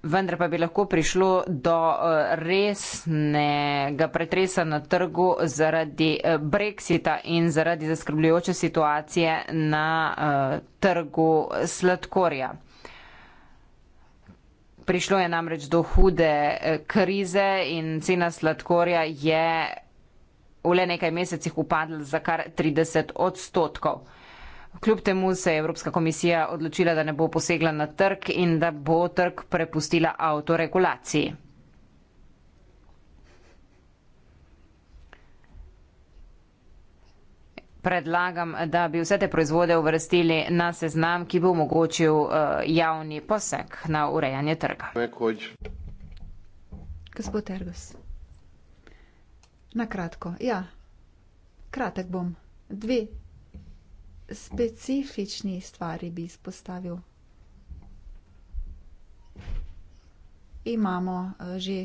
Vendar pa bi lahko prišlo do eh, resnega pretresa na trgu zaradi eh, Brexita in zaradi zaskrbljujoče situacije na trgu sladkorja. Prišlo je namreč do hude krize in cena sladkorja je v le nekaj mesecih upadli za kar 30 odstotkov. Kljub temu se je Evropska komisija odločila, da ne bo posegla na trg in da bo trg prepustila avtoregulaciji. Predlagam, da bi vse te proizvode uvrstili na seznam, ki bo omogočil eh, javni poseg na urejanje trga. Gospod Ergos. Na kratko, ja. Kratek bom. Dve specifični stvari bi izpostavil. Imamo eh, že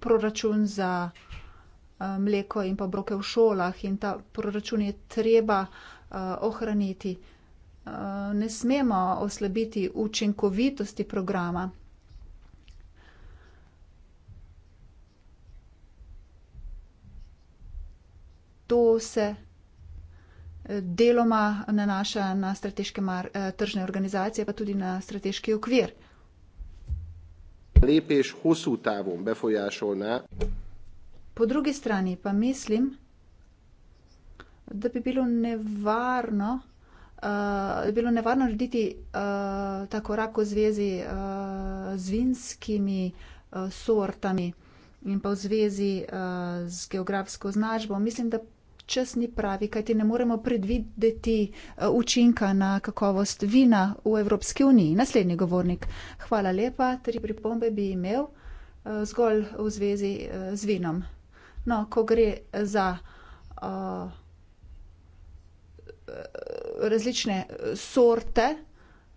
proračun za eh, mleko in pa broke v šolah in ta proračun je treba eh, ohraniti. Ne smemo oslabiti učinkovitosti programa. to se eh, deloma nanaša na strateške mar, eh, tržne organizacije, pa tudi na strateški okvir. Lepeš husu tavu, befojašov na. Po drugi strani pa mislim, da bi bilo nevarno, uh, bilo nevarno narediti uh, tako rak v zvezi uh, z vinskimi uh, sortami in pa v zvezi uh, z geografsko označbo. Mislim, da čas ni pravi, kajti ne moremo predvideti eh, učinka na kakovost vina v Evropski uniji. Naslednji govornik. Hvala lepa, tri pripombe bi imel eh, zgolj v zvezi eh, z vinom. No, ko gre za uh, različne sorte,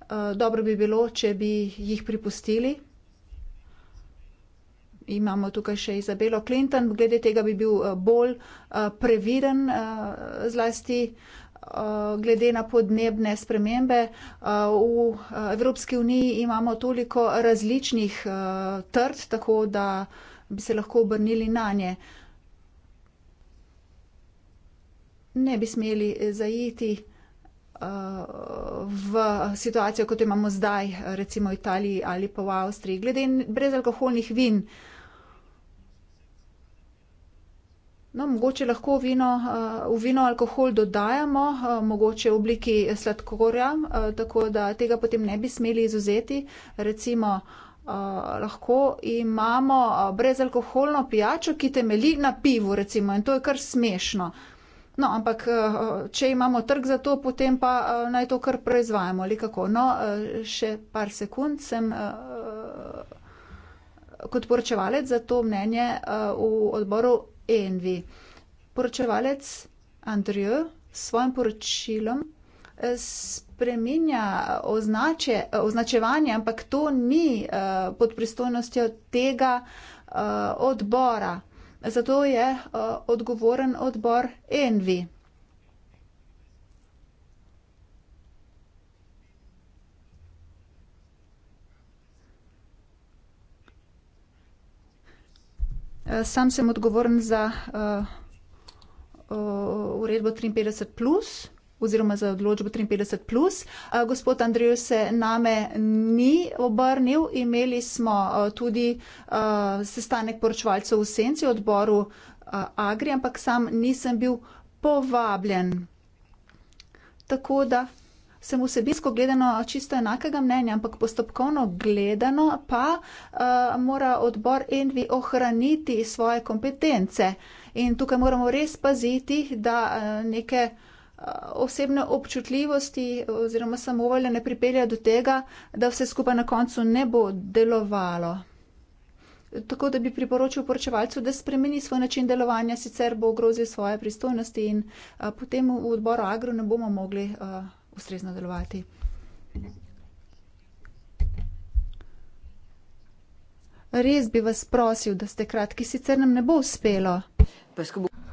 uh, dobro bi bilo, če bi jih pripustili imamo tukaj še Izabelo Clinton, glede tega bi bil eh, bolj eh, previden eh, zlasti glede na podnebne spremembe. V Evropski uniji imamo toliko različnih trd, tako da bi se lahko obrnili na nje. Ne bi smeli zajiti v situacijo, kot jo imamo zdaj, recimo v Italiji ali pa v Avstriji. Glede brezalkoholnih vin. No, mogoče lahko v vino, eh, v vino alkohol dodajamo, eh, mogoče v obliki sladkorja, eh, tako da tega potem ne bi smeli izuzeti. Recimo, lahko imamo brezalkoholno pijačo, ki temelji na pivu, recimo, in to je kar smešno. No, ampak, če imamo trg za to, potem pa naj to kar proizvajamo ali kako. No, še par sekund sem kot poročevalec za to mnenje v odboru Envi. Poročevalec Andrej s svojim poročilom eh, spreminja označe, eh, označevanje, ampak to ni eh, pod pristojnostjo tega odbora. Zato je odgovoren odbor Envi. Eh, sam sem odgovoren za uh, uredbo 53, plus, oziroma za odločbo 53. Plus. Uh, gospod Andrej se name ni obrnil. Imeli smo uh, tudi uh, sestanek poročevalcev v senci odboru uh, Agri, ampak sam nisem bil povabljen. Tako da sem vsebinsko gledano čisto enakega mnenja, ampak postopkovno gledano pa uh, mora odbor Envi ohraniti svoje kompetence. In tukaj moramo res paziti, da uh, neke eh, osebne občutljivosti oziroma samovolje ne pripelja do tega, da vse skupaj na koncu ne bo delovalo. Tako da bi priporočil poročevalcu, da spremeni svoj način delovanja, sicer bo ogrozil svoje pristojnosti in a, potem v odboru agro ne bomo mogli a, ustrezno delovati. Res bi vas prosil, da ste kratki, sicer nam ne bo uspelo.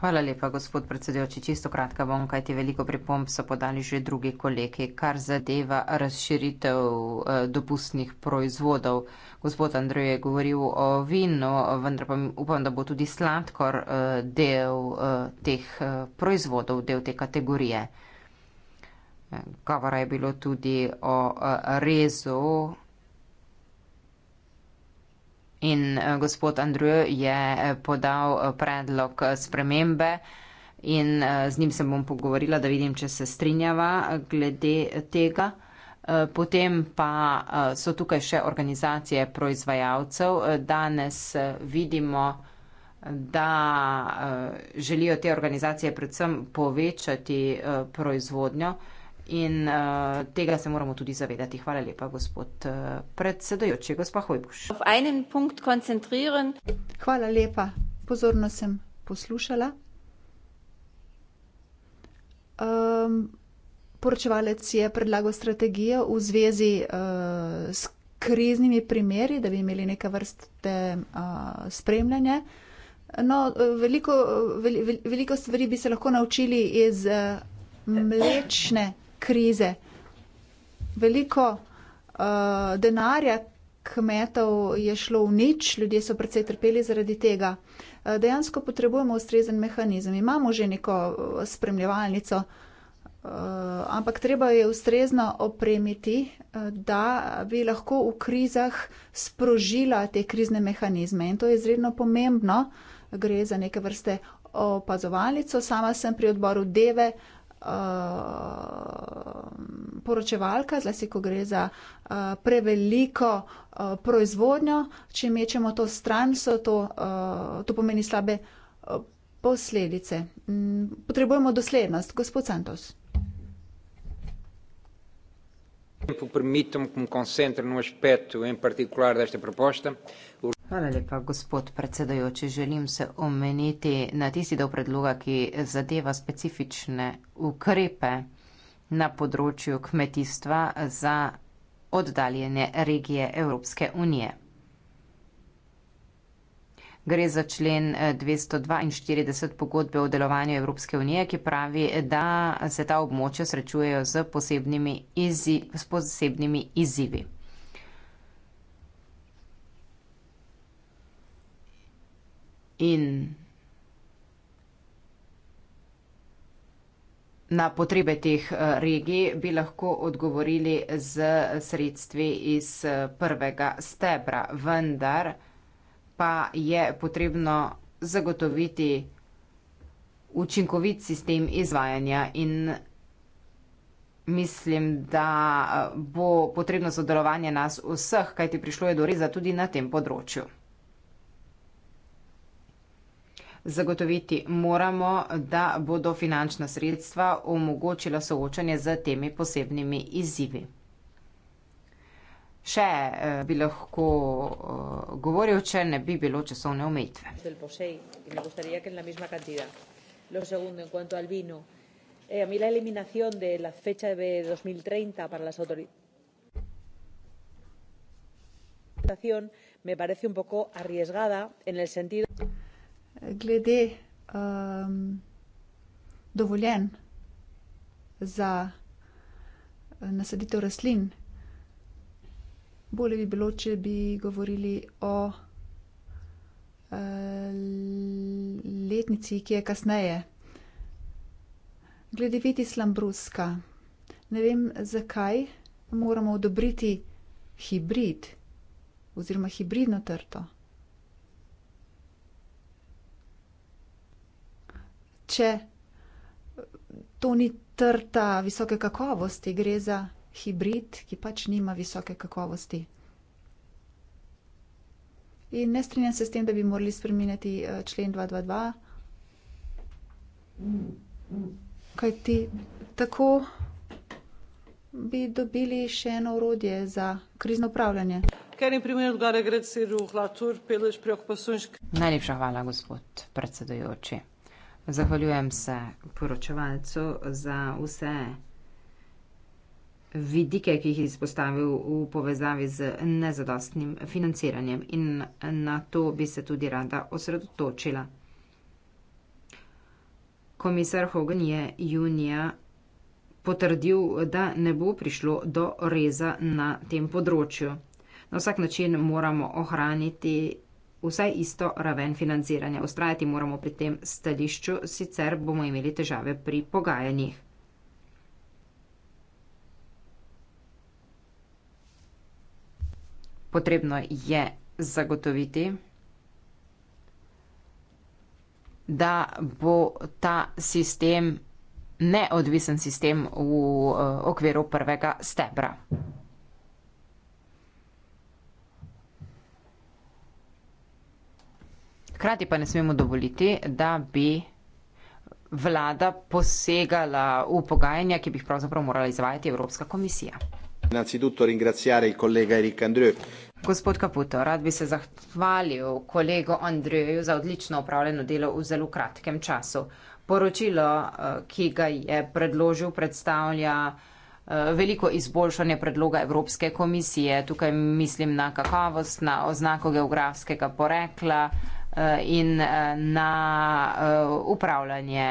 Hvala lepa, gospod predsedujoči. Čisto kratka bom, kajti veliko pripomb so podali že drugi kolegi, kar zadeva razširitev eh, dopustnih proizvodov. Gospod Andrej je govoril o vinu, vendar pa upam, da bo tudi sladkor eh, del eh, teh proizvodov, del te kategorije. Govora je bilo tudi o eh, rezu. In eh, gospod Andrej je eh, podal predlog spremembe in z njim se bom pogovorila, da vidim, če se strinjava glede tega. Potem pa so tukaj še organizacije proizvajalcev. Danes vidimo, da želijo te organizacije predvsem povečati proizvodnjo. In uh, tega se moramo tudi zavedati. Hvala lepa, gospod uh, eh, predsedojoči, gospod Hojbuš. Hvala lepa. Pozorno sem poslušala. Um, poročevalec je predlagal strategijo v zvezi uh, s kriznimi primeri, da bi imeli neke vrste uh, spremljanje. No, veliko, veliko stvari bi se lahko naučili iz uh, mlečne krize. Veliko uh, denarja kmetov je šlo v nič, ljudje so predvsej trpeli zaradi tega. Uh, dejansko potrebujemo ustrezen mehanizem. Imamo že neko uh, spremljevalnico, uh, ampak treba je ustrezno opremiti, uh, da bi lahko v krizah sprožila te krizne mehanizme. In to je izredno pomembno. Gre za neke vrste opazovalnico. Sama sem pri odboru Deve. Uh, Eh, poročevalka, zlasti ko gre za uh, preveliko uh, proizvodnjo. Če mečemo to stran, so to, uh, to pomeni slabe uh, posledice. Mm, potrebujemo doslednost. Gospod Santos. Permitam, com concentro no aspecto em particular desta proposta, uh, Hvala lepa, gospod predsedajoči. Želim se omeniti na tisti del predloga, ki zadeva specifične ukrepe na področju kmetijstva za oddaljene regije Evropske unije. Gre za člen 242 eh, pogodbe o delovanju Evropske unije, ki pravi, da se ta območja srečujejo z posebnimi, izzi, z posebnimi izzivi. in na potrebe teh eh, regij bi lahko odgovorili z sredstvi iz eh, prvega stebra, vendar pa je potrebno zagotoviti učinkovit sistem izvajanja in mislim, da eh, bo potrebno sodelovanje nas vseh, kajti prišlo je do reza tudi na tem področju zagotoviti moramo, da bodo finančna sredstva omogočila soočanje z temi posebnimi izzivi. Še eh, bi lahko eh, govoril, če ne bi bilo časovne omejitve. Eh, me parece un poco arriesgada en el sentido glede um, dovoljen za uh, nasaditev rastlin. Bolje bi bilo, če bi govorili o uh, letnici, ki je kasneje. Glede vitis lambruska, ne vem, zakaj moramo odobriti hibrid oziroma hibridno trto. če to ni trta visoke kakovosti, gre za hibrid, ki pač nima visoke kakovosti. In ne strinjam se s tem, da bi morali spremeniti eh, člen 222, kaj ti tako bi dobili še eno urodje za krizno upravljanje. Najlepša hvala, gospod predsedujoči. Zahvaljujem se poročevalcu za vse vidike, ki jih je izpostavil v povezavi z nezadostnim financiranjem in na to bi se tudi rada osredotočila. Komisar Hogan je junija potrdil, da ne bo prišlo do reza na tem področju. Na vsak način moramo ohraniti vsaj isto raven financiranja. Ustrajati moramo pri tem stališču, sicer bomo imeli težave pri pogajanjih. Potrebno je zagotoviti, da bo ta sistem neodvisen sistem v eh, okviru prvega stebra. Hkrati pa ne smemo dovoliti, da bi vlada posegala v pogajanja, ki bi jih pravzaprav morala izvajati Evropska komisija. Gospod Kaputo, rad bi se zahvalil kolego Andreju za odlično upravljeno delo v zelo kratkem času. Poročilo, eh, ki ga je predložil, predstavlja eh, veliko izboljšanje predloga Evropske komisije. Tukaj mislim na kakovost, na oznako geografskega porekla. Eh, in eh, na eh, upravljanje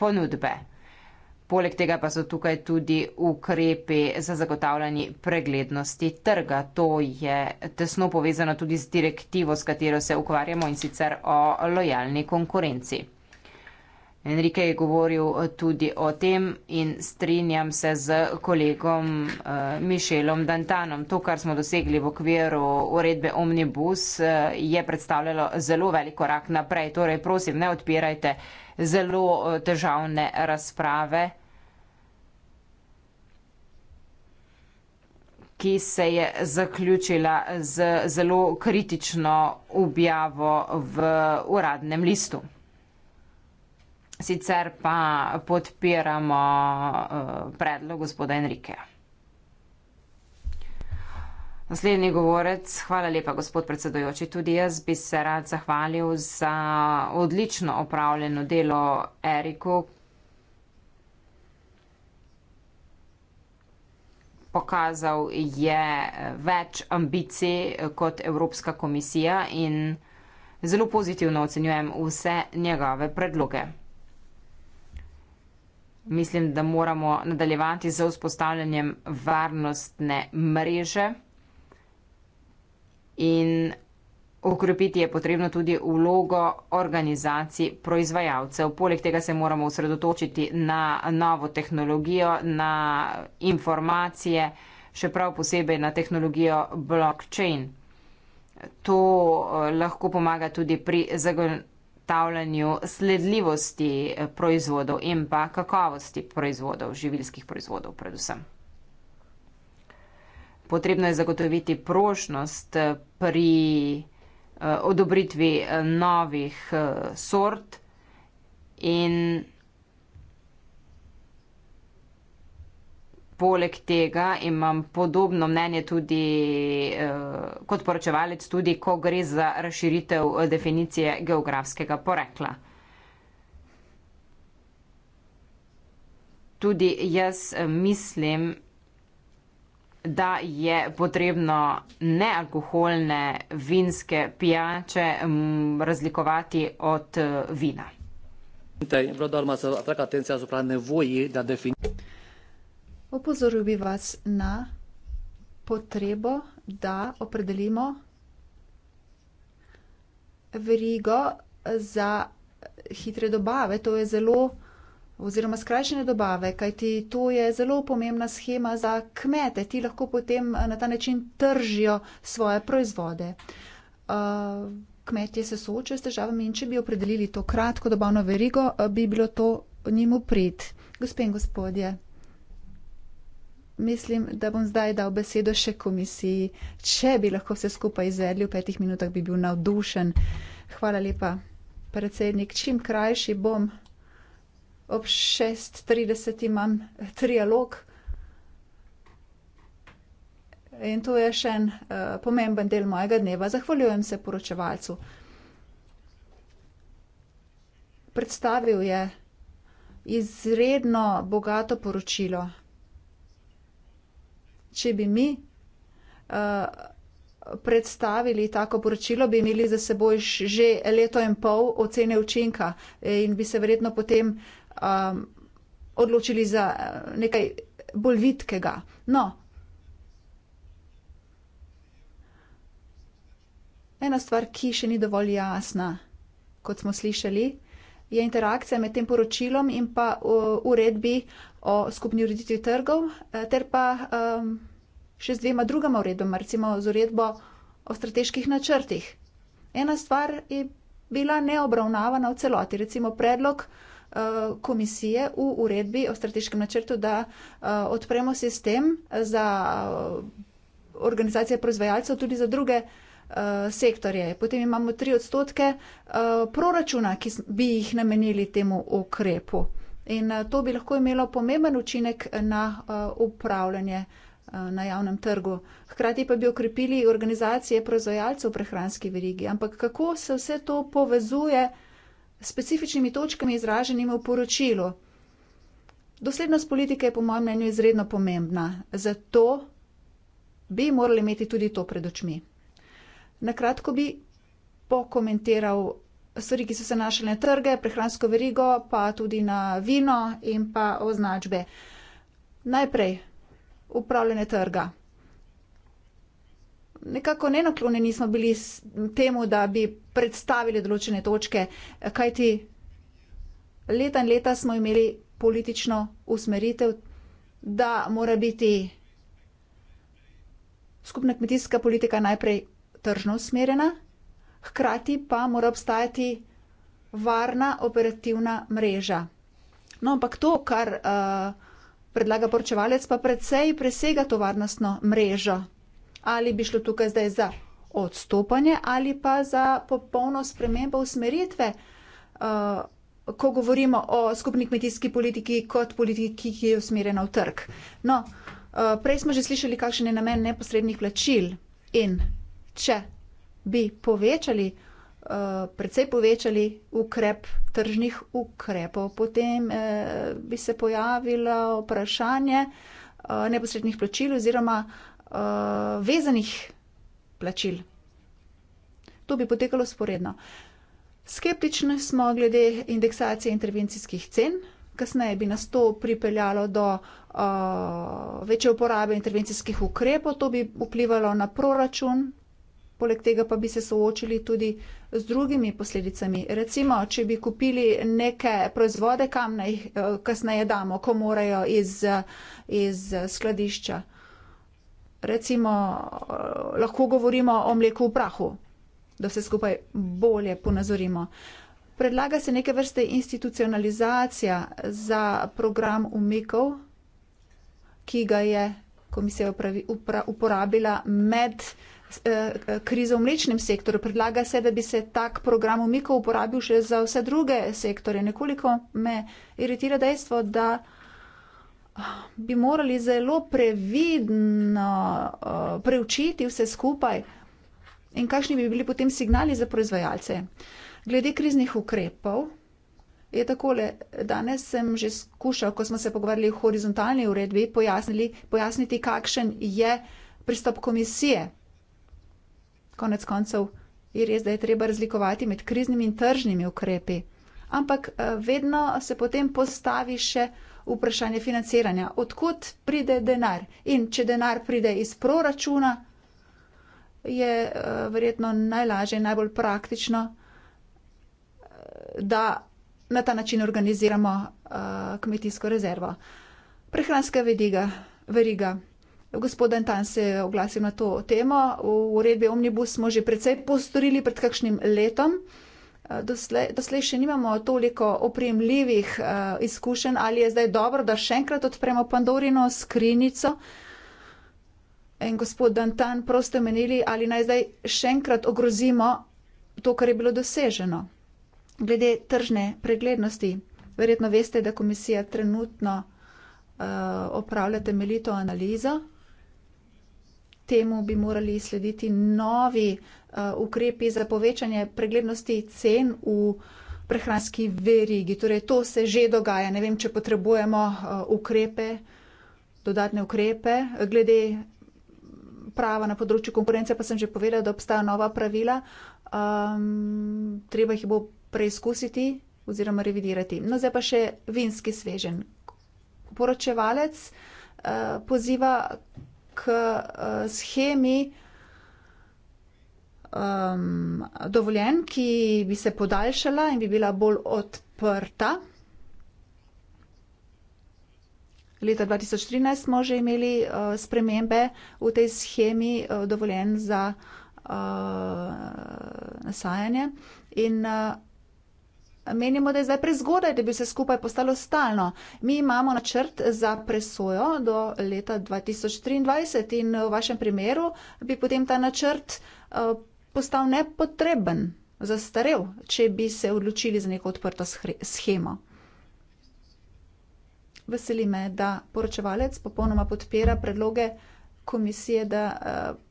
ponudbe. Poleg tega pa so tukaj tudi ukrepi za zagotavljanje preglednosti trga. To je tesno povezano tudi z direktivo, s katero se ukvarjamo in sicer o lojalni konkurenci. Enrike je govoril eh, tudi o tem in strinjam se z kolegom uh, eh, Mišelom Dantanom. To, kar smo dosegli v okviru uredbe Omnibus, uh, je predstavljalo zelo velik korak naprej. Torej, prosim, ne odpirajte zelo uh, težavne razprave, ki se je zaključila z zelo kritično objavo v uradnem listu. Sicer pa podpiramo eh, predlog gospoda Enrike. Naslednji govorec, hvala lepa gospod predsedojoči. Tudi jaz bi se rad zahvalil za odlično opravljeno delo Eriku. Pokazal je eh, več ambicij eh, kot Evropska komisija in zelo pozitivno ocenjujem vse njegove predloge mislim, da moramo nadaljevati z vzpostavljanjem varnostne mreže in okrepiti je potrebno tudi vlogo organizacij proizvajalcev. Poleg tega se moramo usredotočiti na novo tehnologijo, na informacije, še prav posebej na tehnologijo blockchain. To eh, lahko pomaga tudi pri zagotovitvi zagotavljanju sledljivosti eh, proizvodov in pa kakovosti proizvodov, živilskih proizvodov predvsem. Potrebno je zagotoviti prošnost eh, pri eh, odobritvi novih sort in poleg tega imam podobno mnenje tudi eh, kot poročevalec, tudi ko gre za razširitev eh, definicije geografskega porekla. Tudi jaz eh, mislim, da je potrebno nealkoholne vinske pijače m, mm, razlikovati od eh, vina. Te, brodor, ma se, traka, tencija, zupra, nevoji, da definicija. Opozoril bi vas na potrebo, da opredelimo verigo za hitre dobave. To je zelo, oziroma skrajšene dobave, kajti to je zelo pomembna schema za kmete. Ti lahko potem eh, na ta način tržijo svoje proizvode. Eh, kmetje se soočajo s težavami in če bi opredelili to kratko dobavno verigo, eh, bi bilo to njim uprit. Gospe in gospodje mislim, da bom zdaj dal besedo še komisiji. Če bi lahko vse skupaj izvedli v petih minutah, bi bil navdušen. Hvala lepa, predsednik. Čim krajši bom, ob 6.30 imam trialog. In to je še en uh, pomemben del mojega dneva. Zahvaljujem se poročevalcu. Predstavil je izredno bogato poročilo če bi mi uh, predstavili tako poročilo, bi imeli za seboj že leto in pol ocene učinka in bi se verjetno potem um, odločili za eh, nekaj bolj vitkega. No. Ena stvar, ki še ni dovolj jasna, kot smo slišali, je interakcija med tem poročilom in pa eh, uredbi o skupni ureditvi trgov, eh, ter pa um, še z dvema drugima uredbama, recimo z uredbo o strateških načrtih. Ena stvar je bila neobravnavana v celoti, recimo predlog eh, komisije v uredbi o strateškem načrtu, da eh, odpremo sistem za organizacije proizvajalcev tudi za druge sektorje. Potem imamo tri odstotke proračuna, ki bi jih namenili temu ukrepu. In eh, to bi lahko imelo pomemben učinek na eh, upravljanje eh, na javnem trgu. Hkrati pa bi okrepili organizacije proizvajalcev prehranske verigi. Ampak kako se vse to povezuje s specifičnimi točkami izraženimi v poročilu? Doslednost politike je po mojem mnenju izredno pomembna. Zato bi morali imeti tudi to pred očmi. Nakratko bi pokomentiral stvari, ki so se našle na trge, prehransko verigo, pa tudi na vino in pa označbe. Najprej upravljanje trga. Nekako nenakloneni smo bili temu, da bi predstavili določene točke, kajti leta in leta smo imeli politično usmeritev, da mora biti skupna kmetijska politika najprej tržno usmerjena hkrati pa mora obstajati varna operativna mreža. No, ampak to, kar uh, predlaga poročevalec, pa precej presega to varnostno mrežo. Ali bi šlo tukaj zdaj za odstopanje ali pa za popolno spremembo usmeritve, uh, ko govorimo o skupni kmetijski politiki kot politiki, ki je usmerjena v trg. No, uh, prej smo že slišali, kakšen je namen neposrednih plačil in če bi povečali, eh, precej povečali ukrep tržnih ukrepov. Potem eh, bi se pojavilo vprašanje eh, neposrednih plačil oziroma vezanih plačil. To bi potekalo sporedno. Skeptični smo glede indeksacije intervencijskih cen, kasneje bi nas to pripeljalo do uh, večje uporabe intervencijskih ukrepov, to bi vplivalo na proračun, Poleg tega pa bi se soočili tudi z drugimi posledicami. Recimo, če bi kupili neke proizvode, kam naj jih eh, kasneje damo, ko morajo iz, iz eh, skladišča. Recimo, eh, lahko govorimo o mleku v prahu, da se skupaj bolje ponazorimo. Predlaga se neke vrste institucionalizacija za program umikov, ki ga je komisija upravi, upra, uporabila med. Eh, eh, krize v mlečnem sektorju. Predlaga se, da bi se tak program umikov uporabil še za vse druge sektore. Nekoliko me iritira dejstvo, da ah, bi morali zelo previdno eh, preučiti vse skupaj in kakšni bi bili potem signali za proizvajalce. Glede kriznih ukrepov. Je takole, danes sem že skušal, ko smo se pogovarjali o horizontalni uredbi, pojasniti, kakšen je pristop komisije Konec koncev je res, da je treba razlikovati med kriznimi in tržnimi ukrepi, ampak eh, vedno se potem postavi še vprašanje financiranja, odkud pride denar. In če denar pride iz proračuna, je eh, verjetno najlažje in najbolj praktično, eh, da na ta način organiziramo kmetijsko rezervo. Prehranska vediga, veriga. Gospod Dantan se je oglasil na to temo. V uredbi Omnibus smo že precej postorili pred kakšnim letom. Eh, doslej, doslej še nimamo toliko opremljivih uh, izkušenj, ali je zdaj dobro, da še enkrat odpremo Pandorino skrinico. In gospod Dantan, proste menili, ali naj zdaj še enkrat ogrozimo to, kar je bilo doseženo. Glede tržne preglednosti, verjetno veste, da komisija trenutno uh, opravlja temeljito analizo temu bi morali slediti novi uh, ukrepi za povečanje preglednosti cen v prehranski verigi. Torej, to se že dogaja. Ne vem, če potrebujemo uh, ukrepe, dodatne ukrepe. Glede prava na področju konkurence, pa sem že povedala, da obstaja nova pravila. Um, treba jih bo preizkusiti oziroma revidirati. No, zdaj pa še vinski svežen. Poročevalec uh, poziva k eh, schemi um, dovoljen, ki bi se podaljšala in bi bila bolj odprta. Leta 2013 smo že imeli uh, spremembe v tej schemi uh, eh, dovoljen za uh, nasajanje in uh, Menimo, da je zdaj prezgodaj, da bi vse skupaj postalo stalno. Mi imamo načrt za presojo do leta 2023 in v vašem primeru bi potem ta načrt eh, postal nepotreben, zastarev, če bi se odločili za neko odprto schemo. Veseli me, da poročevalec popolnoma podpira predloge komisije, da eh,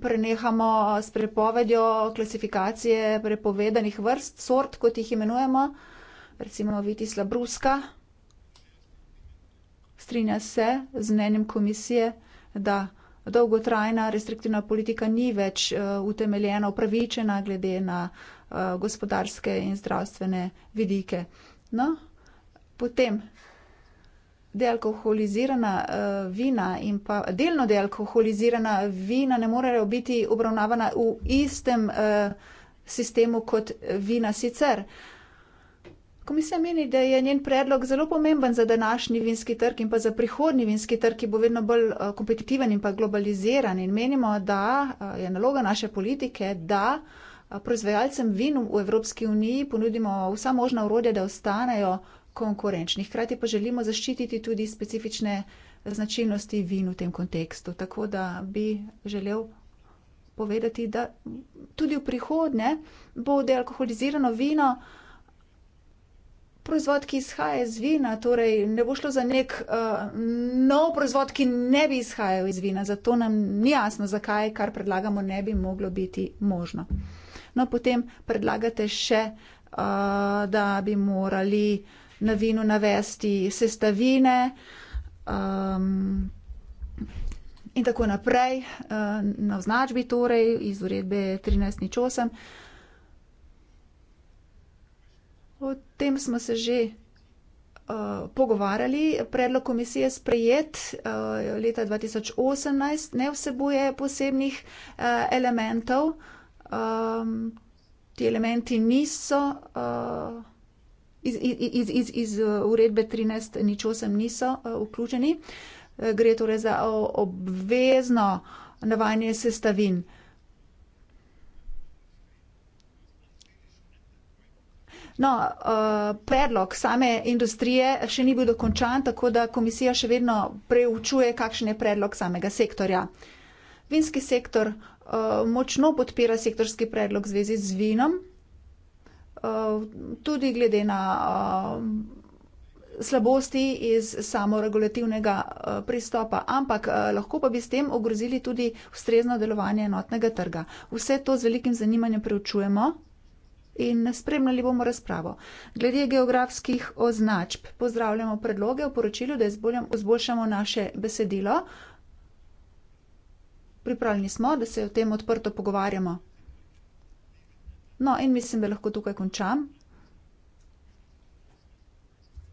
prenehamo s prepovedjo klasifikacije prepovedanih vrst, sort, kot jih imenujemo, recimo vitis labruska. Strinja se z mnenjem komisije, da dolgotrajna restriktivna politika ni več eh, utemeljena, upravičena glede na eh, gospodarske in zdravstvene vidike. No, potem dealkoholizirana uh, vina in pa delno dealkoholizirana vina ne morejo biti obravnavana v istem uh, sistemu kot vina sicer. Komisija meni, da je njen predlog zelo pomemben za današnji vinski trg in pa za prihodnji vinski trg, ki bo vedno bolj eh, kompetitiven in pa globaliziran. In menimo, da je naloga naše politike, da proizvajalcem vinu v Evropski uniji ponudimo vsa možna urodja, da ostanejo konkurenčni. Hkrati pa želimo zaščititi tudi specifične značilnosti vin v tem kontekstu. Tako da bi želel povedati, da tudi v prihodnje bo dealkoholizirano vino proizvod, ki izhaja iz vina. Torej, ne bo šlo za nek uh, nov proizvod, ki ne bi izhajal iz vina. Zato nam ni jasno, zakaj kar predlagamo ne bi moglo biti možno. No, potem predlagate še, uh, da bi morali uh, na vinu navesti sestavine um, in tako naprej, uh, na označbi torej iz uredbe 13.8. O tem smo se že uh, pogovarjali. Predlog komisije sprejet uh, leta 2018 ne vsebuje posebnih uh, elementov. Um, ti elementi niso uh, iz, iz, iz, iz eh, uredbe 13 ničosem niso eh, vključeni. Eh, gre torej za obvezno navajanje sestavin. No, predlog same industrije še ni bil dokončan, tako da komisija še vedno preučuje, kakšen je predlog samega sektorja. Vinski sektor močno podpira sektorski predlog v zvezi z vinom. Eh, tudi glede na eh, slabosti iz samoregulativnega eh, pristopa, ampak lahko pa bi s tem ogrozili tudi ustrezno delovanje enotnega trga. Vse to z velikim zanimanjem preučujemo. In spremljali bomo razpravo. Glede geografskih označb pozdravljamo predloge v poročilu, da izboljšamo naše besedilo. Pripravljeni smo, da se o tem odprto pogovarjamo. No, in mislim, da lahko tukaj končam.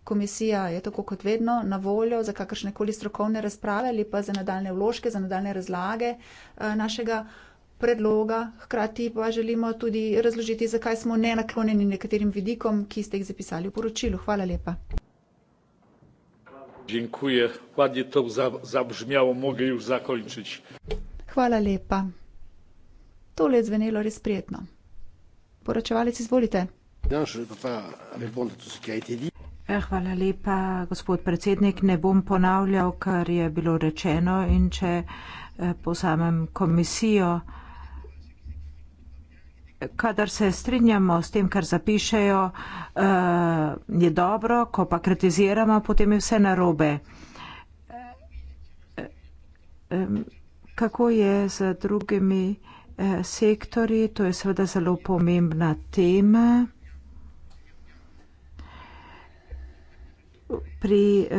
Komisija je tako kot vedno na voljo za kakršne koli strokovne razprave ali pa za nadaljne vložke, za nadaljne razlage eh, našega predloga. Hkrati pa želimo tudi razložiti, zakaj smo nenaklonjeni nekaterim vidikom, ki ste jih zapisali v poročilu. Hvala lepa. Dziękuję. Ładnie to zabrzmiało. Mogę już zakończyć. Chwala lepa. To lezwenilo res prijetno poročevalec, izvolite. Ja, ja, hvala lepa, gospod predsednik. Ne bom ponavljal, kar je bilo rečeno in če eh, posamem komisijo. Kadar se strinjamo s tem, kar zapišejo, eh, je dobro, ko pa kritiziramo, potem je vse narobe. Eh, kako je z drugimi? Eh, sektorji. To je seveda zelo pomembna tema. Pri eh,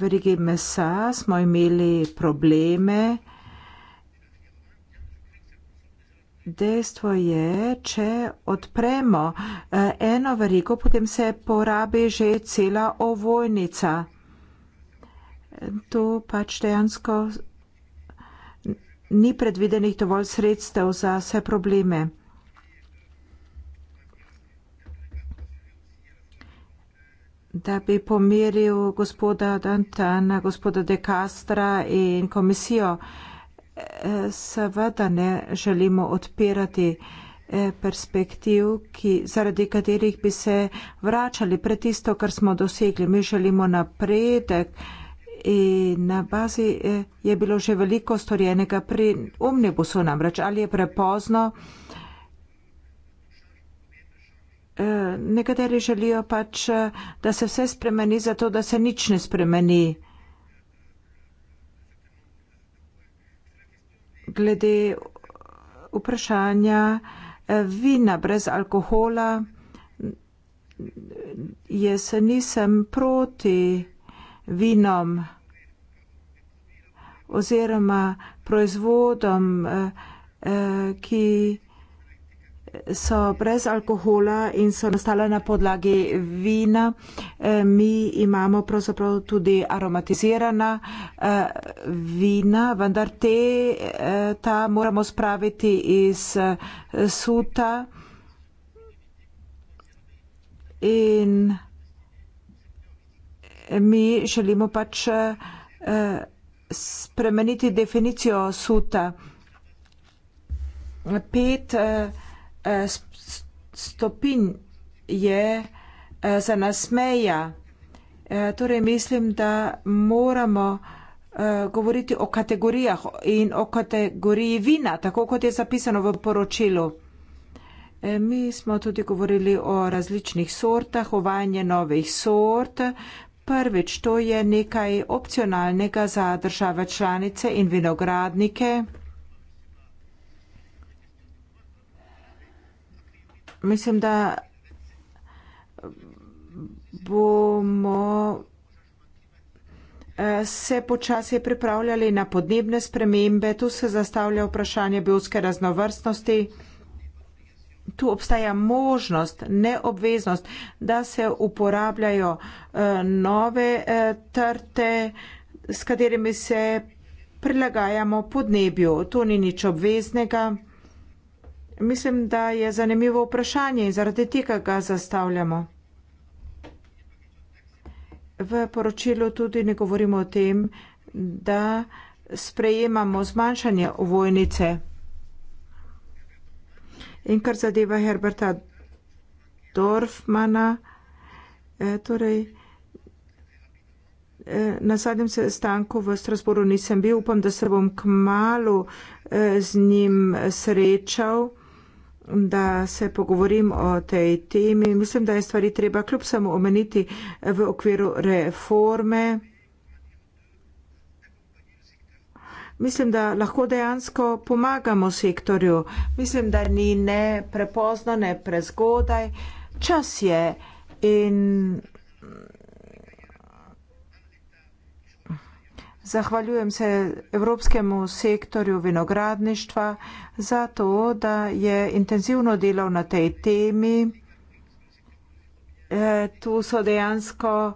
verigi mesa smo imeli probleme. Dejstvo je, če odpremo eh, eno verigo, potem se porabi že cela ovojnica. To pač dejansko ni predvidenih dovolj sredstev za vse probleme. Da bi pomiril gospoda Dantana, gospoda De Castra in komisijo, seveda ne želimo odpirati eh, perspektiv, ki, zaradi katerih bi se vračali pred tisto, kar smo dosegli. Mi želimo napredek in na bazi eh, je bilo že veliko storjenega pri omnibusu, namreč ali je prepozno. Eh, nekateri želijo pač, eh, da se vse spremeni, zato da se nič ne spremeni. Glede vprašanja vina brez alkohola, jaz nisem proti vinom oziroma proizvodom, eh, eh, ki so brez alkohola in so nastale na podlagi vina. Eh, mi imamo pravzaprav tudi aromatizirana vina, vendar te, ta moramo spraviti iz suta. In mi želimo pač eh, spremeniti definicijo suta. Pet eh, stopinj je eh, za nas meja. Torej mislim, da moramo govoriti o kategorijah in o kategoriji vina, tako kot je zapisano v poročilu. Mi smo tudi govorili o različnih sortah, uvajanje novih sort, Prvič, to je nekaj opcionalnega za države članice in vinogradnike. Mislim, da bomo eh, se počasi pripravljali na podnebne spremembe. Tu se zastavlja vprašanje biotske raznovrstnosti tu obstaja možnost, neobveznost, da se uporabljajo eh, nove eh, trte, s katerimi se prilagajamo podnebju. To ni nič obveznega. Mislim, da je zanimivo vprašanje in zaradi tega ga zastavljamo. V poročilu tudi ne govorimo o tem, da sprejemamo zmanjšanje vojnice. In kar zadeva Herberta Dorfmana, eh, torej eh, na zadnjem sestanku v Strasboru nisem bil, upam, da se bom k malu eh, z njim srečal, da se pogovorim o tej temi. Mislim, da je stvari treba kljub samo omeniti eh, v okviru reforme. mislim, da lahko dejansko pomagamo sektorju. Mislim, da ni ne prepozno, ne prezgodaj. Čas je in zahvaljujem se Evropskemu sektorju vinogradništva za to, da je intenzivno delal na tej temi. E, tu so dejansko.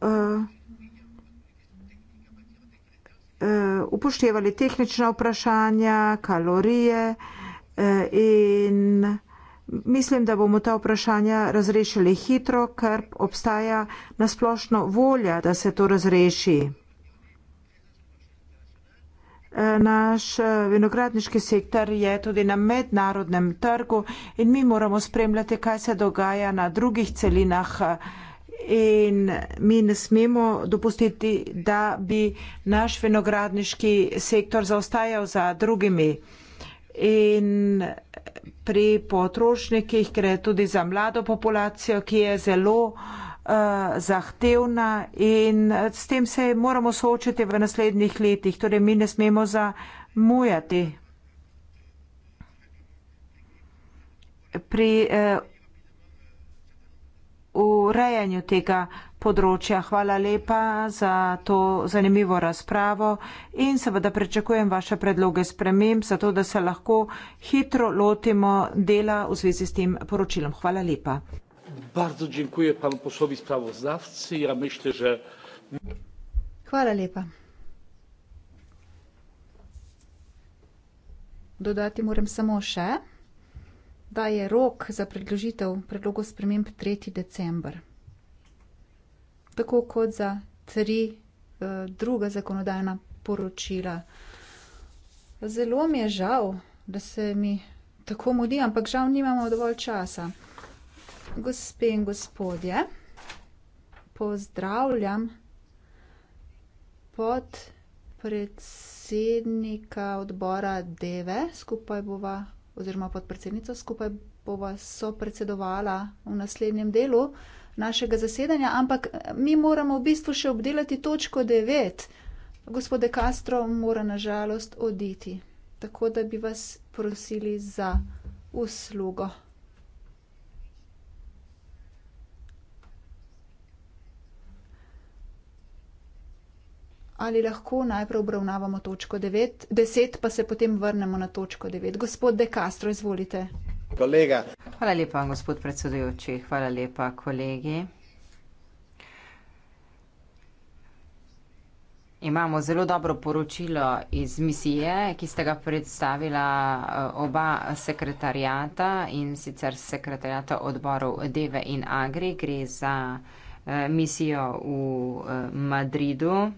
E, Eh, upoštevali tehnična vprašanja, kalorije eh, in mislim, da bomo ta vprašanja razrešili hitro, ker obstaja nasplošno volja, da se to razreši. Eh, naš vinogradniški sektor je tudi na mednarodnem trgu in mi moramo spremljati, kaj se dogaja na drugih celinah in mi ne smemo dopustiti, da bi naš vinogradniški sektor zaostajal za drugimi. In pri potrošnikih gre tudi za mlado populacijo, ki je zelo uh, zahtevna in eh, s tem se moramo soočiti v naslednjih letih. Torej, mi ne smemo zamujati. Pri uh, urejanju tega področja. Hvala lepa za to zanimivo razpravo in seveda pričakujem vaše predloge sprememb, zato da se lahko hitro lotimo dela v zvezi s tem poročilom. Hvala lepa. Ja Hvala lepa. Dodati moram samo še da je rok za predložitev predlogov sprememb 3. december. Tako kot za tri eh, druga zakonodajna poročila. Zelo mi je žal, da se mi tako mudi, ampak žal nimamo dovolj časa. Gospe in gospodje, pozdravljam pod predsednika odbora DEVE, skupaj bova oziroma podpredsednica skupaj bova sopredsedovala v naslednjem delu našega zasedanja, ampak mi moramo v bistvu še obdelati točko 9. Gospode Castro mora nažalost oditi. Tako da bi vas prosili za uslugo. Ali lahko najprej obravnavamo točko 9, 10, pa se potem vrnemo na točko 9. Gospod De Castro, izvolite. Kolega. Hvala lepa, gospod predsedujoči. Hvala lepa, kolegi. Imamo zelo dobro poročilo iz misije, ki ste ga predstavila eh, oba sekretarijata in sicer sekretarijata odborov Deve in Agri. Gre za eh, misijo v eh, Madridu.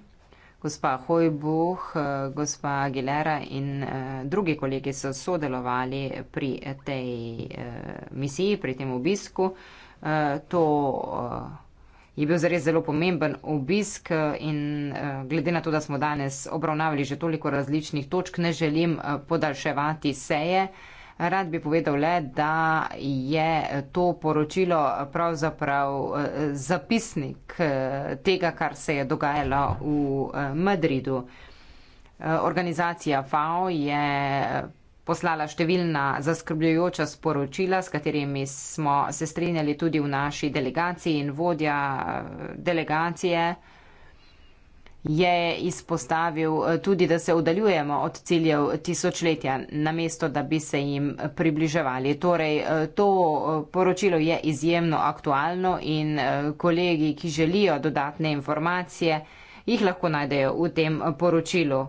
Gospa Hojbuh, eh, gospa Gilera in eh, drugi kolegi so sodelovali pri tej eh, misiji, pri tem obisku. Eh, to eh, je bil zares zelo pomemben obisk eh, in eh, glede na to, da smo danes obravnavali že toliko različnih točk, ne želim eh, podaljševati seje. Eh, Rad bi povedal le, da je to poročilo pravzaprav eh, zapisnik eh, tega, kar se je dogajalo v eh, Madridu. Organizacija FAO je poslala številna zaskrbljujoča sporočila, s katerimi smo se strinjali tudi v naši delegaciji in vodja delegacije je izpostavil eh, tudi, da se oddaljujemo od ciljev tisočletja, namesto da bi se jim približevali. Torej, eh, to eh, poročilo je izjemno aktualno in kolegi, ki želijo dodatne informacije, jih lahko najdejo v tem poročilu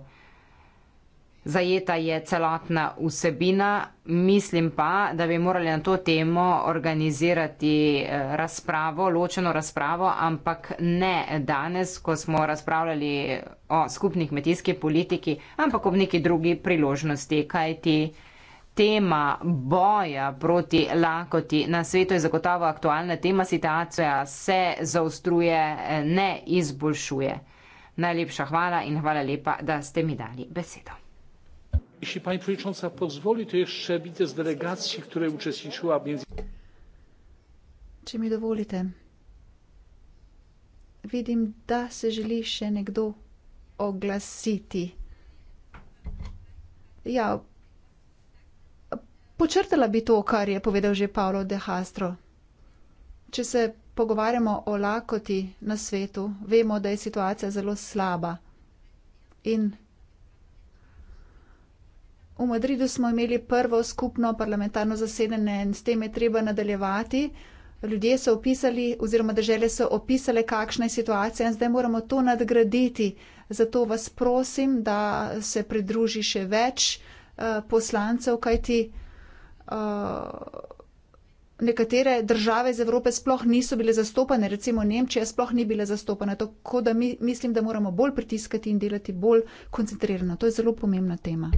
zajeta je celotna vsebina, mislim pa, da bi morali na to temo organizirati eh, razpravo, ločeno razpravo, ampak ne danes, ko smo razpravljali o skupni kmetijski politiki, ampak ob neki drugi priložnosti, kaj ti. Tema boja proti lakoti na svetu je zagotovo aktualna, tema situacija se zaostruje, ne izboljšuje. Najlepša hvala in hvala lepa, da ste mi dali besedo. Jeśli pani przewodnicząca pozwoli, to jeszcze widzę z delegacji, której uczestniczyła między. Če mi dovolite, vidim, da se želi še nekdo oglasiti. Ja, počrtala bi to, kar je povedal že Paolo De Castro. Če se pogovarjamo o lakoti na svetu, vemo, da je situacija zelo slaba in V Madridu smo imeli prvo skupno parlamentarno zasedanje in s tem je treba nadaljevati. Ljudje so opisali oziroma države so opisale, kakšna je situacija in zdaj moramo to nadgraditi. Zato vas prosim, da se pridruži še več uh, poslancev, kajti uh, nekatere države iz Evrope sploh niso bile zastopane, recimo Nemčija sploh ni bila zastopana. Tako da mi, mislim, da moramo bolj pritiskati in delati bolj koncentrirano. To je zelo pomembna tema.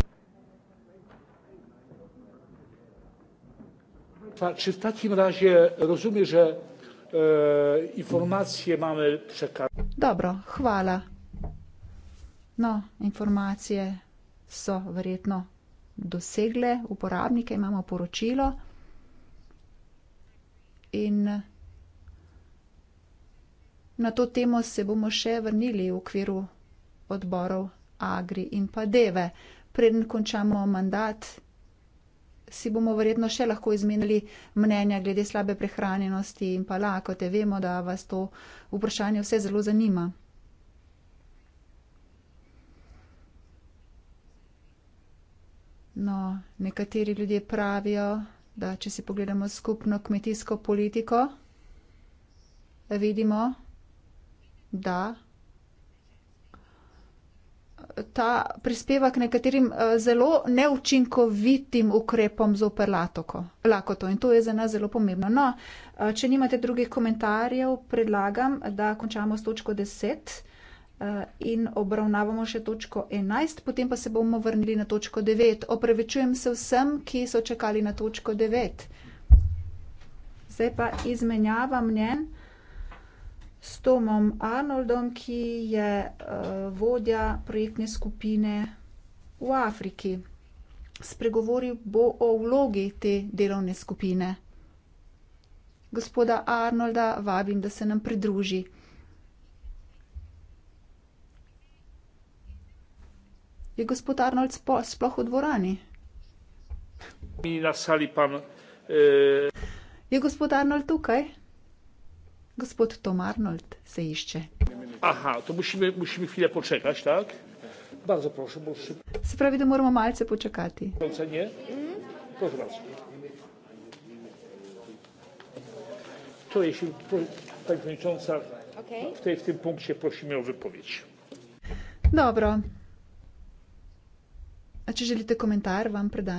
czy w takim razie rozumiem, że e, informacje mamy przekazane? Dobro, chwala. No, informacje so verjetno dosegle uporabnike, imamo poročilo in na to temo se bomo še vrnili v okviru odborov Agri in pa Deve. Preden končamo mandat, si bomo verjetno še lahko izmenili mnenja glede slabe prehranjenosti in pa lakote. Vemo, da vas to vprašanje vse zelo zanima. No, nekateri ljudje pravijo, da če si pogledamo skupno kmetijsko politiko, vidimo, da ta prispeva k nekaterim eh, zelo neučinkovitim ukrepom z operlatoko. Lakoto in to je za nas zelo pomembno. No, eh, če nimate drugih komentarjev, predlagam, da končamo s točko 10 eh, in obravnavamo še točko 11, potem pa se bomo vrnili na točko 9. Opravičujem se vsem, ki so čakali na točko 9. Zdaj pa izmenjava mnen s Tomom Arnoldom, ki je eh, vodja projektne skupine v Afriki. Spregovoril bo o vlogi te delovne skupine. Gospoda Arnolda vabim, da se nam pridruži. Je gospod Arnold sploh v dvorani? Mi na sali pa. Eh, je gospod Arnold tukaj? Gospod Tom Arnold se išče. Aha, to musimo, musimo hvile počekati, tak? Bardzo proszę, bo szybko. Se pravi, da moramo malce počakati. Konca nie? Mm. Proszę bardzo. To jeśli pani przewodnicząca okay. w, tej, w tym punkcie prosimy o wypowiedź. Dobro. A czy jeżeli te komentarze wam przydam?